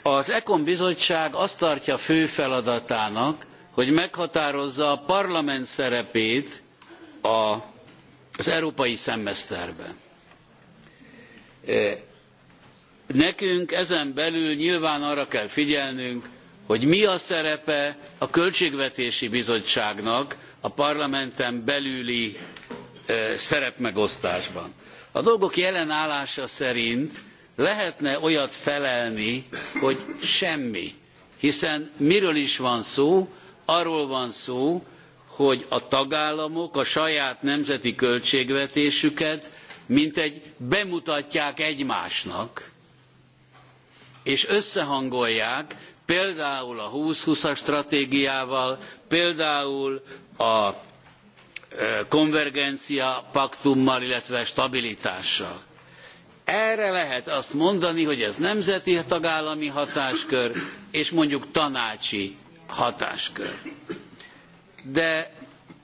az Ekon bizottság azt tartja fő feladatának, hogy meghatározza a parlament szerepét a, az európai szemeszterben. Eh, nekünk ezen belül nyilván arra kell figyelnünk, hogy mi a szerepe a Költségvetési Bizottságnak a parlamenten belüli szerepmegosztásban. A dolgok jelen állása szerint lehetne olyat felelni, hogy semmi. Hiszen miről is van szó? Arról van szó, hogy a tagállamok a saját nemzeti költségvetésüket mintegy bemutatják egymásnak, és összehangolják, például a 2020-as stratégiával, például a konvergencia paktummal, illetve stabilitással. Erre lehet azt mondani, hogy ez nemzeti tagállami hatáskör, és mondjuk tanácsi hatáskör. De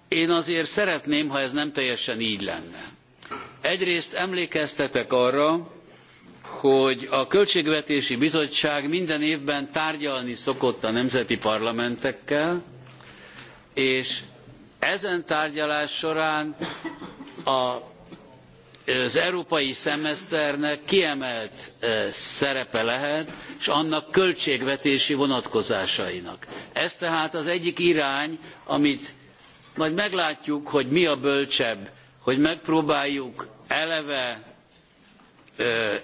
én azért szeretném, ha ez nem teljesen így lenne. Egyrészt emlékeztetek arra, hogy a Költségvetési Bizottság minden évben tárgyalni szokott a nemzeti parlamentekkel, és ezen tárgyalás során a, az európai szemeszternek kiemelt szerepe lehet, és annak költségvetési vonatkozásainak. Ez tehát az egyik irány, amit majd meglátjuk, hogy mi a bölcsebb, hogy megpróbáljuk eleve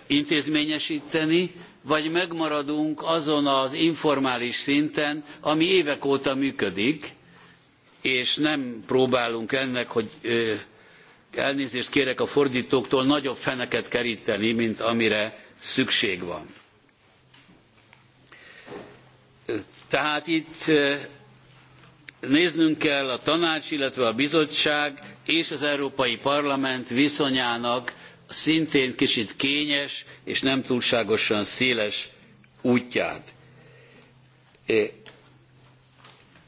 intézményesíteni, vagy megmaradunk azon az informális szinten, ami évek óta működik, és nem próbálunk ennek, hogy ö, elnézést kérek a fordítóktól, nagyobb feneket keríteni, mint amire szükség van. Tehát itt néznünk kell a tanács, illetve a bizottság és az Európai Parlament viszonyának szintén kicsit kényes és nem túlságosan széles útját.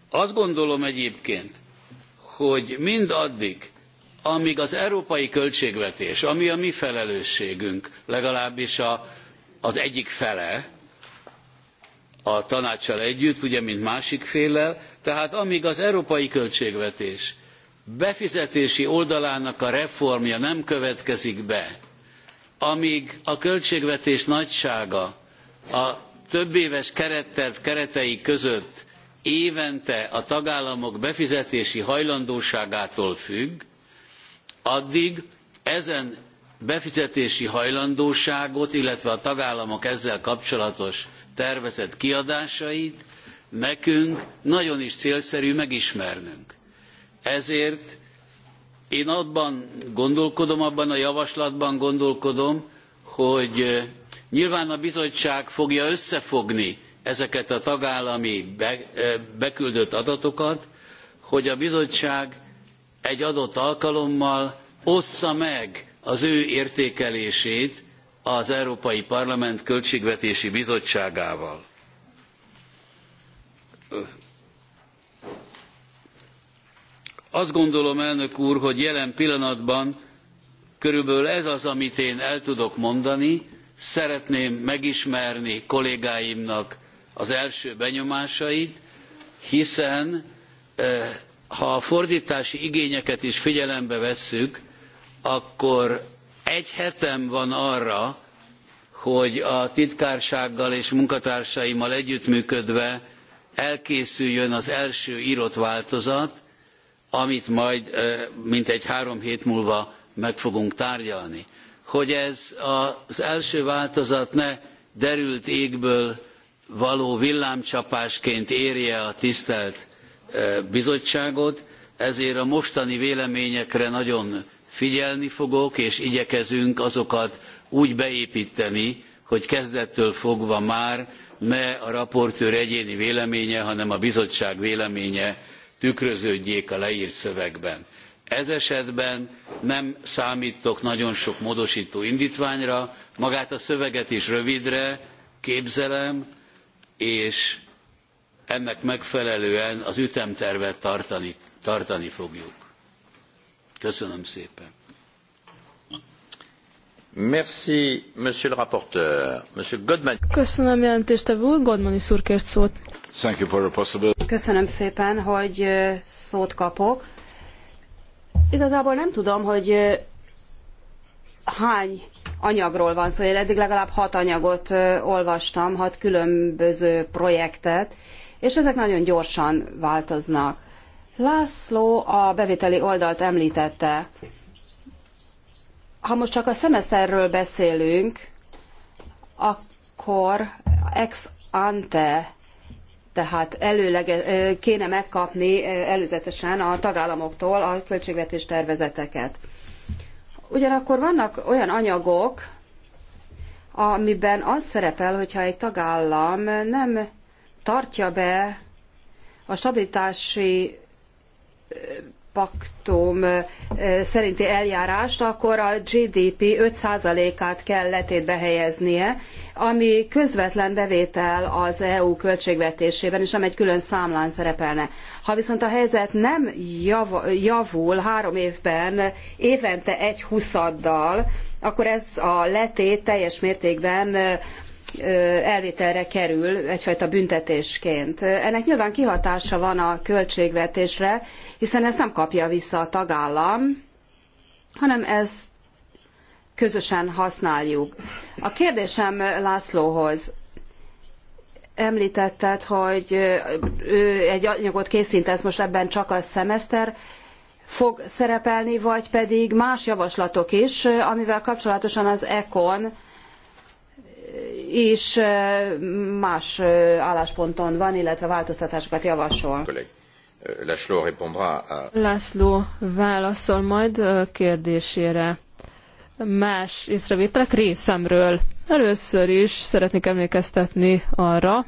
Azt gondolom egyébként, hogy mindaddig, amíg az európai költségvetés, ami a mi felelősségünk, legalábbis a, az egyik fele, a tanácssal együtt, ugye, mint másik féllel, tehát amíg az európai költségvetés befizetési oldalának a reformja nem következik be, amíg a költségvetés nagysága a többéves keretterv keretei között évente a tagállamok befizetési hajlandóságától függ, addig ezen befizetési hajlandóságot, illetve a tagállamok ezzel kapcsolatos tervezett kiadásait nekünk nagyon is célszerű megismernünk. Ezért én abban gondolkodom, abban a javaslatban gondolkodom, hogy nyilván a bizottság fogja összefogni ezeket a tagállami beküldött adatokat, hogy a bizottság egy adott alkalommal ossza meg az ő értékelését az Európai Parlament Költségvetési Bizottságával. azt gondolom, elnök úr, hogy jelen pillanatban körülbelül ez az, amit én el tudok mondani. Szeretném megismerni kollégáimnak az első benyomásait, hiszen eh, ha a fordítási igényeket is figyelembe vesszük, akkor egy hetem van arra, hogy a titkársággal és munkatársaimmal együttműködve elkészüljön az első rott változat, amit majd mintegy három hét múlva meg fogunk tárgyalni. Hogy ez az első változat ne derült égből való villámcsapásként érje a tisztelt bizottságot, ezért a mostani véleményekre nagyon figyelni fogok, és igyekezünk azokat úgy beépíteni, hogy kezdettől fogva már ne a raportőr egyéni véleménye, hanem a bizottság véleménye tükröződjék a leírt szövegben. Ez esetben nem számítok nagyon sok módosító indítványra, magát a szöveget is rövidre képzelem, és ennek megfelelően az ütemtervet tartani, tartani fogjuk. Köszönöm szépen. Merci, monsieur le rapporteur. Monsieur Godman. Köszönöm jelentéstevő úr, Godman is úr szót. Thank you for Köszönöm szépen, hogy szót kapok. Igazából nem tudom, hogy hány anyagról van szó. Szóval én eddig legalább hat anyagot olvastam, hat különböző projektet, és ezek nagyon gyorsan változnak. László a bevételi oldalt említette ha most csak a szemeszterről beszélünk, akkor ex ante, tehát előlege, kéne megkapni előzetesen a tagállamoktól a költségvetés tervezeteket. Ugyanakkor vannak olyan anyagok, amiben az szerepel, hogyha egy tagállam nem tartja be a stabilitási paktum szerinti eljárást, akkor a GDP 5%-át kell letétbe helyeznie, ami közvetlen bevétel az EU költségvetésében, és amely külön számlán szerepelne. Ha viszont a helyzet nem javul három évben, évente egy huszaddal, akkor ez a letét teljes mértékben elvételre kerül egyfajta büntetésként. Ennek nyilván kihatása van a költségvetésre, hiszen ezt nem kapja vissza a tagállam, hanem ezt közösen használjuk. A kérdésem Lászlóhoz. Említetted, hogy ő egy anyagot készít, ez most ebben csak a szemeszter fog szerepelni, vagy pedig más javaslatok is, amivel kapcsolatosan az ECON is más állásponton van, illetve változtatásokat javasol. László válaszol majd a kérdésére más észrevételek részemről. Először is szeretnék emlékeztetni arra,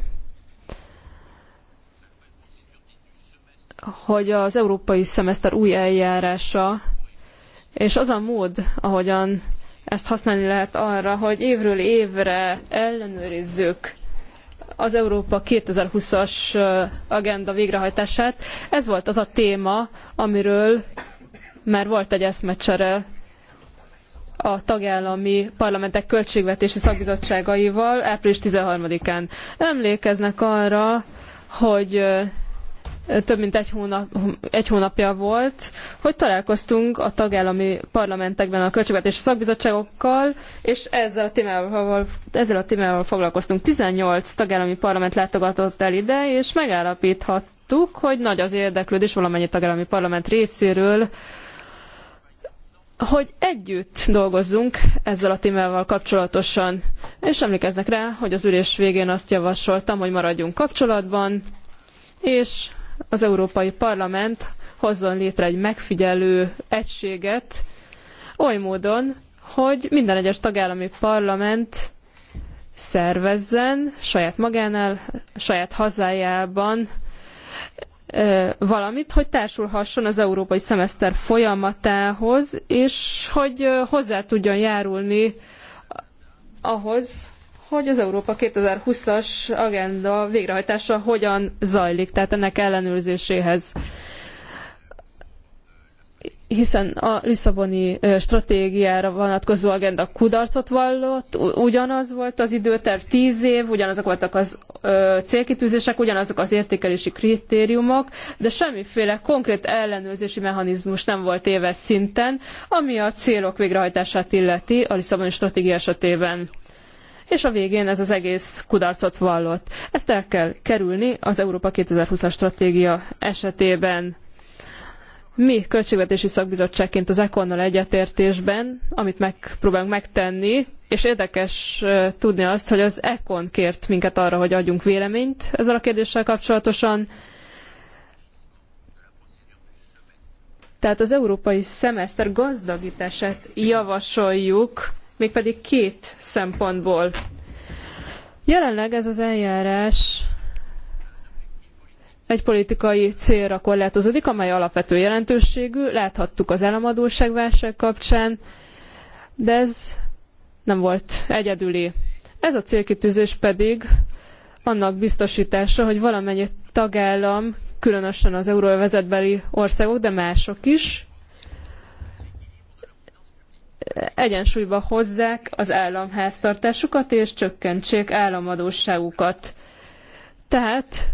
hogy az európai szemeszter új eljárása és az a mód, ahogyan ezt használni lehet arra, hogy évről évre ellenőrizzük az Európa 2020-as agenda végrehajtását. Ez volt az a téma, amiről már volt egy eszmecsere a tagállami parlamentek költségvetési szakbizottságaival április 13-án. Emlékeznek arra, hogy több mint egy, hónap, egy hónapja volt, hogy találkoztunk a tagállami parlamentekben a költségvetési szakbizottságokkal, és ezzel a, témával, ezzel a témával foglalkoztunk. 18 tagállami parlament látogatott el ide, és megállapíthattuk, hogy nagy az érdeklődés valamennyi tagállami parlament részéről, hogy együtt dolgozzunk ezzel a témával kapcsolatosan. És emlékeznek rá, hogy az ülés végén azt javasoltam, hogy maradjunk kapcsolatban, és az Európai Parlament hozzon létre egy megfigyelő egységet oly módon, hogy minden egyes tagállami parlament szervezzen saját magánál, saját hazájában valamit, hogy társulhasson az európai szemeszter folyamatához, és hogy hozzá tudjon járulni ahhoz, hogy az Európa 2020-as agenda végrehajtása hogyan zajlik, tehát ennek ellenőrzéséhez hiszen a Lisszaboni stratégiára vonatkozó agenda kudarcot vallott, ugyanaz volt az időterv tíz év, ugyanazok voltak az célkitűzések, ugyanazok az értékelési kritériumok, de semmiféle konkrét ellenőrzési mechanizmus nem volt éves szinten, ami a célok végrehajtását illeti a Lisszaboni stratégia esetében és a végén ez az egész kudarcot vallott. Ezt el kell kerülni az Európa 2020-as stratégia esetében. Mi költségvetési szakbizottságként az Econnal egyetértésben, amit megpróbálunk megtenni, és érdekes tudni azt, hogy az Econ kért minket arra, hogy adjunk véleményt ezzel a kérdéssel kapcsolatosan. Tehát az európai szemeszter gazdagítását javasoljuk mégpedig két szempontból. Jelenleg ez az eljárás egy politikai célra korlátozódik, amely alapvető jelentőségű, láthattuk az államadóságválság kapcsán, de ez nem volt egyedüli. Ez a célkitűzés pedig annak biztosítása, hogy valamennyi tagállam, különösen az euróvezetbeli országok, de mások is, egyensúlyba hozzák az államháztartásukat és csökkentsék államadóságukat. Tehát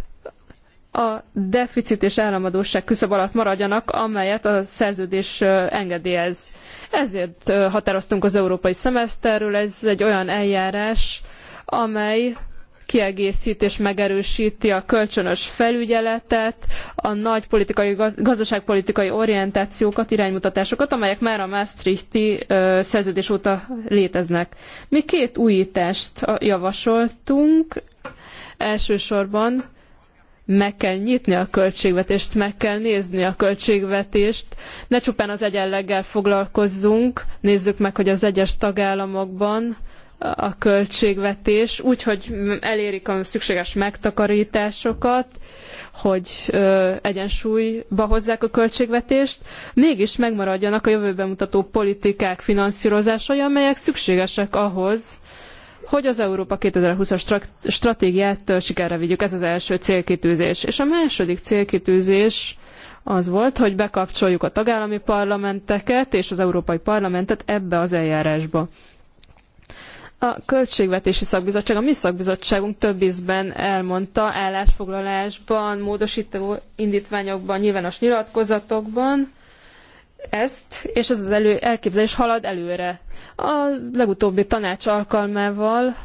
a deficit és államadóság küszöb alatt maradjanak, amelyet a szerződés engedélyez. Ezért határoztunk az európai szemeszterről, ez egy olyan eljárás, amely kiegészít és megerősíti a kölcsönös felügyeletet, a nagy politikai, gazdaságpolitikai orientációkat, iránymutatásokat, amelyek már a Maastrichti szerződés óta léteznek. Mi két újítást javasoltunk. Elsősorban meg kell nyitni a költségvetést, meg kell nézni a költségvetést. Ne csupán az egyenleggel foglalkozzunk, nézzük meg, hogy az egyes tagállamokban a költségvetés, úgy, hogy elérik a szükséges megtakarításokat, hogy ö, egyensúlyba hozzák a költségvetést, mégis megmaradjanak a jövőben mutató politikák finanszírozásai, amelyek szükségesek ahhoz, hogy az Európa 2020-as stratégiát sikerre vigyük. Ez az első célkitűzés. És a második célkitűzés az volt, hogy bekapcsoljuk a tagállami parlamenteket és az Európai Parlamentet ebbe az eljárásba. A Költségvetési Szakbizottság, a mi szakbizottságunk több ízben elmondta állásfoglalásban, módosító indítványokban, nyilvános nyilatkozatokban, ezt, és ez az elő, elképzelés halad előre. A legutóbbi tanács alkalmával,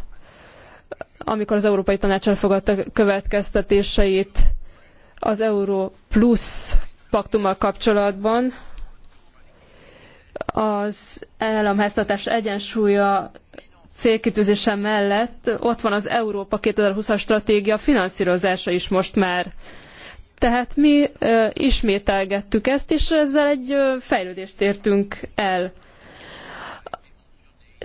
amikor az Európai Tanács elfogadta következtetéseit az Euró Plus paktummal kapcsolatban, az államháztatás egyensúlya célkitűzése mellett ott van az Európa 2020-as stratégia finanszírozása is most már. Tehát mi ö, ismételgettük ezt, és ezzel egy ö, fejlődést értünk el.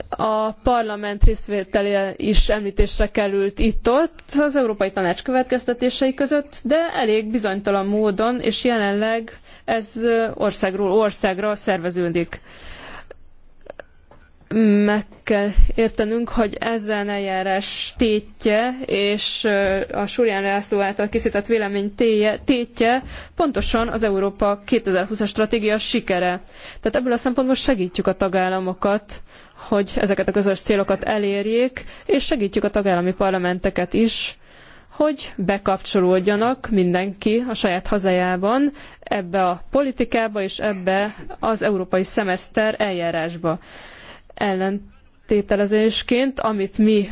A parlament részvétele is említésre került itt-ott az Európai Tanács következtetései között, de elég bizonytalan módon, és jelenleg ez országról országra szerveződik meg kell értenünk, hogy ezen eljárás tétje és a Súrján László által készített vélemény tétje pontosan az Európa 2020-as stratégia sikere. Tehát ebből a szempontból segítjük a tagállamokat, hogy ezeket a közös célokat elérjék, és segítjük a tagállami parlamenteket is, hogy bekapcsolódjanak mindenki a saját hazájában ebbe a politikába és ebbe az európai szemeszter eljárásba ellentételezésként, amit mi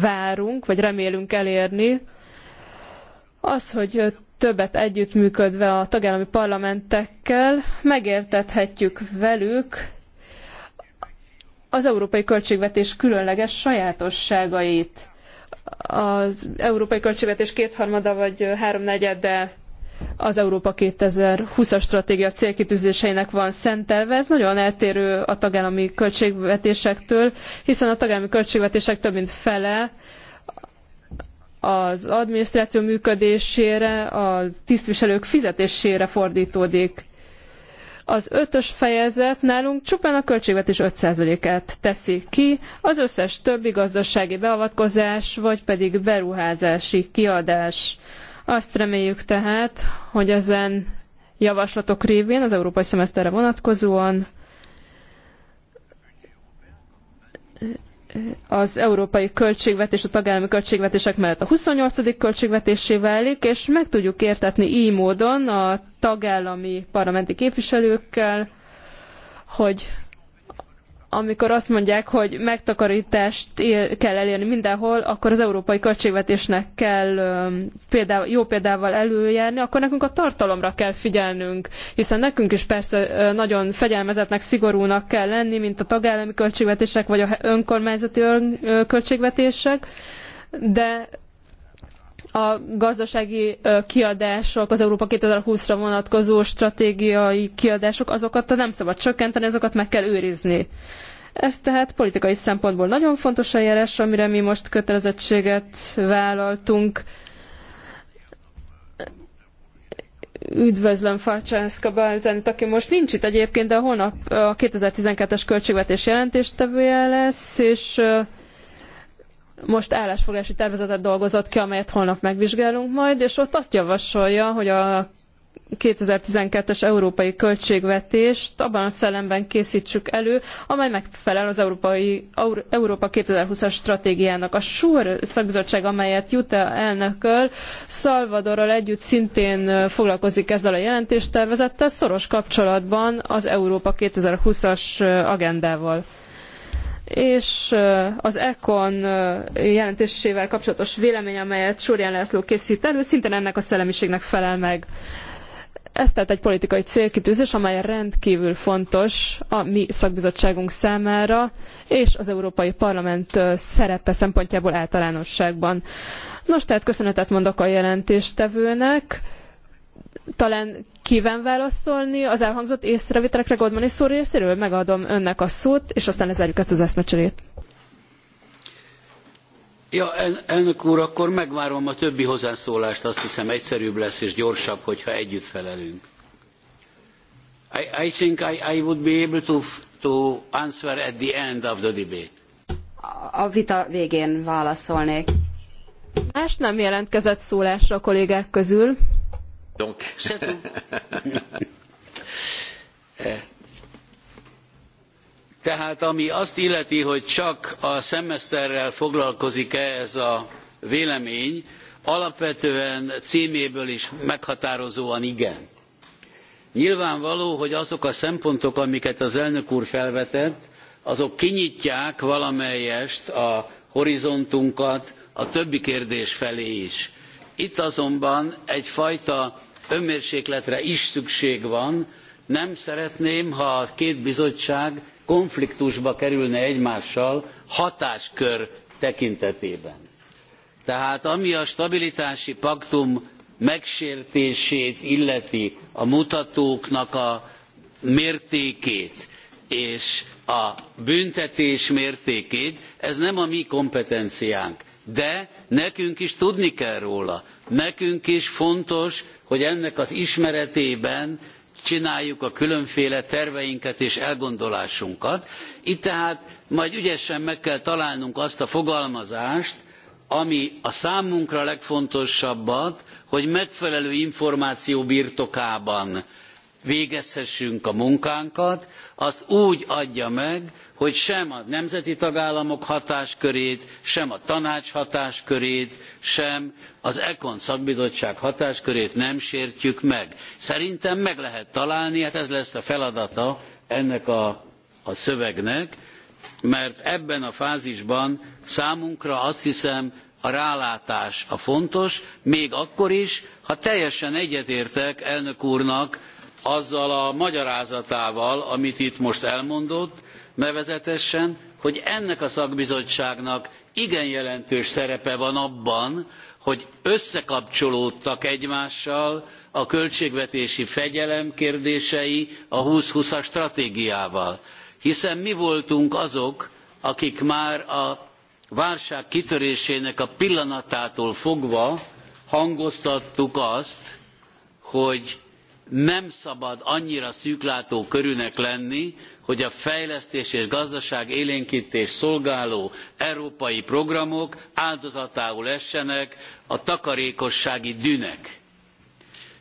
várunk, vagy remélünk elérni, az, hogy többet együttműködve a tagállami parlamentekkel megértethetjük velük az európai költségvetés különleges sajátosságait. Az európai költségvetés kétharmada vagy háromnegyede az Európa 2020-as stratégia célkitűzéseinek van szentelve. Ez nagyon eltérő a tagállami költségvetésektől, hiszen a tagállami költségvetések több mint fele az adminisztráció működésére, a tisztviselők fizetésére fordítódik. Az ötös fejezet nálunk csupán a költségvetés 5%-át teszi ki, az összes többi gazdasági beavatkozás, vagy pedig beruházási kiadás. Azt reméljük tehát, hogy ezen javaslatok révén az európai szemeszterre vonatkozóan az európai költségvetés, a tagállami költségvetések mellett a 28. költségvetésé válik, és meg tudjuk értetni így módon a tagállami parlamenti képviselőkkel, hogy amikor azt mondják, hogy megtakarítást kell elérni mindenhol, akkor az európai költségvetésnek kell példával, jó példával előjárni, akkor nekünk a tartalomra kell figyelnünk, hiszen nekünk is persze nagyon fegyelmezetnek, szigorúnak kell lenni, mint a tagállami költségvetések, vagy a önkormányzati költségvetések, de a gazdasági kiadások, az Európa 2020-ra vonatkozó stratégiai kiadások, azokat nem szabad csökkenteni, azokat meg kell őrizni. Ez tehát politikai szempontból nagyon fontos eljárás, amire mi most kötelezettséget vállaltunk. Üdvözlöm Farcsánszka Balzenit, aki most nincs itt egyébként, de holnap a 2012-es költségvetés jelentéstevője lesz, és most állásfoglási tervezetet dolgozott ki, amelyet holnap megvizsgálunk majd, és ott azt javasolja, hogy a 2012-es európai költségvetést abban a szellemben készítsük elő, amely megfelel az európai, Európa 2020-as stratégiának. A SUR szakbizottság, amelyet Jutta elnököl, Szalvadorral együtt szintén foglalkozik ezzel a jelentéstervezettel, szoros kapcsolatban az Európa 2020-as agendával és az ECON jelentésével kapcsolatos vélemény, amelyet Súrján László készít elő, szintén ennek a szellemiségnek felel meg. Ez tehát egy politikai célkitűzés, amely rendkívül fontos a mi szakbizottságunk számára, és az Európai Parlament szerepe szempontjából általánosságban. Nos, tehát köszönetet mondok a jelentéstevőnek talán kíván válaszolni az elhangzott észrevételekre Goldman és szór részéről? Megadom önnek a szót, és aztán lezárjuk ezt az eszmecserét. Ja, el, elnök úr, akkor megvárom a többi hozzászólást, azt hiszem egyszerűbb lesz és gyorsabb, hogyha együtt felelünk. I, I think I, I would be able to, to answer at the end of the debate. A vita végén válaszolnék. Más nem jelentkezett szólásra a kollégák közül. Donc, c'est tout. [LAUGHS] Tehát ami azt illeti, hogy csak a szemeszterrel foglalkozik-e ez a vélemény, alapvetően címéből is meghatározóan igen. Nyilvánvaló, hogy azok a szempontok, amiket az elnök úr felvetett, azok kinyitják valamelyest a horizontunkat a többi kérdés felé is. Itt azonban egyfajta önmérsékletre is szükség van. Nem szeretném, ha a két bizottság konfliktusba kerülne egymással hatáskör tekintetében. Tehát ami a stabilitási paktum megsértését illeti, a mutatóknak a mértékét és a büntetés mértékét, ez nem a mi kompetenciánk. De nekünk is tudni kell róla Nekünk is fontos, hogy ennek az ismeretében csináljuk a különféle terveinket és elgondolásunkat. Itt tehát majd ügyesen meg kell találnunk azt a fogalmazást, ami a számunkra legfontosabbat, hogy megfelelő információ birtokában végezhessünk a munkánkat, azt úgy adja meg, hogy sem a nemzeti tagállamok hatáskörét, sem a tanács hatáskörét, sem az ECON szakbizottság hatáskörét nem sértjük meg. Szerintem meg lehet találni, hát ez lesz a feladata ennek a, a szövegnek, mert ebben a fázisban számunkra azt hiszem a rálátás a fontos, még akkor is, ha teljesen egyetértek elnök úrnak azzal a magyarázatával, amit itt most elmondott, nevezetesen, hogy ennek a szakbizottságnak igen jelentős szerepe van abban, hogy összekapcsolódtak egymással a költségvetési fegyelem kérdései a 2020-as stratégiával. Hiszen mi voltunk azok, akik már a válság kitörésének a pillanatától fogva hangoztattuk azt, hogy nem szabad annyira szűklátó körűnek lenni, hogy a fejlesztés és gazdaság élénkítés szolgáló európai programok áldozatául essenek a takarékossági dűnek.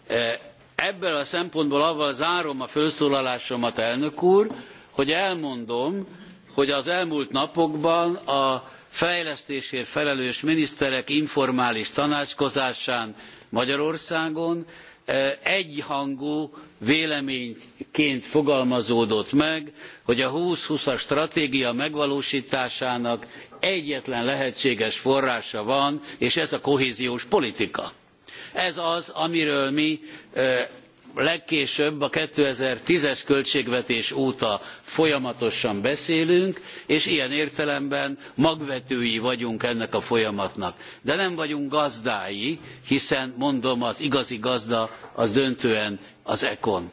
E, ebből a szempontból avval zárom a felszólalásomat, elnök úr, hogy elmondom, hogy az elmúlt napokban a fejlesztésért felelős miniszterek informális tanácskozásán Magyarországon egyhangú véleményként fogalmazódott meg hogy a two thousand and twenty as stratégia megvalóstásának egyetlen lehetséges forrása van és ez a kohéziós politika. ez az amiről mi legkésőbb a two thousand and ten es költségvetés óta folyamatosan beszélünk és ilyen értelemben magvetői vagyunk ennek a folyamatnak de nem vagyunk gazdái hiszen mondom az igazi gazda az döntően az econ.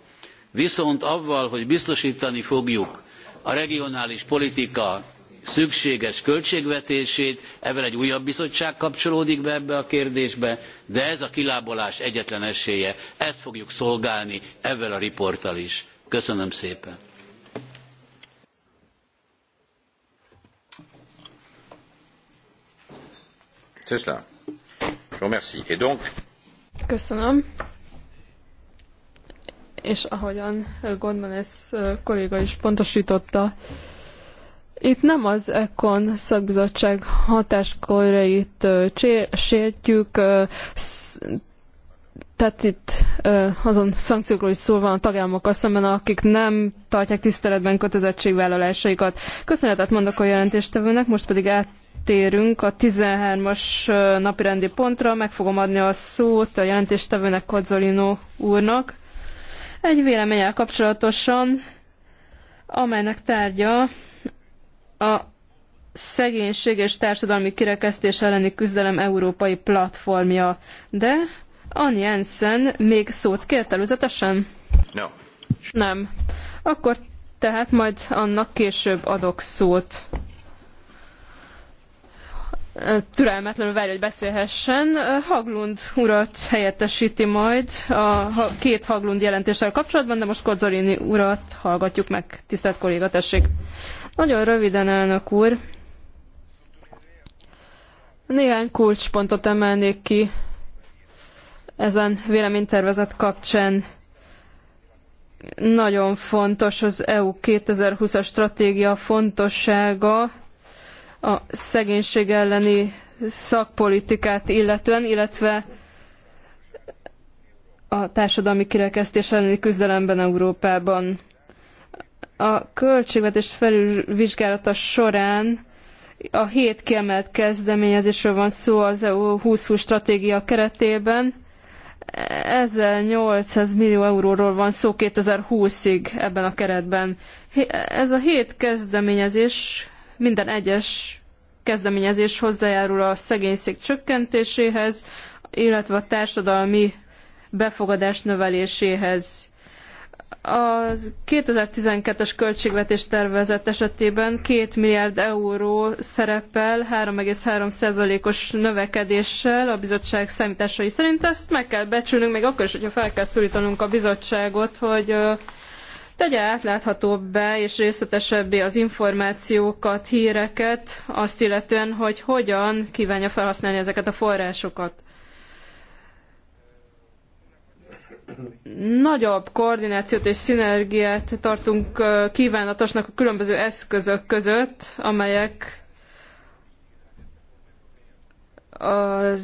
viszont avval hogy biztostani fogjuk a regionális politika szükséges költségvetését, ebben egy újabb bizottság kapcsolódik be ebbe a kérdésbe, de ez a kilábalás egyetlen esélye. Ezt fogjuk szolgálni ezzel a riporttal is. Köszönöm szépen! C'est cela. Je vous remercie. Et donc... Köszönöm. És ahogyan Gondman ez, kolléga is pontosította, itt nem az ECON szakbizottság hatásköreit sértjük, tehát itt azon szankciókról is szó van a tagállamokkal szemben, akik nem tartják tiszteletben kötelezettségvállalásaikat. Köszönetet mondok a jelentéstevőnek, most pedig áttérünk a 13-as napirendi pontra, meg fogom adni a szót a jelentéstevőnek Kodzolino úrnak. Egy véleménnyel kapcsolatosan, amelynek tárgya a szegénység és társadalmi kirekesztés elleni küzdelem európai platformja. De Ann Jensen még szót kért előzetesen? No. Nem. Akkor tehát majd annak később adok szót. Türelmetlenül várja, hogy beszélhessen. Haglund urat helyettesíti majd a két Haglund jelentéssel kapcsolatban, de most Kozzolini urat hallgatjuk meg. Tisztelt kolléga, tessék! Nagyon röviden, elnök úr. Néhány kulcspontot emelnék ki ezen véleménytervezet kapcsán. Nagyon fontos az EU 2020-as stratégia fontossága a szegénység elleni szakpolitikát illetően, illetve a társadalmi kirekesztés elleni küzdelemben Európában a költségvetés felülvizsgálata során a hét kiemelt kezdeményezésről van szó az EU 2020 stratégia keretében. Ezzel 800 millió euróról van szó 2020-ig ebben a keretben. Ez a hét kezdeményezés, minden egyes kezdeményezés hozzájárul a szegénység csökkentéséhez, illetve a társadalmi befogadás növeléséhez a 2012-es költségvetés tervezet esetében 2 milliárd euró szerepel 3,3%-os növekedéssel a bizottság számításai szerint. Ezt meg kell becsülnünk, még akkor is, hogyha fel kell szólítanunk a bizottságot, hogy tegye átláthatóbbá és részletesebbé az információkat, híreket, azt illetően, hogy hogyan kívánja felhasználni ezeket a forrásokat nagyobb koordinációt és szinergiát tartunk kívánatosnak a különböző eszközök között, amelyek a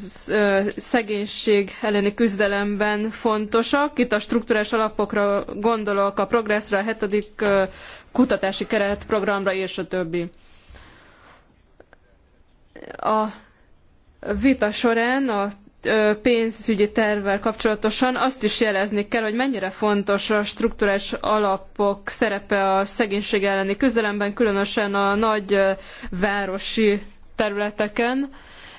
szegénység elleni küzdelemben fontosak. Itt a strukturális alapokra gondolok, a progresszra, a hetedik kutatási keretprogramra és a többi. A vita során a pénzügyi tervvel kapcsolatosan azt is jelezni kell, hogy mennyire fontos a strukturális alapok szerepe a szegénység elleni küzdelemben, különösen a nagy városi területeken,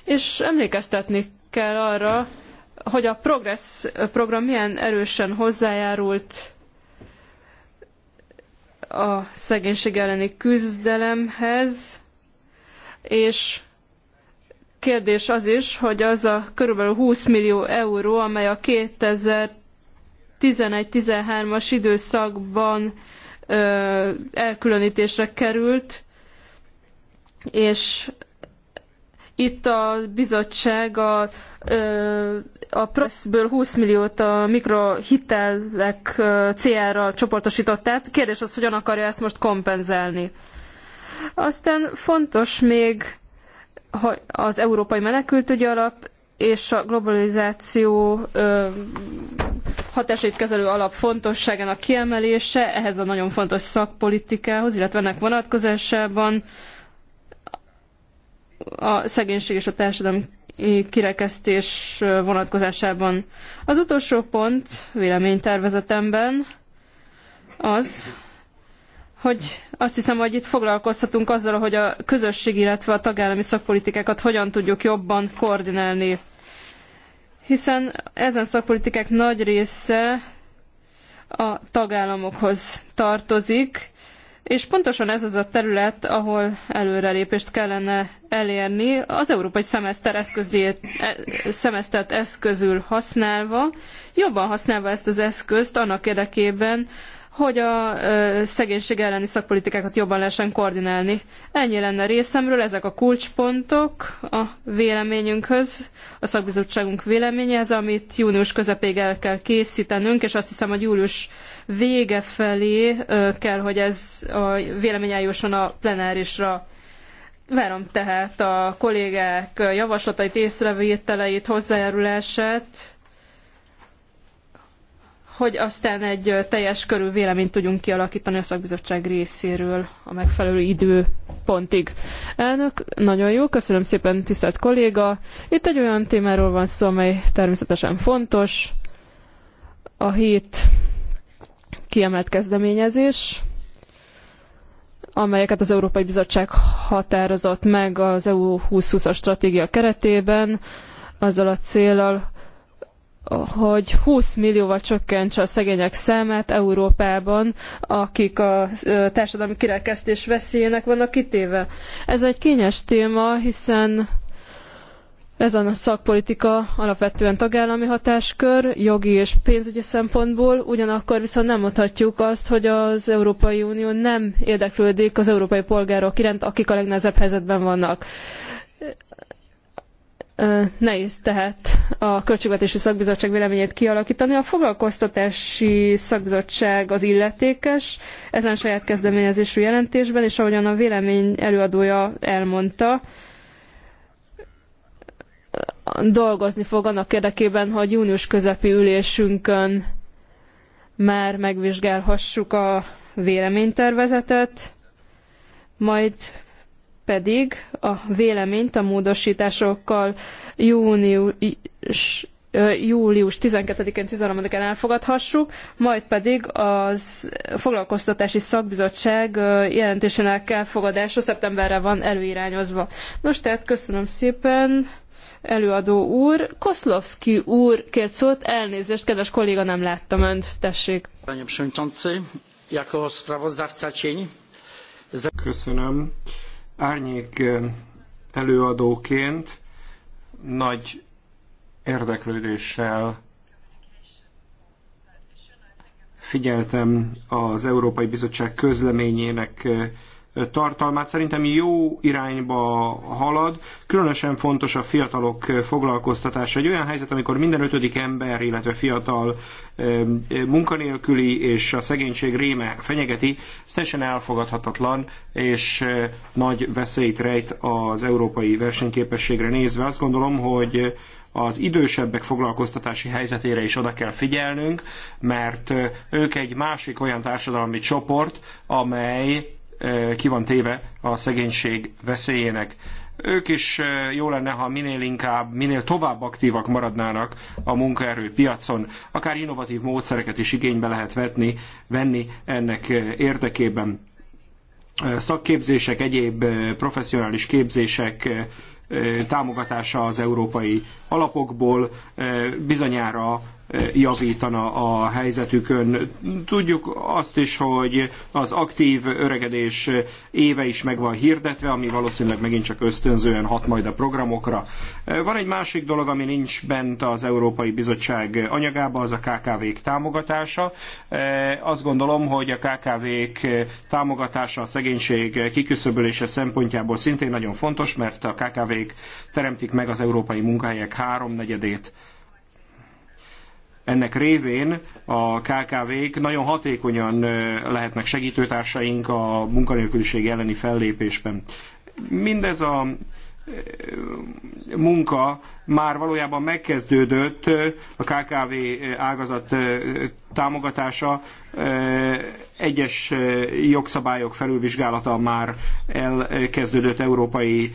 és emlékeztetni kell arra, hogy a Progress program milyen erősen hozzájárult a szegénység elleni küzdelemhez, és kérdés az is, hogy az a körülbelül 20 millió euró, amely a 2011-13-as időszakban ö, elkülönítésre került, és itt a bizottság a, a Pressből 20 milliót a mikrohitelek céljára csoportosított át. Kérdés az, hogyan akarja ezt most kompenzálni. Aztán fontos még az Európai Menekültügyi Alap és a globalizáció hatásait kezelő alap fontosságának kiemelése ehhez a nagyon fontos szakpolitikához, illetve ennek vonatkozásában a szegénység és a társadalmi kirekesztés vonatkozásában. Az utolsó pont véleménytervezetemben az, hogy azt hiszem, hogy itt foglalkozhatunk azzal, hogy a közösség, illetve a tagállami szakpolitikákat hogyan tudjuk jobban koordinálni. Hiszen ezen szakpolitikák nagy része a tagállamokhoz tartozik, és pontosan ez az a terület, ahol előrelépést kellene elérni az európai szemeszter eszközét, e, szemesztert eszközül használva, jobban használva ezt az eszközt annak érdekében, hogy a szegénység elleni szakpolitikákat jobban lehessen koordinálni. Ennyi lenne részemről, ezek a kulcspontok a véleményünkhöz, a szakbizottságunk véleményéhez, amit június közepéig el kell készítenünk, és azt hiszem, hogy július vége felé kell, hogy ez a vélemény eljusson a plenárisra. Várom tehát a kollégák javaslatait, észrevételeit, hozzájárulását hogy aztán egy teljes körű véleményt tudjunk kialakítani a szakbizottság részéről a megfelelő időpontig. Elnök, nagyon jó, köszönöm szépen, tisztelt kolléga. Itt egy olyan témáról van szó, amely természetesen fontos. A hét kiemelt kezdeményezés, amelyeket az Európai Bizottság határozott meg az EU 2020-as stratégia keretében, azzal a célral, hogy 20 millióval csökkentse a szegények számát Európában, akik a társadalmi kirekesztés veszélyének vannak kitéve. Ez egy kényes téma, hiszen ez a szakpolitika alapvetően tagállami hatáskör, jogi és pénzügyi szempontból, ugyanakkor viszont nem mondhatjuk azt, hogy az Európai Unió nem érdeklődik az európai polgárok iránt, akik a legnehezebb helyzetben vannak Nehéz tehát a Költségvetési Szakbizottság véleményét kialakítani. A Foglalkoztatási Szakbizottság az illetékes ezen saját kezdeményezésű jelentésben, és ahogyan a vélemény előadója elmondta, dolgozni fog annak érdekében, hogy június közepi ülésünkön már megvizsgálhassuk a véleménytervezetet, majd pedig a véleményt a módosításokkal június július 12-én, 13-án elfogadhassuk, majd pedig az foglalkoztatási szakbizottság jelentésének elfogadása szeptemberre van előirányozva. Nos, tehát köszönöm szépen előadó úr. Koszlovszki úr kért szót, elnézést, kedves kolléga, nem láttam önt, tessék. Köszönöm. Árnyék előadóként nagy érdeklődéssel figyeltem az Európai Bizottság közleményének tartalmát szerintem jó irányba halad. Különösen fontos a fiatalok foglalkoztatása. Egy olyan helyzet, amikor minden ötödik ember, illetve fiatal munkanélküli és a szegénység réme fenyegeti, ez teljesen elfogadhatatlan és nagy veszélyt rejt az európai versenyképességre nézve. Azt gondolom, hogy az idősebbek foglalkoztatási helyzetére is oda kell figyelnünk, mert ők egy másik olyan társadalmi csoport, amely ki van téve a szegénység veszélyének. Ők is jó lenne, ha minél inkább, minél tovább aktívak maradnának a munkaerő piacon. Akár innovatív módszereket is igénybe lehet vetni, venni ennek érdekében. Szakképzések, egyéb professzionális képzések támogatása az európai alapokból bizonyára javítana a helyzetükön. Tudjuk azt is, hogy az aktív öregedés éve is meg van hirdetve, ami valószínűleg megint csak ösztönzően hat majd a programokra. Van egy másik dolog, ami nincs bent az Európai Bizottság anyagában, az a KKV-k támogatása. Azt gondolom, hogy a KKV-k támogatása a szegénység kiküszöbölése szempontjából szintén nagyon fontos, mert a KKV-k teremtik meg az európai munkahelyek háromnegyedét ennek révén a KKV-k nagyon hatékonyan lehetnek segítőtársaink a munkanélküliség elleni fellépésben. Mindez a munka már valójában megkezdődött, a KKV ágazat támogatása, egyes jogszabályok felülvizsgálata már elkezdődött európai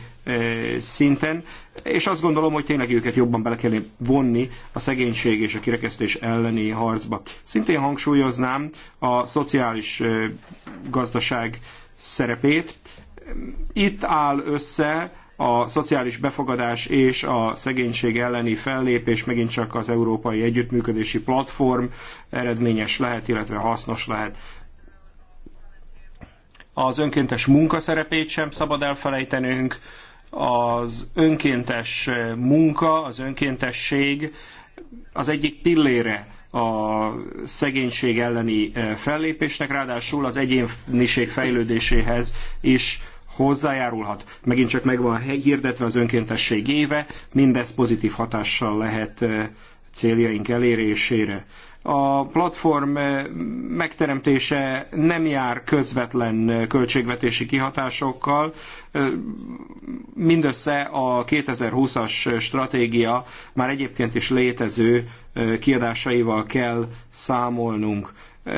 szinten, és azt gondolom, hogy tényleg őket jobban bele kell vonni a szegénység és a kirekesztés elleni harcba. Szintén hangsúlyoznám a szociális gazdaság szerepét. Itt áll össze a szociális befogadás és a szegénység elleni fellépés megint csak az Európai Együttműködési Platform eredményes lehet, illetve hasznos lehet. Az önkéntes munka szerepét sem szabad elfelejtenünk, az önkéntes munka, az önkéntesség az egyik pillére a szegénység elleni fellépésnek, ráadásul az egyéniség fejlődéséhez is hozzájárulhat. Megint csak megvan hirdetve az önkéntesség éve, mindez pozitív hatással lehet céljaink elérésére. A platform megteremtése nem jár közvetlen költségvetési kihatásokkal, mindössze a 2020-as stratégia már egyébként is létező kiadásaival kell számolnunk.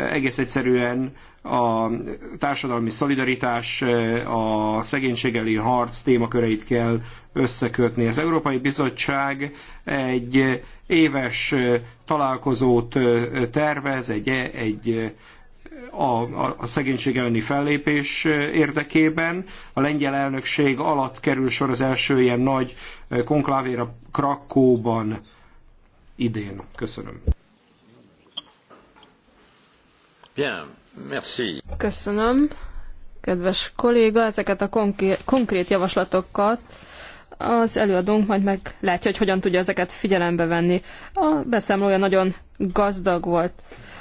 Egész egyszerűen a társadalmi szolidaritás, a szegénység harc témaköreit kell összekötni. Az Európai Bizottság egy éves találkozót tervez, egy, e, egy a, a, a szegénység elleni fellépés érdekében. A lengyel elnökség alatt kerül sor az első ilyen nagy konklávéra Krakóban idén. Köszönöm. Bien. Merci. Köszönöm, kedves kolléga, ezeket a konkrét javaslatokat az előadónk majd meglátja, hogy hogyan tudja ezeket figyelembe venni. A beszámolója nagyon gazdag volt.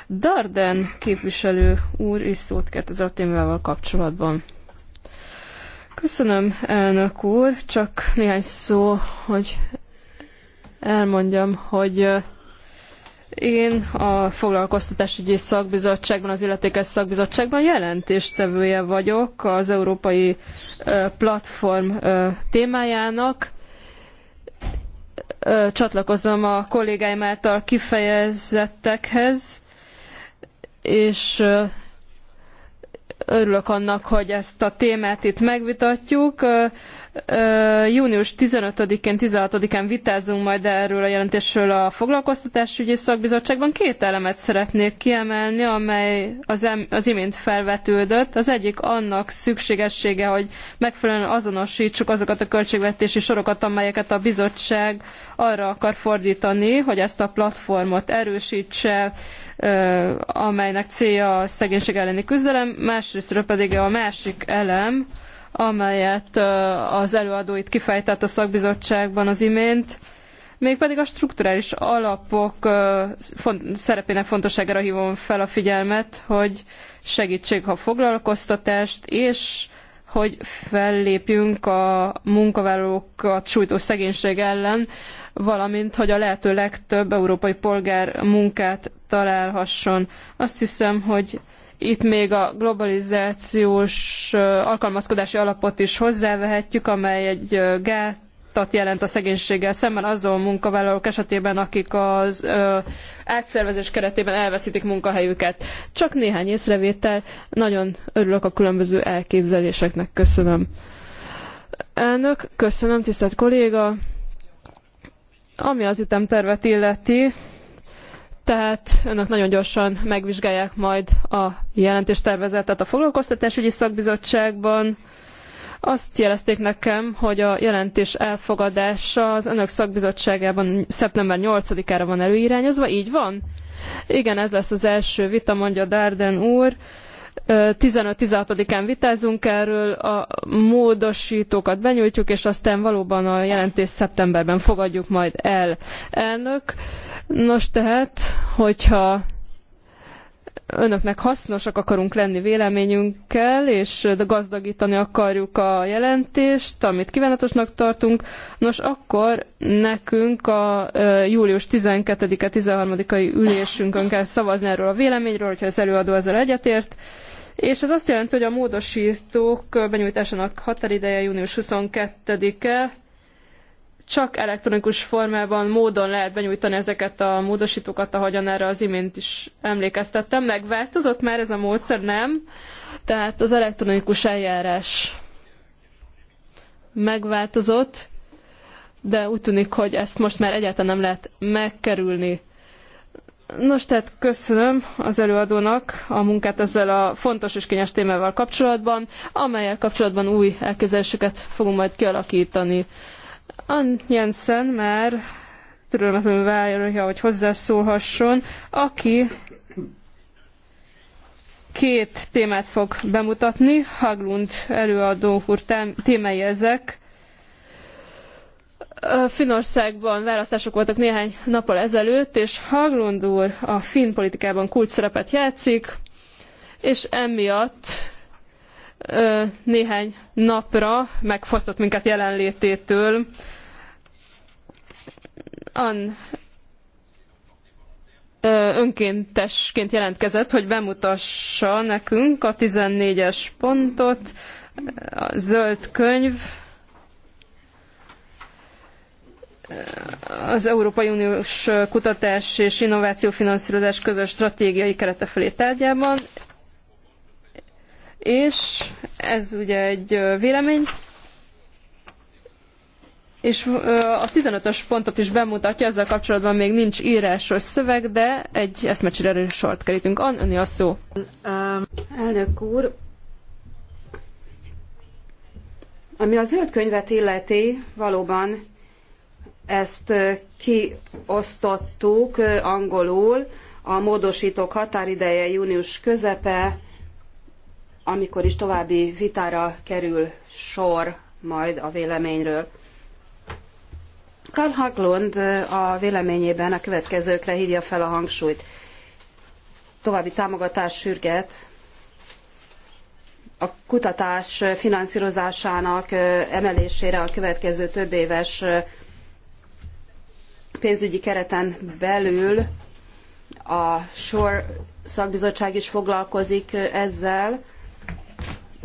Darden képviselő úr is szót kért az témával kapcsolatban. Köszönöm, elnök úr, csak néhány szó, hogy elmondjam, hogy én a foglalkoztatásügyi szakbizottságban, az illetékes szakbizottságban jelentéstevője vagyok az európai platform témájának. Csatlakozom a kollégáim által kifejezettekhez, és Örülök annak, hogy ezt a témát itt megvitatjuk. Június 15-én, 16-án vitázunk majd erről a jelentésről a foglalkoztatásügyi szakbizottságban. Két elemet szeretnék kiemelni, amely az, em, az imént felvetődött. Az egyik annak szükségessége, hogy megfelelően azonosítsuk azokat a költségvetési sorokat, amelyeket a bizottság arra akar fordítani, hogy ezt a platformot erősítse, amelynek célja a szegénység elleni küzdelem. Más másrésztről pedig a másik elem, amelyet az előadó itt kifejtett a szakbizottságban az imént, mégpedig a strukturális alapok szerepének fontosságára hívom fel a figyelmet, hogy segítség a foglalkoztatást, és hogy fellépjünk a munkavállalókat sújtó szegénység ellen, valamint, hogy a lehető legtöbb európai polgár munkát találhasson. Azt hiszem, hogy itt még a globalizációs alkalmazkodási alapot is hozzávehetjük, amely egy gátat jelent a szegénységgel szemben azon munkavállalók esetében, akik az átszervezés keretében elveszítik munkahelyüket. Csak néhány észrevétel. Nagyon örülök a különböző elképzeléseknek. Köszönöm. Elnök, köszönöm, tisztelt kolléga. Ami az ütemtervet illeti, tehát önök nagyon gyorsan megvizsgálják majd a jelentéstervezetet a foglalkoztatásügyi szakbizottságban. Azt jelezték nekem, hogy a jelentés elfogadása az önök szakbizottságában szeptember 8-ára van előirányozva, így van? Igen, ez lesz az első vita, mondja Darden úr. 15-16-án vitázunk erről, a módosítókat benyújtjuk, és aztán valóban a jelentést szeptemberben fogadjuk majd el. Elnök, Nos tehát, hogyha önöknek hasznosak akarunk lenni véleményünkkel, és gazdagítani akarjuk a jelentést, amit kívánatosnak tartunk, nos akkor nekünk a július 12-e 13-ai ülésünkön kell szavazni erről a véleményről, hogyha az előadó ezzel egyetért, és ez azt jelenti, hogy a módosítók benyújtásának határideje június 22-e, csak elektronikus formában, módon lehet benyújtani ezeket a módosítókat, ahogyan erre az imént is emlékeztettem. Megváltozott már ez a módszer? Nem. Tehát az elektronikus eljárás megváltozott, de úgy tűnik, hogy ezt most már egyáltalán nem lehet megkerülni. Nos, tehát köszönöm az előadónak a munkát ezzel a fontos és kényes témával kapcsolatban, amelyel kapcsolatban új elképzeléseket fogunk majd kialakítani. Ann Jensen már türelmetlenül várja, hogy hozzászólhasson, aki két témát fog bemutatni, Haglund előadó úr témái ezek. Finnországban választások voltak néhány nappal ezelőtt, és Haglund úr a finn politikában kult szerepet játszik, és emiatt néhány napra megfosztott minket jelenlététől, an önkéntesként jelentkezett, hogy bemutassa nekünk a 14-es pontot, a zöld könyv, az Európai Uniós Kutatás és Innovációfinanszírozás közös stratégiai kerete felé tárgyában, és ez ugye egy vélemény és a 15-ös pontot is bemutatja, ezzel kapcsolatban még nincs írásos szöveg, de egy eszmecsire sort kerítünk. An, önni a szó. Elnök úr, ami a zöld könyvet illeti, valóban ezt kiosztottuk angolul, a módosítók határideje június közepe, amikor is további vitára kerül sor majd a véleményről. Karl Haglund a véleményében a következőkre hívja fel a hangsúlyt. További támogatás sürget a kutatás finanszírozásának emelésére a következő több éves pénzügyi kereten belül. A SOR szakbizottság is foglalkozik ezzel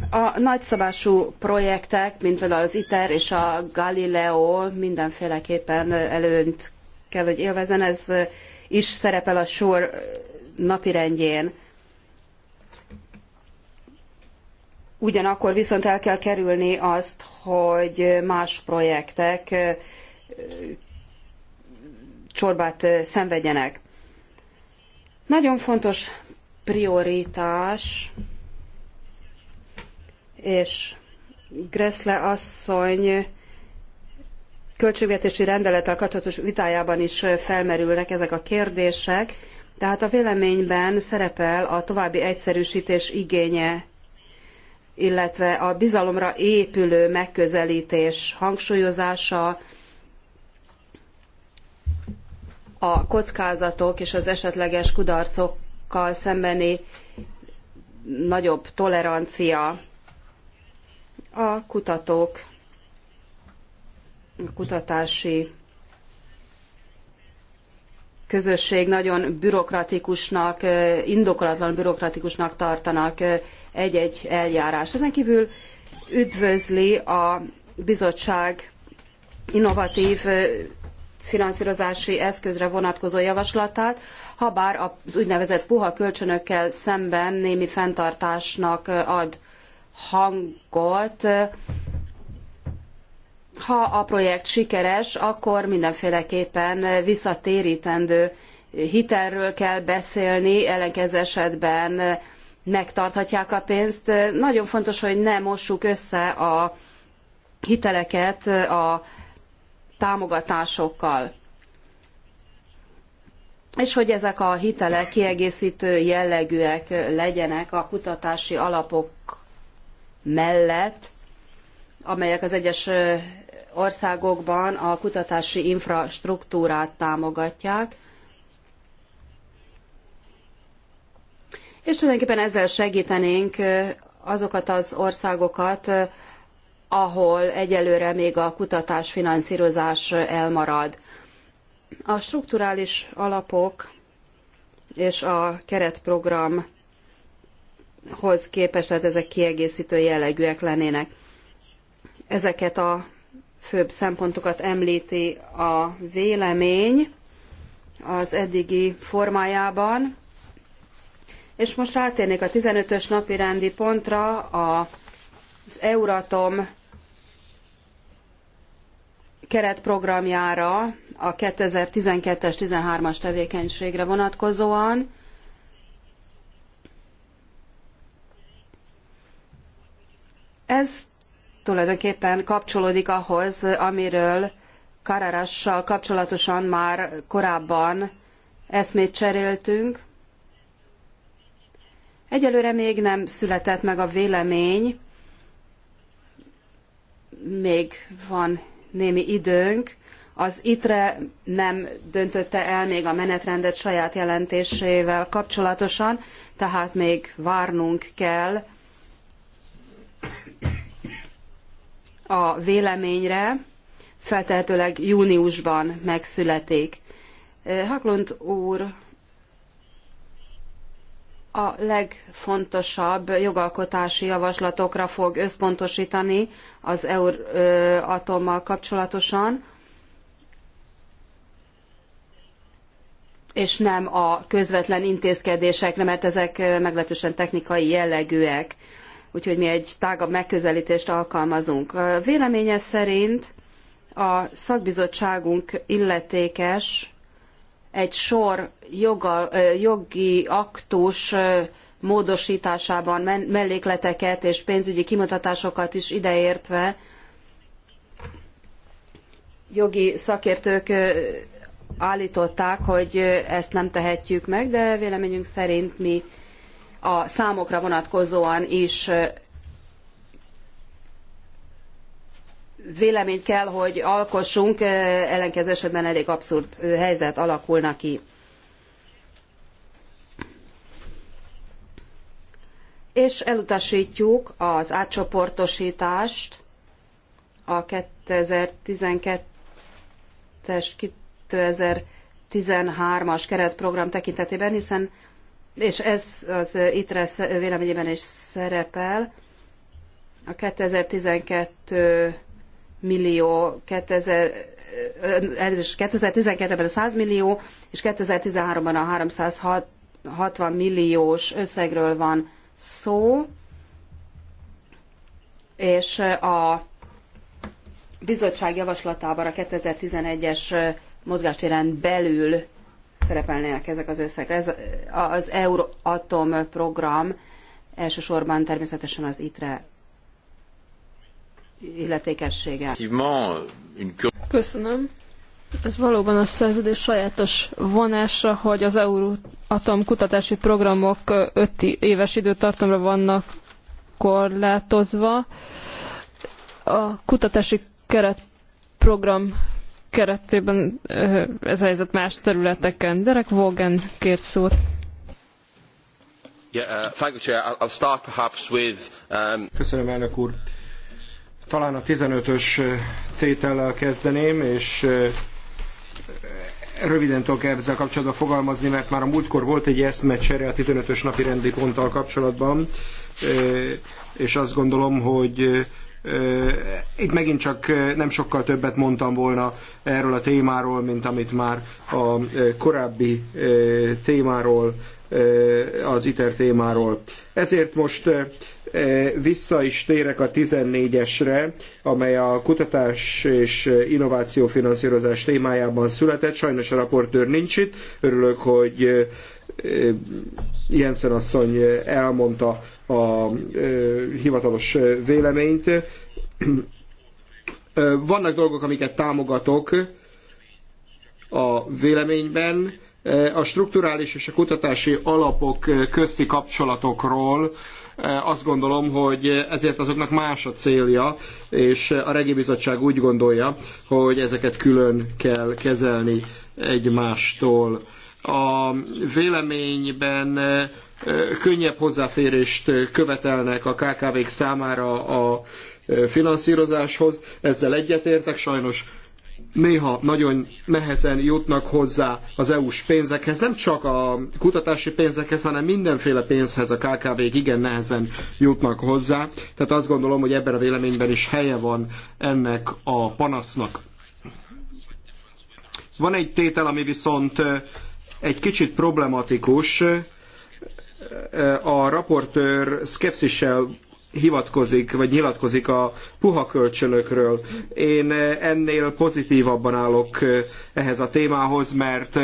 a nagyszabású projektek, mint például az ITER és a Galileo mindenféleképpen előnyt kell, hogy élvezen, ez is szerepel a sor napirendjén. Ugyanakkor viszont el kell kerülni azt, hogy más projektek csorbát szenvedjenek. Nagyon fontos prioritás és Gressle asszony költségvetési rendelettel kapcsolatos vitájában is felmerülnek ezek a kérdések, tehát a véleményben szerepel a további egyszerűsítés igénye, illetve a bizalomra épülő megközelítés hangsúlyozása, a kockázatok és az esetleges kudarcokkal szembeni nagyobb tolerancia a kutatók a kutatási közösség nagyon bürokratikusnak, indokolatlan bürokratikusnak tartanak egy-egy eljárást. Ezen kívül üdvözli a bizottság innovatív finanszírozási eszközre vonatkozó javaslatát, habár az úgynevezett puha kölcsönökkel szemben némi fenntartásnak ad hangot. Ha a projekt sikeres, akkor mindenféleképpen visszatérítendő hitelről kell beszélni, ellenkező esetben megtarthatják a pénzt. Nagyon fontos, hogy ne mossuk össze a hiteleket a támogatásokkal. És hogy ezek a hitelek kiegészítő jellegűek legyenek a kutatási alapok mellett, amelyek az egyes országokban a kutatási infrastruktúrát támogatják, és tulajdonképpen ezzel segítenénk azokat az országokat, ahol egyelőre még a kutatás finanszírozás elmarad. A strukturális alapok és a keretprogram hoz képest, tehát ezek kiegészítő jellegűek lennének. Ezeket a főbb szempontokat említi a vélemény az eddigi formájában. És most rátérnék a 15-ös napi rendi pontra az Euratom keretprogramjára a 2012-es 13-as tevékenységre vonatkozóan. Ez tulajdonképpen kapcsolódik ahhoz, amiről Kararassal kapcsolatosan már korábban eszmét cseréltünk. Egyelőre még nem született meg a vélemény, még van némi időnk. Az ITRE nem döntötte el még a menetrendet saját jelentésével kapcsolatosan, tehát még várnunk kell a véleményre feltehetőleg júniusban megszületik. Eh, Haklund úr a legfontosabb jogalkotási javaslatokra fog összpontosítani az Euratommal kapcsolatosan, és nem a közvetlen intézkedésekre, mert ezek meglehetősen technikai jellegűek úgyhogy mi egy tágabb megközelítést alkalmazunk. Véleménye szerint a szakbizottságunk illetékes egy sor joga, jogi aktus módosításában mellékleteket és pénzügyi kimutatásokat is ideértve jogi szakértők állították, hogy ezt nem tehetjük meg, de véleményünk szerint mi a számokra vonatkozóan is véleményt kell, hogy alkossunk, ellenkező esetben elég abszurd helyzet alakulna ki. És elutasítjuk az átcsoportosítást a 2012-es 2013-as keretprogram tekintetében, hiszen és ez az ITRE véleményében is szerepel, a 2012 millió, 2000, 2012-ben a 100 millió, és 2013-ban a 360 milliós összegről van szó, és a bizottság javaslatában a 2011-es mozgástéren belül szerepelnének ezek az összegek. Ez az Euratom program elsősorban természetesen az ITRE illetékessége. Köszönöm. Ez valóban a szerződés sajátos vonása, hogy az Euratom kutatási programok öt éves időtartamra vannak korlátozva. A kutatási keretprogram keretében ez a helyzet más területeken. Derek Vaughan kért szót. Köszönöm, elnök úr. Talán a 15-ös tétellel kezdeném, és röviden tudok ezzel kapcsolatban fogalmazni, mert már a múltkor volt egy eszmecsere a 15-ös napi rendi ponttal kapcsolatban, és azt gondolom, hogy itt megint csak nem sokkal többet mondtam volna erről a témáról, mint amit már a korábbi témáról, az ITER témáról. Ezért most vissza is térek a 14-esre, amely a kutatás és innováció finanszírozás témájában született. Sajnos a raportőr nincs itt. Örülök, hogy Jensen asszony elmondta a hivatalos véleményt. Vannak dolgok, amiket támogatok a véleményben, a strukturális és a kutatási alapok közti kapcsolatokról azt gondolom, hogy ezért azoknak más a célja, és a Regi Bizottság úgy gondolja, hogy ezeket külön kell kezelni egymástól a véleményben könnyebb hozzáférést követelnek a KKV-k számára a finanszírozáshoz. Ezzel egyetértek, sajnos néha nagyon nehezen jutnak hozzá az EU-s pénzekhez, nem csak a kutatási pénzekhez, hanem mindenféle pénzhez a KKV-k igen nehezen jutnak hozzá. Tehát azt gondolom, hogy ebben a véleményben is helye van ennek a panasznak. Van egy tétel, ami viszont egy kicsit problematikus, a raportőr szkepszissel hivatkozik, vagy nyilatkozik a puha kölcsönökről. Én ennél pozitívabban állok ehhez a témához, mert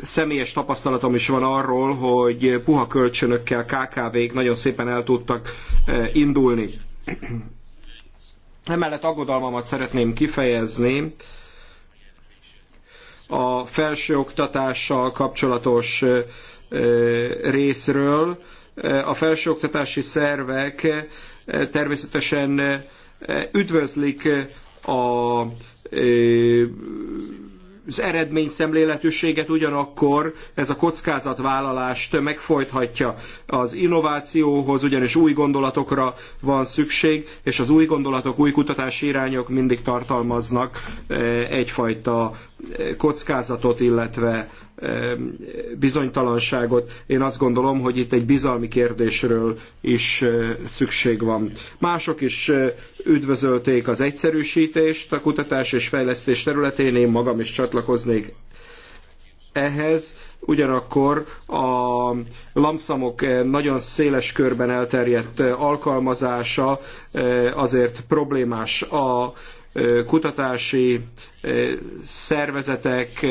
személyes tapasztalatom is van arról, hogy puha kölcsönökkel KKV-k nagyon szépen el tudtak indulni. Emellett aggodalmamat szeretném kifejezni, a felsőoktatással kapcsolatos részről. A felsőoktatási szervek természetesen üdvözlik a az eredményszemléletűséget, ugyanakkor ez a kockázatvállalást megfojthatja az innovációhoz, ugyanis új gondolatokra van szükség, és az új gondolatok, új kutatási irányok mindig tartalmaznak eh, egyfajta eh, kockázatot, illetve bizonytalanságot. Én azt gondolom, hogy itt egy bizalmi kérdésről is eh, szükség van. Mások is eh, üdvözölték az egyszerűsítést a kutatás és fejlesztés területén, én magam is csatlakoznék ehhez, ugyanakkor a lamszamok eh, nagyon széles körben elterjedt alkalmazása azért problémás. A kutatási szervezetek,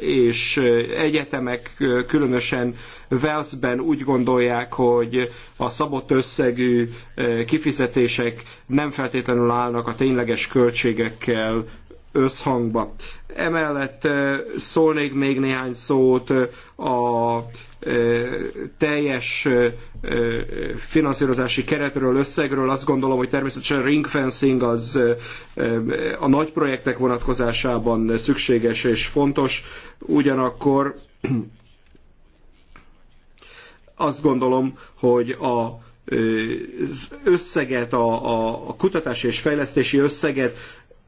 és egyetemek, különösen Velszben úgy gondolják, hogy a szabott összegű kifizetések nem feltétlenül állnak a tényleges költségekkel összhangba. Emellett szólnék még néhány szót a teljes finanszírozási keretről, összegről. Azt gondolom, hogy természetesen ringfencing az a nagy projektek vonatkozásában szükséges és fontos. Ugyanakkor azt gondolom, hogy a összeget, a, a, a kutatási és fejlesztési összeget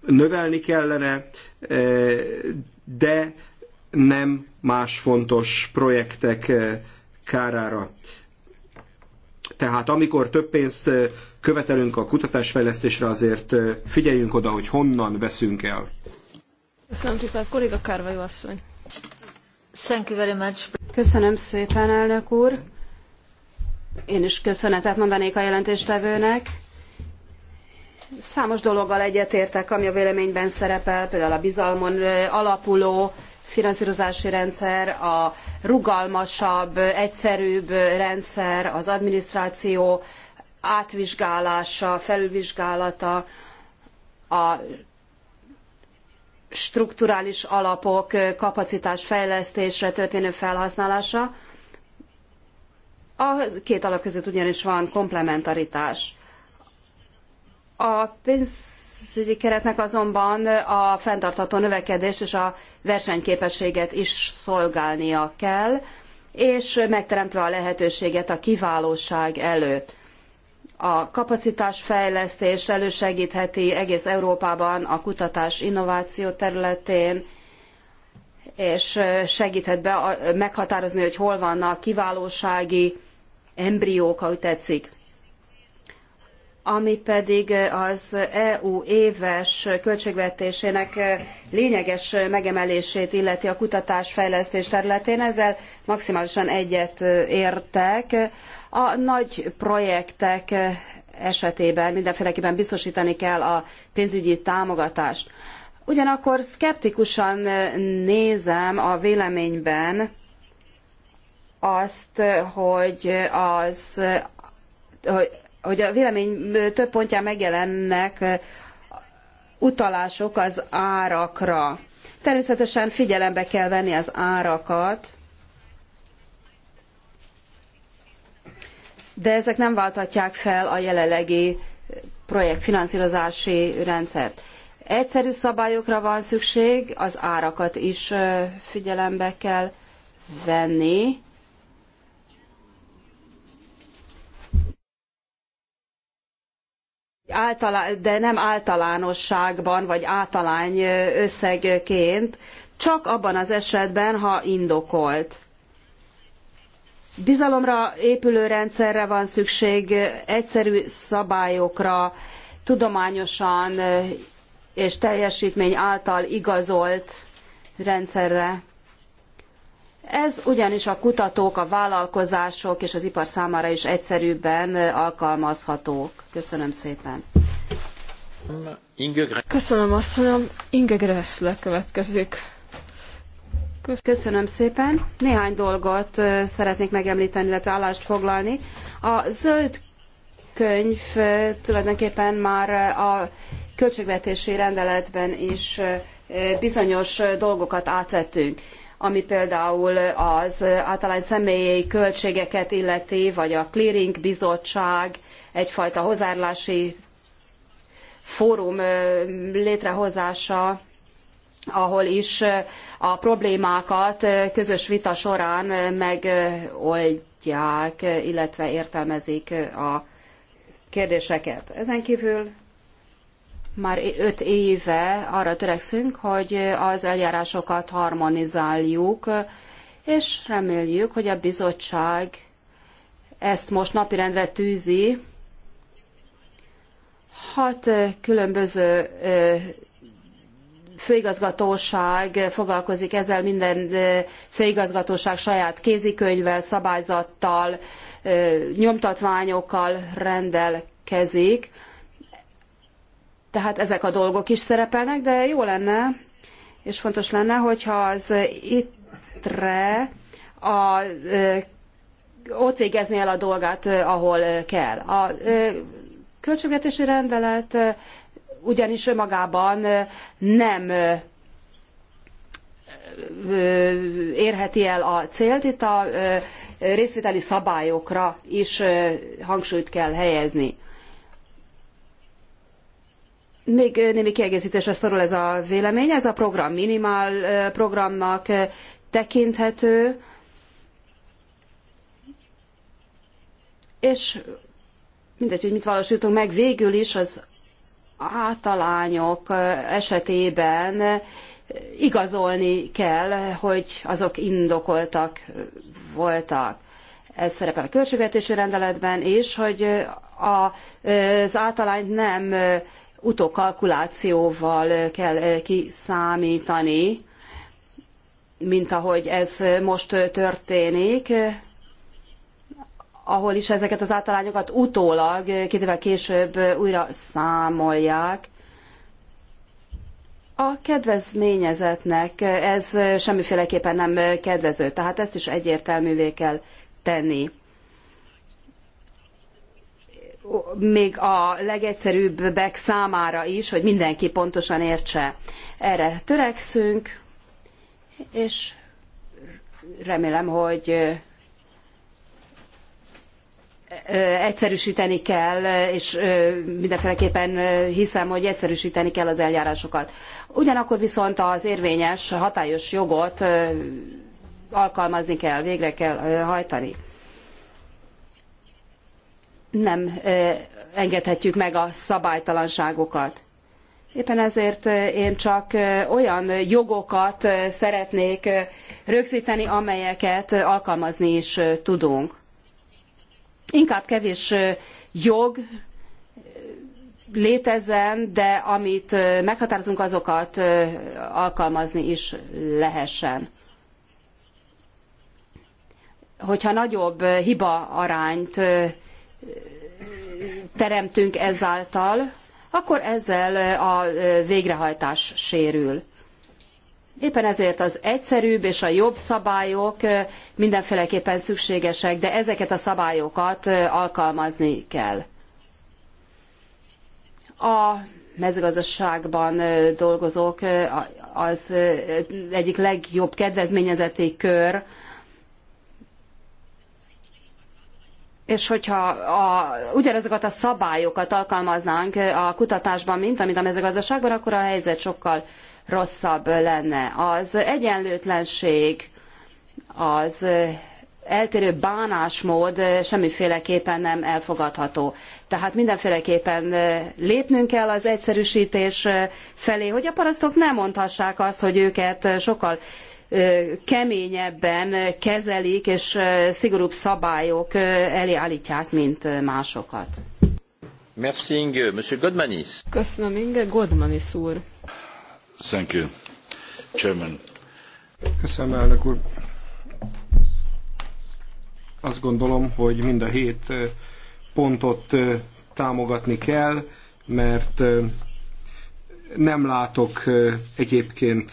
növelni kellene, e, de nem más fontos projektek e, kárára. Tehát amikor több pénzt e, követelünk a kutatásfejlesztésre, azért figyeljünk oda, hogy honnan veszünk el. Köszönöm, tisztelt kolléga Kárvai asszony. Thank you very much. Köszönöm szépen, elnök úr. Én is köszönetet mondanék a jelentéstevőnek. Számos dologgal egyetértek, ami a véleményben szerepel, például a bizalmon alapuló finanszírozási rendszer, a rugalmasabb, egyszerűbb rendszer, az adminisztráció átvizsgálása, felülvizsgálata, a strukturális alapok kapacitásfejlesztésre történő felhasználása. A két alap között ugyanis van komplementaritás. A pénzügyi keretnek azonban a fenntartható növekedést és a versenyképességet is szolgálnia kell, és megteremtve a lehetőséget a kiválóság előtt a kapacitásfejlesztés elősegítheti egész Európában a kutatás innováció területén, és segíthet be meghatározni, hogy hol vannak kiválósági embriók, ahogy tetszik ami pedig eh, az EU éves költségvetésének eh, lényeges megemelését illeti a kutatás-fejlesztés területén. Ezzel maximálisan egyet eh, értek. A nagy projektek esetében mindenféleképpen biztosítani kell a pénzügyi támogatást. Ugyanakkor szkeptikusan nézem a véleményben azt, hogy az hogy hogy a vélemény több pontján megjelennek utalások az árakra. Természetesen figyelembe kell venni az árakat, de ezek nem váltatják fel a jelenlegi projektfinanszírozási rendszert. Egyszerű szabályokra van szükség, az árakat is figyelembe kell venni, de nem általánosságban vagy általány összegként, csak abban az esetben, ha indokolt. Bizalomra épülő rendszerre van szükség, egyszerű szabályokra, tudományosan és teljesítmény által igazolt rendszerre. Ez ugyanis a kutatók, a vállalkozások és az ipar számára is egyszerűbben alkalmazhatók. Köszönöm szépen. Köszönöm, asszonyom. Inge Gressle következik. Köszönöm szépen. Néhány dolgot szeretnék megemlíteni, illetve állást foglalni. A zöld könyv tulajdonképpen már a költségvetési rendeletben is bizonyos dolgokat átvettünk ami például az általány személyi költségeket illeti, vagy a clearing bizottság egyfajta hozárlási fórum létrehozása, ahol is a problémákat közös vita során megoldják, illetve értelmezik a kérdéseket. Ezen kívül már öt éve arra törekszünk, hogy az eljárásokat harmonizáljuk, és reméljük, hogy a bizottság ezt most napirendre tűzi. Hat különböző főigazgatóság foglalkozik ezzel, minden főigazgatóság saját kézikönyvvel, szabályzattal, nyomtatványokkal rendelkezik tehát ezek a dolgok is szerepelnek, de jó lenne, és fontos lenne, hogyha az ittre a, ott végezni el a dolgát, ahol kell. A költségvetési rendelet ugyanis önmagában nem érheti el a célt, itt a részvételi szabályokra is hangsúlyt kell helyezni. Még némi kiegészítésre szorul ez a vélemény, ez a program minimál programnak tekinthető, és mindegy, hogy mit valósítunk meg, végül is az általányok esetében igazolni kell, hogy azok indokoltak voltak. Ez szerepel a költségvetési rendeletben is, hogy az általányt nem utókalkulációval kell eh, kiszámítani, mint ahogy ez most történik, ahol is ezeket az általányokat utólag, két évvel később újra számolják. A kedvezményezetnek ez semmiféleképpen nem kedvező, tehát ezt is egyértelművé kell tenni még a legegyszerűbbek számára is, hogy mindenki pontosan értse. Erre törekszünk, és remélem, hogy egyszerűsíteni kell, és mindenféleképpen hiszem, hogy egyszerűsíteni kell az eljárásokat. Ugyanakkor viszont az érvényes, hatályos jogot alkalmazni kell, végre kell hajtani nem engedhetjük meg a szabálytalanságokat. Éppen ezért én csak olyan jogokat szeretnék rögzíteni, amelyeket alkalmazni is tudunk. Inkább kevés jog létezzen, de amit meghatározunk, azokat alkalmazni is lehessen. Hogyha nagyobb hiba arányt teremtünk ezáltal, akkor ezzel a végrehajtás sérül. Éppen ezért az egyszerűbb és a jobb szabályok mindenféleképpen szükségesek, de ezeket a szabályokat alkalmazni kell. A mezőgazdaságban dolgozók az egyik legjobb kedvezményezeti kör, és hogyha a, ugyanazokat a szabályokat alkalmaznánk a kutatásban, mint amit a mezőgazdaságban, akkor a helyzet sokkal rosszabb lenne. Az egyenlőtlenség, az eltérő bánásmód semmiféleképpen nem elfogadható. Tehát mindenféleképpen lépnünk kell az egyszerűsítés felé, hogy a parasztok nem mondhassák azt, hogy őket sokkal keményebben kezelik, és szigorúbb szabályok elé állítják, mint másokat. Merci Inge. Monsieur Godmanis. Köszönöm Inge. Godmanis úr. Thank you, Chairman. Köszönöm, elnök úr. Azt gondolom, hogy mind a hét pontot támogatni kell, mert nem látok egyébként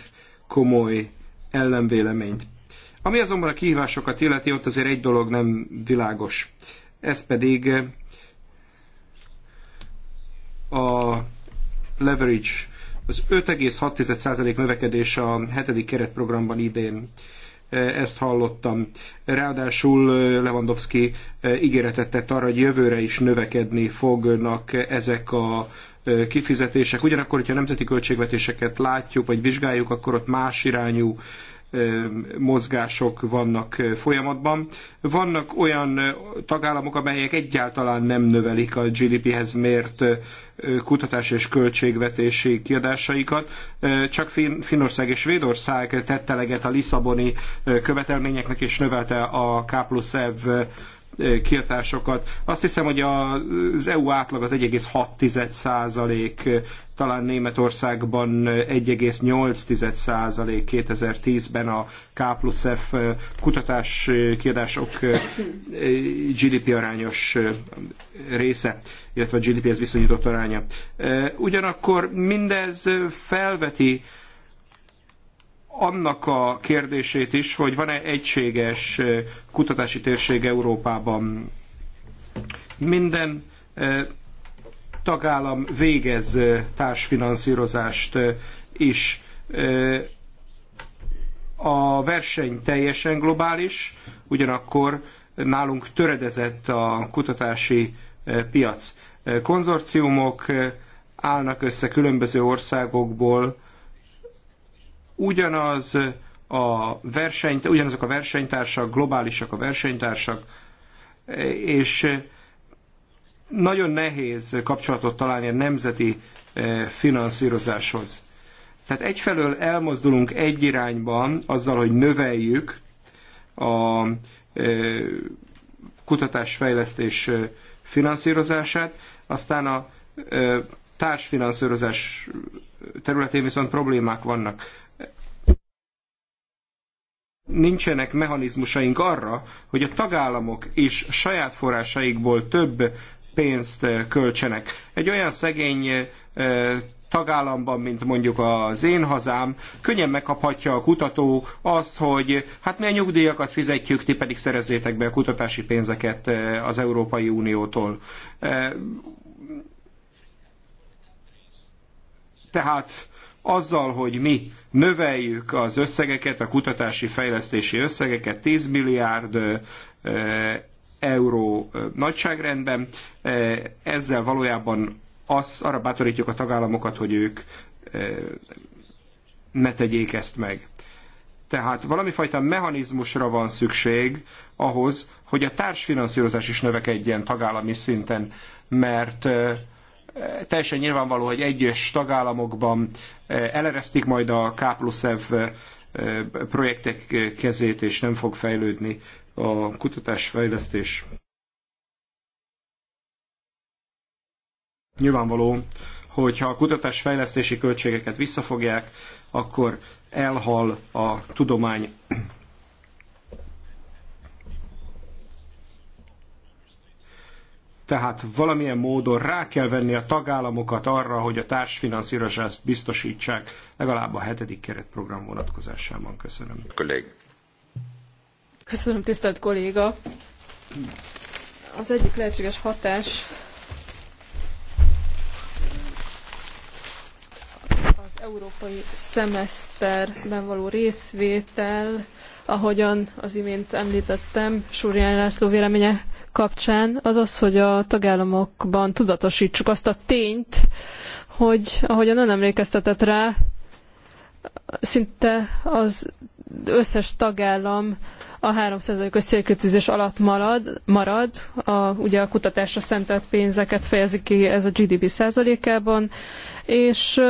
komoly ellenvéleményt. Ami azonban a kihívásokat illeti, ott azért egy dolog nem világos. Ez pedig a leverage, az 5,6% növekedés a hetedik keretprogramban idén ezt hallottam. Ráadásul Lewandowski ígéretet tett arra, hogy jövőre is növekedni fognak ezek a kifizetések. Ugyanakkor, hogyha nemzeti költségvetéseket látjuk, vagy vizsgáljuk, akkor ott más irányú mozgások vannak folyamatban. Vannak olyan tagállamok, amelyek egyáltalán nem növelik a GDP-hez mért kutatás és költségvetési kiadásaikat. Csak Finnország és Svédország tetteleget a Lisszaboni követelményeknek, és növelte a K plusz F kiadásokat. Azt hiszem, hogy az EU átlag az 1,6 százalék, talán Németországban 1,8 százalék 2010-ben a K plusz F kutatás kiadások GDP arányos része, illetve a GDP-hez viszonyított aránya. Ugyanakkor mindez felveti annak a kérdését is, hogy van-e egységes kutatási térség Európában. Minden tagállam végez társfinanszírozást is. A verseny teljesen globális, ugyanakkor nálunk töredezett a kutatási piac. Konzorciumok állnak össze különböző országokból, ugyanaz a verseny, ugyanazok a versenytársak, globálisak a versenytársak, és nagyon nehéz kapcsolatot találni a nemzeti eh, finanszírozáshoz. Tehát egyfelől elmozdulunk egy irányban azzal, hogy növeljük a eh, kutatásfejlesztés eh, finanszírozását, aztán a társfinanszírozás területén viszont problémák vannak nincsenek mechanizmusaink arra, hogy a tagállamok is saját forrásaikból több pénzt eh, költsenek. Egy olyan szegény eh, tagállamban, mint mondjuk az én hazám, könnyen megkaphatja a kutató azt, hogy hát mi a nyugdíjakat fizetjük, ti pedig szerezzétek be a kutatási pénzeket eh, az Európai Uniótól. Tehát azzal, hogy mi növeljük az összegeket, a kutatási fejlesztési összegeket 10 milliárd euró nagyságrendben, ezzel valójában az, arra bátorítjuk a tagállamokat, hogy ők ne tegyék ezt meg. Tehát valami fajta mechanizmusra van szükség ahhoz, hogy a társfinanszírozás is növekedjen tagállami szinten, mert Teljesen nyilvánvaló, hogy egyes tagállamokban eh, eleresztik majd a K plusz eh, projektek kezét, és nem fog fejlődni a kutatásfejlesztés. Nyilvánvaló, hogyha a kutatásfejlesztési költségeket visszafogják, akkor elhal a tudomány Tehát valamilyen módon rá kell venni a tagállamokat arra, hogy a társfinanszírozást biztosítsák legalább a hetedik keretprogram vonatkozásában. Köszönöm. Kollég. Köszönöm, tisztelt kolléga. Az egyik lehetséges hatás az európai szemeszterben való részvétel, ahogyan az imént említettem, Súrián László véleménye kapcsán, az az, hogy a tagállamokban tudatosítsuk azt a tényt, hogy ahogyan ön emlékeztetett rá, szinte az összes tagállam a 3%-os célkötőzés alatt marad, marad a, ugye a kutatásra szentelt pénzeket fejezi ki ez a GDP százalékában, és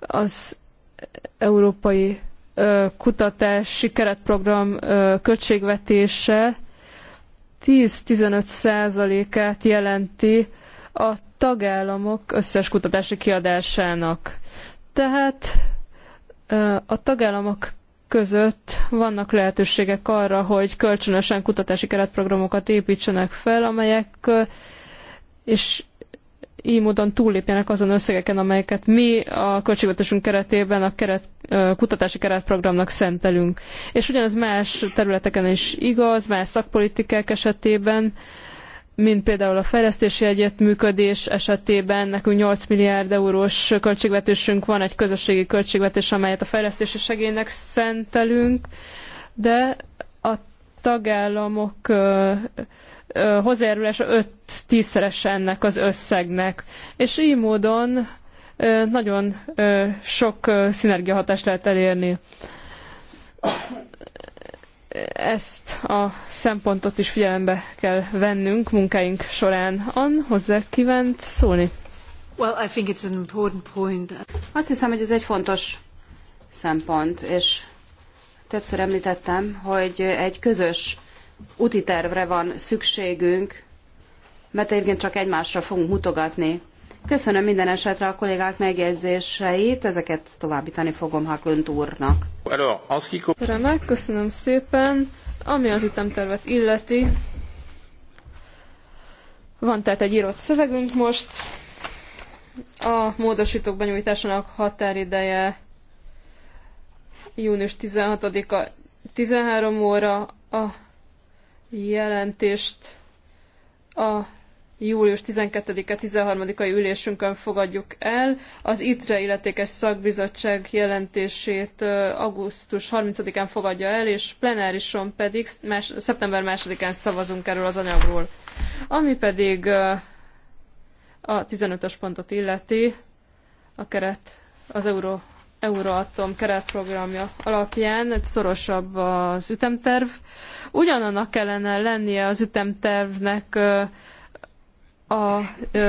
az európai kutatási keretprogram költségvetése 10-15 százalékát jelenti a tagállamok összes kutatási kiadásának. Tehát a tagállamok között vannak lehetőségek arra, hogy kölcsönösen kutatási keretprogramokat építsenek fel, amelyek és így módon túllépjenek azon összegeken, amelyeket mi a költségvetésünk keretében a keret, kutatási keretprogramnak szentelünk. És ugyanez más területeken is igaz, más szakpolitikák esetében, mint például a fejlesztési egyetműködés esetében nekünk 8 milliárd eurós költségvetésünk van, egy közösségi költségvetés, amelyet a fejlesztési segélynek szentelünk, de a tagállamok hozzájárulása 5-10-szeres ennek az összegnek. És így módon nagyon sok szinergiahatást lehet elérni. Ezt a szempontot is figyelembe kell vennünk munkáink során. An, hozzá kívánt szólni? Well, I think it's an important point. Azt hiszem, hogy ez egy fontos szempont, és többször említettem, hogy egy közös úti tervre van szükségünk, mert egyébként csak egymásra fogunk mutogatni. Köszönöm minden esetre a kollégák megjegyzéseit, ezeket továbbítani fogom Haklund úrnak. Remek, köszönöm szépen. Ami az ütemtervet illeti, van tehát egy írott szövegünk most. A módosítók benyújtásának határideje június 16-a 13 óra, a jelentést a július 12-e 13-ai ülésünkön fogadjuk el. Az ITRE illetékes szakbizottság jelentését augusztus 30-án fogadja el, és plenárison pedig más, szeptember 2-án szavazunk erről az anyagról. Ami pedig a 15-ös pontot illeti, a keret, az euró Euratom keretprogramja alapján egy szorosabb az ütemterv. Ugyanannak kellene lennie az ütemtervnek a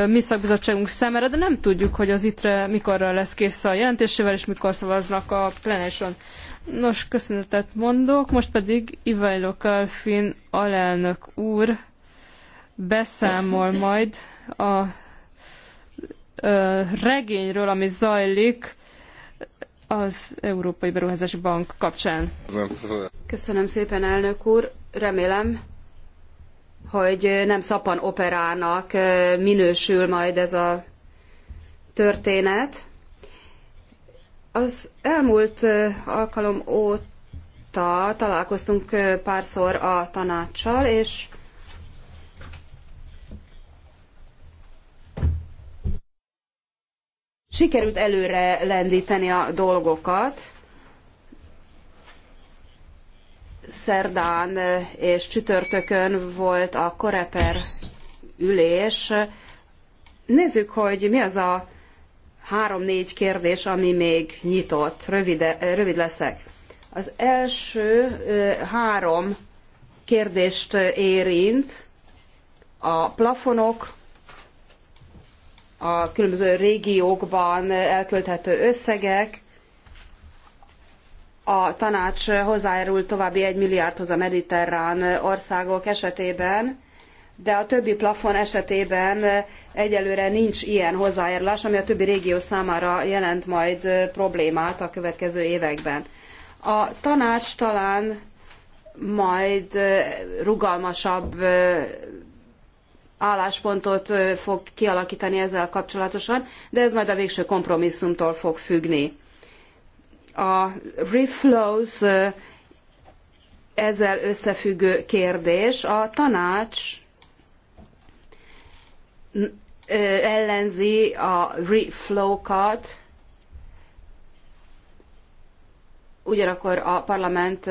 mi szakbizottságunk számára, de nem tudjuk, hogy az ITRE mikorra lesz kész a jelentésével, és mikor szavaznak a plenáson. Nos, köszönetet mondok, most pedig Ivailo Kalfin alelnök úr beszámol majd a regényről, ami zajlik az Európai Beruházási Bank kapcsán. Köszönöm szépen, elnök úr. Remélem, hogy nem szapan operának minősül majd ez a történet. Az elmúlt alkalom óta találkoztunk párszor a tanácssal, és sikerült előre lendíteni a dolgokat. Szerdán eh, és csütörtökön volt a Koreper ülés. Nézzük, hogy mi az a három-négy kérdés, ami még nyitott. Rövide, eh, rövid leszek. Az első eh, három kérdést érint a plafonok, a különböző régiókban elkölthető összegek. A tanács hozzájárul további 1 milliárdhoz a mediterrán országok esetében, de a többi plafon esetében egyelőre nincs ilyen hozzájárulás, ami a többi régió számára jelent majd problémát a következő években. A tanács talán majd rugalmasabb álláspontot fog kialakítani ezzel kapcsolatosan, de ez majd a végső kompromisszumtól fog függni. A reflows ezzel összefüggő kérdés. A tanács ellenzi a reflow-kat, Ugyanakkor a parlament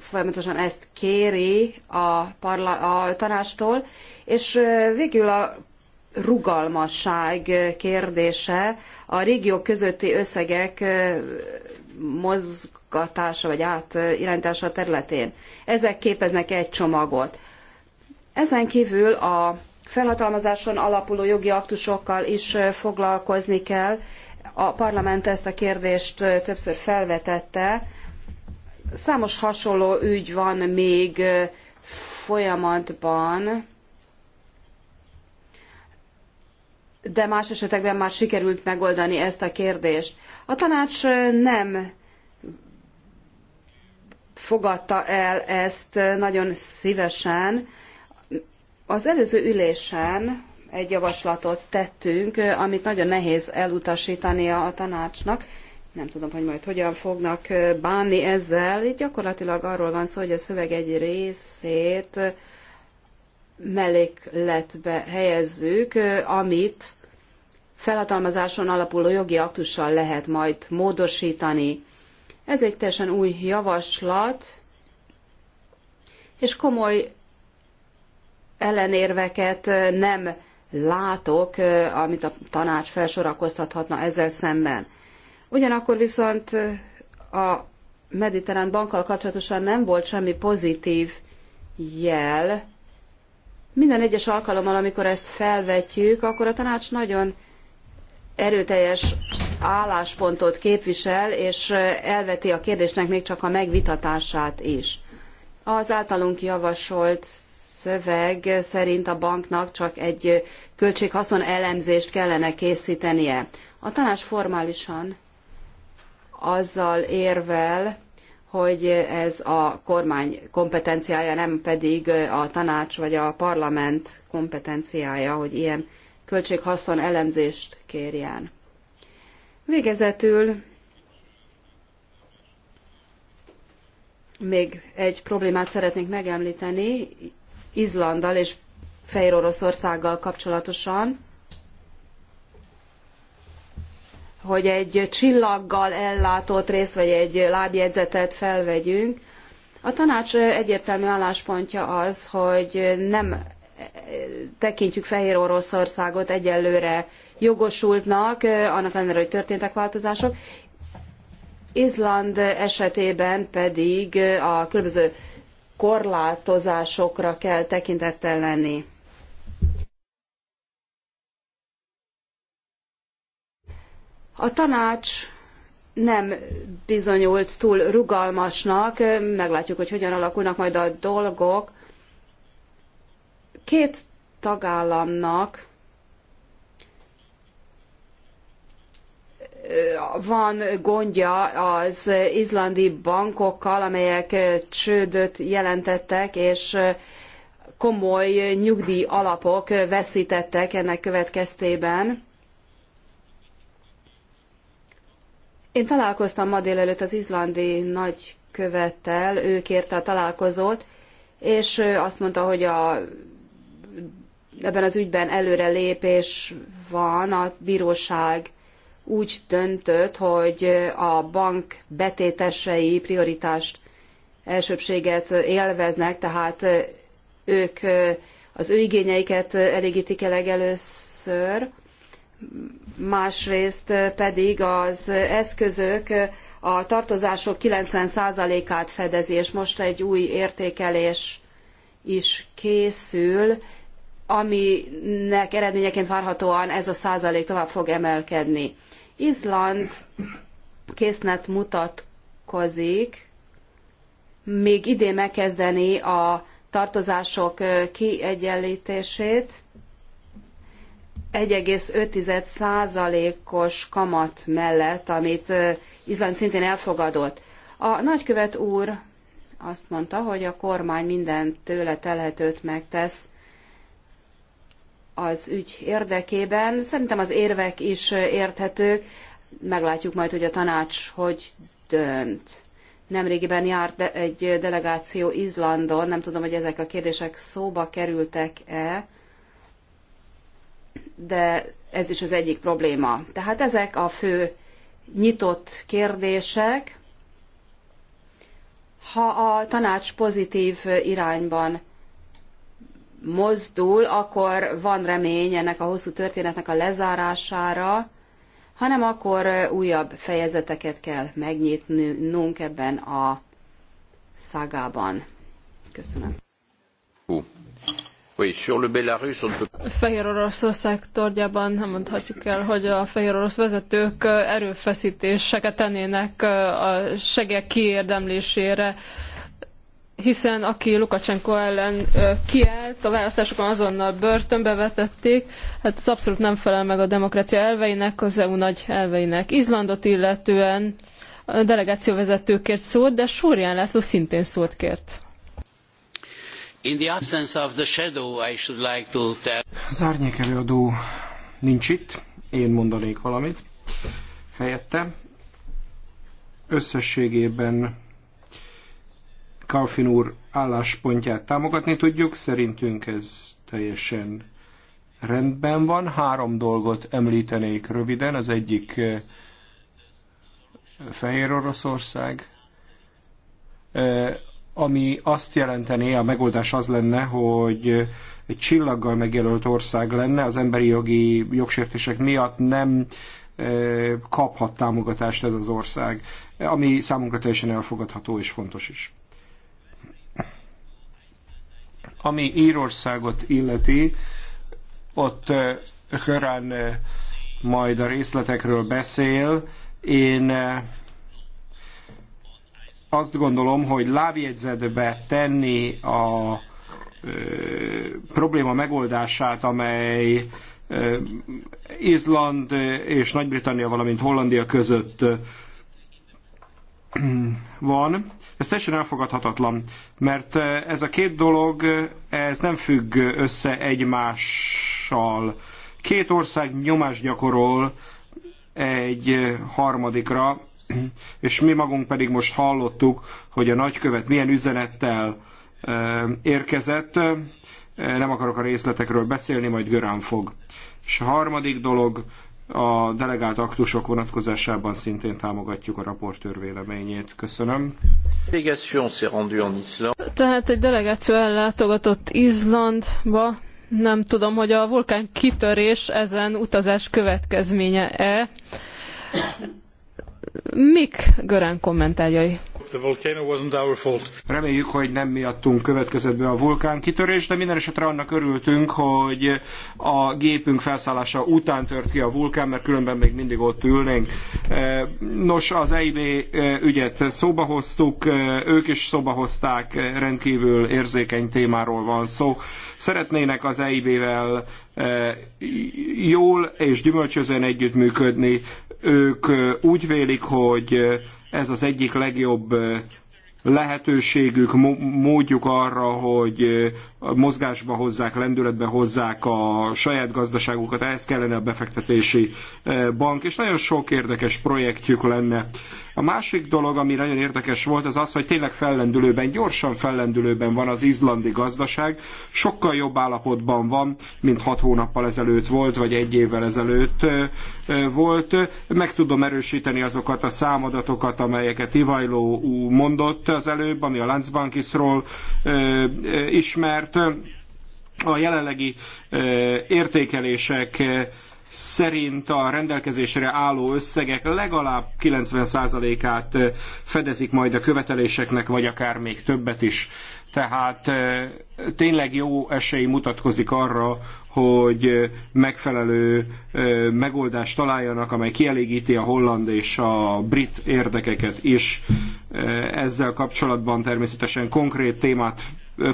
folyamatosan ezt kéri a, parla- a tanástól, és végül a rugalmasság kérdése, a régiók közötti összegek mozgatása vagy átirányítása területén. Ezek képeznek egy csomagot. Ezen kívül a felhatalmazáson alapuló jogi aktusokkal is foglalkozni kell. A parlament ezt a kérdést többször felvetette, Számos hasonló ügy van még folyamatban, de más esetekben már sikerült megoldani ezt a kérdést. A tanács nem fogadta el ezt nagyon szívesen. Az előző ülésen egy javaslatot tettünk, amit nagyon nehéz elutasítania a tanácsnak, nem tudom, hogy majd hogyan fognak bánni ezzel. Itt gyakorlatilag arról van szó, hogy a szöveg egy részét mellékletbe helyezzük, amit felhatalmazáson alapuló jogi aktussal lehet majd módosítani. Ez egy teljesen új javaslat, és komoly ellenérveket nem látok, amit a tanács felsorakoztathatna ezzel szemben. Ugyanakkor viszont a mediterrán bankkal kapcsolatosan nem volt semmi pozitív jel. Minden egyes alkalommal, amikor ezt felvetjük, akkor a tanács nagyon erőteljes álláspontot képvisel, és elveti a kérdésnek még csak a megvitatását is. Az általunk javasolt szöveg szerint a banknak csak egy költséghaszon elemzést kellene készítenie. A tanács formálisan azzal érvel, hogy ez a kormány kompetenciája, nem pedig a tanács vagy a parlament kompetenciája, hogy ilyen költséghaszon elemzést kérjen. Végezetül még egy problémát szeretnék megemlíteni Izlanddal és Fejér Oroszországgal kapcsolatosan. hogy egy csillaggal ellátott részt, vagy egy lábjegyzetet felvegyünk. A tanács egyértelmű álláspontja az, hogy nem tekintjük Fehér Oroszországot egyelőre jogosultnak, annak ellenére, hogy történtek változások. Izland esetében pedig a különböző korlátozásokra kell tekintettel lenni. A tanács nem bizonyult túl rugalmasnak, meglátjuk, hogy hogyan alakulnak majd a dolgok. Két tagállamnak van gondja az izlandi bankokkal, amelyek csődöt jelentettek, és komoly nyugdíjalapok veszítettek ennek következtében. Én találkoztam ma délelőtt az izlandi nagykövettel, ő kérte a találkozót, és azt mondta, hogy a, ebben az ügyben előre lépés van, a bíróság úgy döntött, hogy a bank betétesei prioritást, elsőbséget élveznek, tehát ők az ő igényeiket elégítik el legelőször másrészt pedig az eszközök a tartozások 90%-át fedezi, és most egy új értékelés is készül, aminek eredményeként várhatóan ez a százalék tovább fog emelkedni. Izland késznet mutatkozik, még idén megkezdeni a tartozások kiegyenlítését, 1,5%-os kamat mellett, amit Izland szintén elfogadott. A nagykövet úr azt mondta, hogy a kormány minden tőle telhetőt megtesz az ügy érdekében. Szerintem az érvek is érthetők. Meglátjuk majd, hogy a tanács hogy dönt. Nemrégiben járt egy delegáció Izlandon, nem tudom, hogy ezek a kérdések szóba kerültek-e de ez is az egyik probléma. Tehát ezek a fő nyitott kérdések. Ha a tanács pozitív irányban mozdul, akkor van remény ennek a hosszú történetnek a lezárására, hanem akkor újabb fejezeteket kell megnyitnunk ebben a szágában. Köszönöm. Oui, Fehér tárgyában nem mondhatjuk el, hogy a fehér orosz vezetők erőfeszítéseket tennének a segélyek kiérdemlésére, hiszen aki Lukacsenko ellen kiállt, a választásokon azonnal börtönbe vetették, hát ez abszolút nem felel meg a demokrácia elveinek, az EU nagy elveinek. Izlandot illetően a delegációvezető kért szót, de Súrján László szintén szót kért. Az árnyékelőadó nincs itt, én mondanék valamit helyette. Összességében Kalfin úr álláspontját támogatni tudjuk, szerintünk ez teljesen rendben van. Három dolgot említenék röviden. Az egyik eh, Fehér Oroszország, eh, ami azt jelentené, a megoldás az lenne, hogy egy csillaggal megjelölt ország lenne, az emberi jogi jogsértések miatt nem e, kaphat támogatást ez az ország, ami számunkra teljesen elfogadható és fontos is. Ami Írországot illeti, ott e, Hörán e, majd a részletekről beszél. Én azt gondolom, hogy lábjegyzetbe tenni a ö, probléma megoldását, amely ö, Izland és Nagy-Britannia, valamint Hollandia között van. Ez teljesen elfogadhatatlan, mert ez a két dolog, ez nem függ össze egymással. Két ország nyomást gyakorol egy harmadikra, és mi magunk pedig most hallottuk, hogy a nagykövet milyen üzenettel érkezett. Nem akarok a részletekről beszélni, majd Görán fog. És a harmadik dolog, a delegált aktusok vonatkozásában szintén támogatjuk a raportőr véleményét. Köszönöm. Tehát egy delegáció ellátogatott Izlandba. Nem tudom, hogy a vulkán kitörés ezen utazás következménye-e. Mik Görán kommentárjai? Reméljük, hogy nem miattunk következett be a vulkán kitörés, de minden esetre annak örültünk, hogy a gépünk felszállása után tört ki a vulkán, mert különben még mindig ott ülnénk. Eh, nos, az EIB eh, ügyet szóba hoztuk, eh, ők is szóba hozták, rendkívül érzékeny témáról van szó. Szeretnének az EIB-vel E, jól és gyümölcsözően együttműködni. Ők e, úgy vélik, hogy ez az egyik legjobb e, lehetőségük, módjuk arra, hogy mozgásba hozzák, lendületbe hozzák a saját gazdaságukat, ehhez kellene a befektetési eh, bank, és nagyon sok érdekes projektjük lenne. A másik dolog, ami nagyon érdekes volt, az az, hogy tényleg fellendülőben, gyorsan fellendülőben van az izlandi gazdaság, sokkal jobb állapotban van, mint hat hónappal ezelőtt volt, vagy egy évvel ezelőtt eh, eh, volt. Meg tudom erősíteni azokat a számadatokat, amelyeket Ivajló mondott az előbb, ami a Landsbankisról ismert, mert a jelenlegi értékelések szerint a rendelkezésre álló összegek legalább 90%-át fedezik majd a követeléseknek, vagy akár még többet is. Tehát tényleg jó esély mutatkozik arra, hogy megfelelő megoldást találjanak, amely kielégíti a holland és a brit érdekeket is. Ezzel kapcsolatban természetesen konkrét témát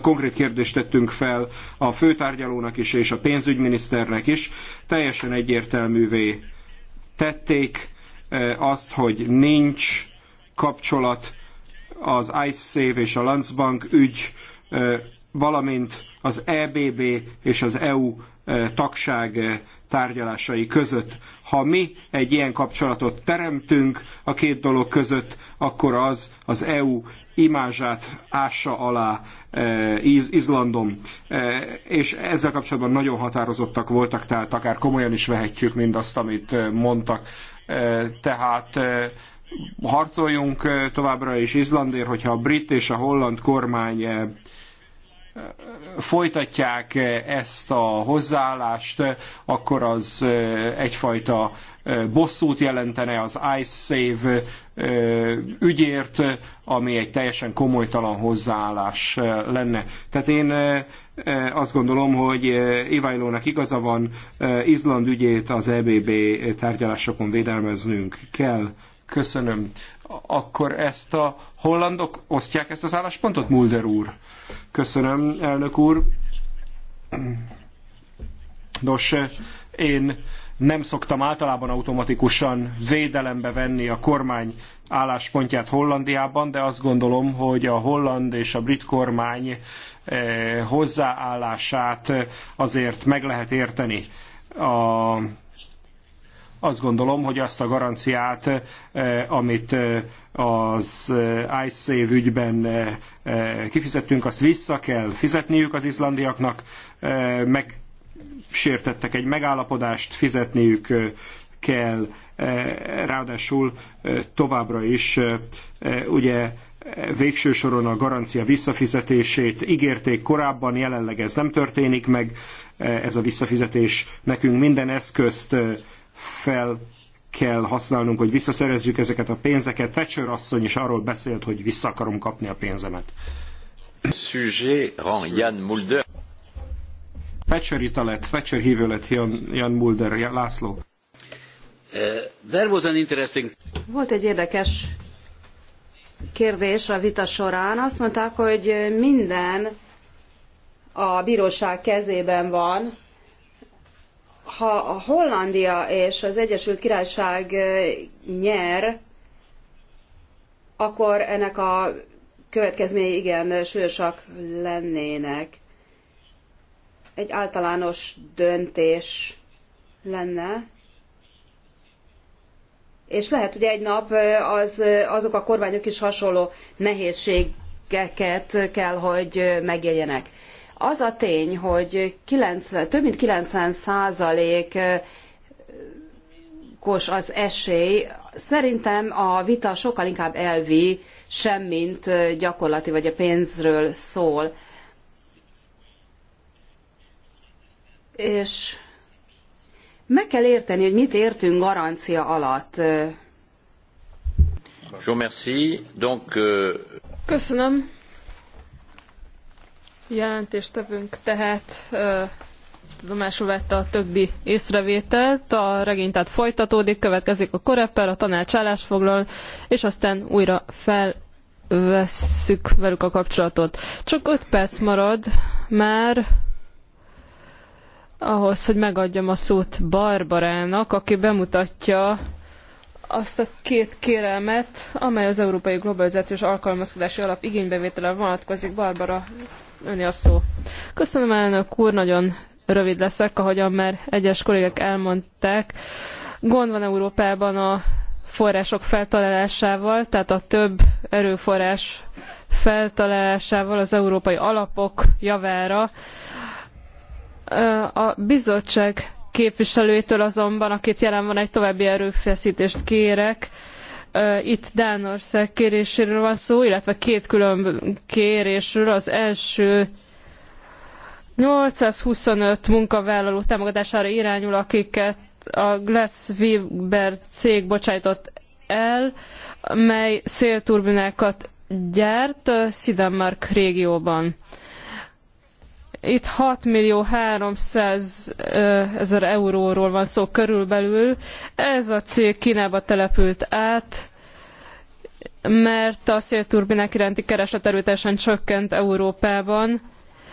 konkrét kérdést tettünk fel a főtárgyalónak is és a pénzügyminiszternek is. Teljesen egyértelművé tették eh, azt, hogy nincs kapcsolat az Ice Save és a Landsbank ügy, eh, valamint az EBB és az EU eh, tagság tárgyalásai között. Ha mi egy ilyen kapcsolatot teremtünk a két dolog között, akkor az az EU imázsát ássa alá e, Íz Izlandon, e, és ezzel kapcsolatban nagyon határozottak voltak, tehát akár komolyan is vehetjük mindazt, amit e, mondtak. Tehát harcoljunk továbbra is Izlandért, hogyha a brit és a holland kormány folytatják ezt a hozzáállást, akkor az egyfajta bosszút jelentene az Ice Save ügyért, ami egy teljesen komolytalan hozzáállás lenne. Tehát én azt gondolom, hogy Ivajlónak igaza van, Izland ügyét az EBB tárgyalásokon védelmeznünk kell. Köszönöm. Akkor ezt a hollandok osztják ezt az álláspontot, Mulder úr? Köszönöm, elnök úr. Nos, én nem szoktam általában automatikusan védelembe venni a kormány álláspontját Hollandiában, de azt gondolom, hogy a holland és a brit kormány eh, hozzáállását azért meg lehet érteni. A, azt gondolom, hogy azt a garanciát, eh, amit eh, az ICE ügyben kifizettünk, azt vissza kell fizetniük az izlandiaknak, meg sértettek egy megállapodást, fizetniük kell, ráadásul továbbra is ugye végső soron a garancia visszafizetését ígérték korábban, jelenleg ez nem történik meg, ez a visszafizetés nekünk minden eszközt fel kell használnunk, hogy visszaszerezzük ezeket a pénzeket. Thatcher asszony is arról beszélt, hogy vissza akarom kapni a pénzemet. Sujet Jan Mulder. Thatcher lett, Thatcher hívő lett Jan, Jan Mulder, Jan László. Uh, was an interesting... Volt egy érdekes kérdés a vita során. Azt mondták, hogy minden a bíróság kezében van. Ha a Hollandia és az Egyesült Királyság uh, nyer, akkor ennek a következményei igen súlyosak lennének egy általános döntés lenne, és lehet, hogy egy nap az, azok a kormányok is hasonló nehézségeket kell, hogy megéljenek. Az a tény, hogy 90, több mint 90 százalék kos az esély, szerintem a vita sokkal inkább elvi, semmint gyakorlati vagy a pénzről szól. és meg kell érteni, hogy mit értünk garancia alatt. Euh, Köszönöm. Jelentéstevünk tehát tudomásul vette a többi észrevételt, a regény tehát folytatódik, következik a koreper, a tanács állásfoglal, és aztán újra felvesszük velük a kapcsolatot. Csak öt perc marad, már ahhoz, hogy megadjam a szót Barbarának, aki bemutatja azt a két kérelmet, amely az Európai Globalizációs Alkalmazkodási Alap igénybevétele vonatkozik. Barbara, öni a szó. Köszönöm elnök úr, nagyon rövid leszek, ahogyan már egyes kollégek elmondták. Gond van Európában a források feltalálásával, tehát a több erőforrás feltalálásával az európai alapok javára. A bizottság képviselőjétől azonban, akit jelen van, egy további erőfeszítést kérek. Itt Dánország kéréséről van szó, illetve két külön kérésről. Az első 825 munkavállaló támogatására irányul, akiket a Glass-Weber cég bocsájtott el, mely szélturbinákat gyárt Sidenmark régióban. Itt 6 millió 300 ezer euróról van szó körülbelül. Ez a cég Kínába települt át, mert a szélturbinák iránti kereslet erőteljesen csökkent Európában,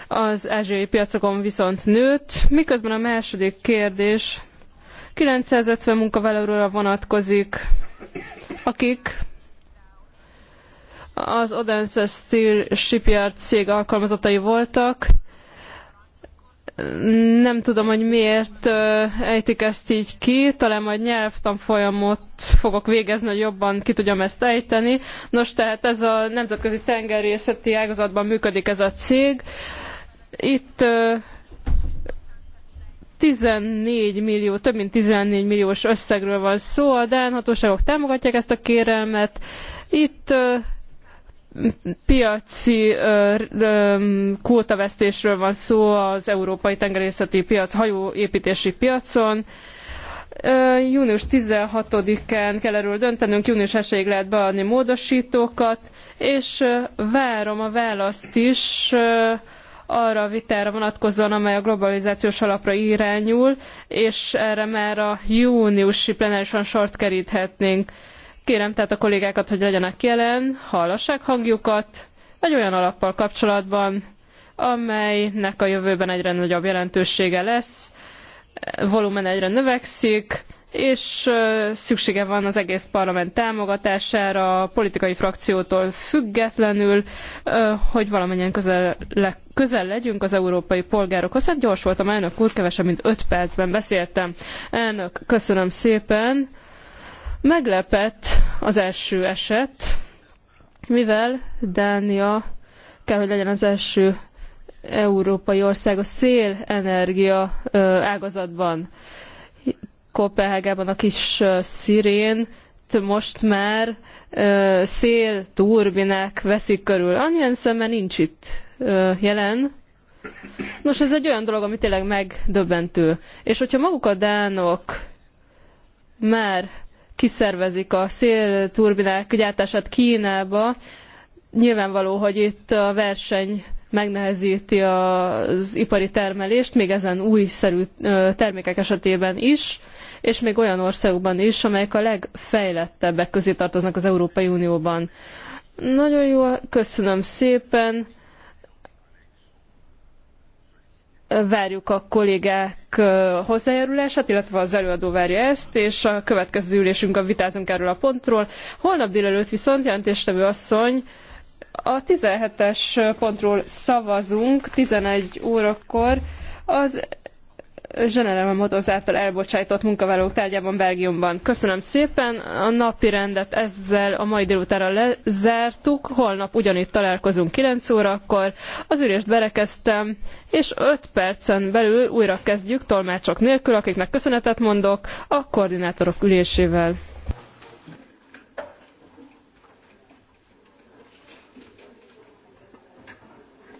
az ázsiai piacokon viszont nőtt, miközben a második kérdés 950 munkavállalóra vonatkozik, akik az Odense Steel Shipyard cég alkalmazottai voltak, nem tudom, hogy miért ejtik ezt így ki, talán majd nyelvtanfolyamot fogok végezni, hogy jobban ki tudjam ezt ejteni. Nos, tehát ez a nemzetközi tengerészeti ágazatban működik ez a cég. Itt 14 millió, több mint 14 milliós összegről van szó, a Dán hatóságok támogatják ezt a kérelmet. Itt piaci kvótavesztésről van szó az európai tengerészeti piac, hajóépítési piacon. Június 16-án kell erről döntenünk, június 1-ig lehet beadni módosítókat, és várom a választ is arra a vitára vonatkozóan, amely a globalizációs alapra irányul, és erre már a júniusi plenárison sort keríthetnénk. Kérem tehát a kollégákat, hogy legyenek jelen, hallassák hangjukat egy olyan alappal kapcsolatban, amelynek a jövőben egyre nagyobb jelentősége lesz, volumen egyre növekszik, és szüksége van az egész parlament támogatására, a politikai frakciótól függetlenül, hogy valamennyien közel, le, közel legyünk az európai polgárokhoz. Hát gyors voltam, elnök úr, kevesebb, mint 5 percben beszéltem. Elnök, köszönöm szépen. Meglepett az első eset, mivel Dánia kell, hogy legyen az első európai ország a szélenergia ágazatban. Kopenhágában a kis szirén most már szél turbinák veszik körül. Annyian szemben nincs itt jelen. Nos, ez egy olyan dolog, ami tényleg megdöbbentő. És hogyha maguk a dánok már kiszervezik a szélturbinák gyártását Kínába. Nyilvánvaló, hogy itt a verseny megnehezíti az ipari termelést, még ezen újszerű termékek esetében is, és még olyan országokban is, amelyek a legfejlettebbek közé tartoznak az Európai Unióban. Nagyon jó, köszönöm szépen. várjuk a kollégák hozzájárulását, illetve az előadó várja ezt, és a következő ülésünkön vitázunk erről a pontról. Holnap délelőtt viszont jelentéstevő asszony a 17-es pontról szavazunk 11 órakor. Az General Motors által elbocsájtott munkavállalók tárgyában Belgiumban. Köszönöm szépen, a napi rendet ezzel a mai délutára lezártuk, holnap ugyanitt találkozunk 9 órakor, az ülést berekeztem, és 5 percen belül újra kezdjük tolmácsok nélkül, akiknek köszönetet mondok, a koordinátorok ülésével.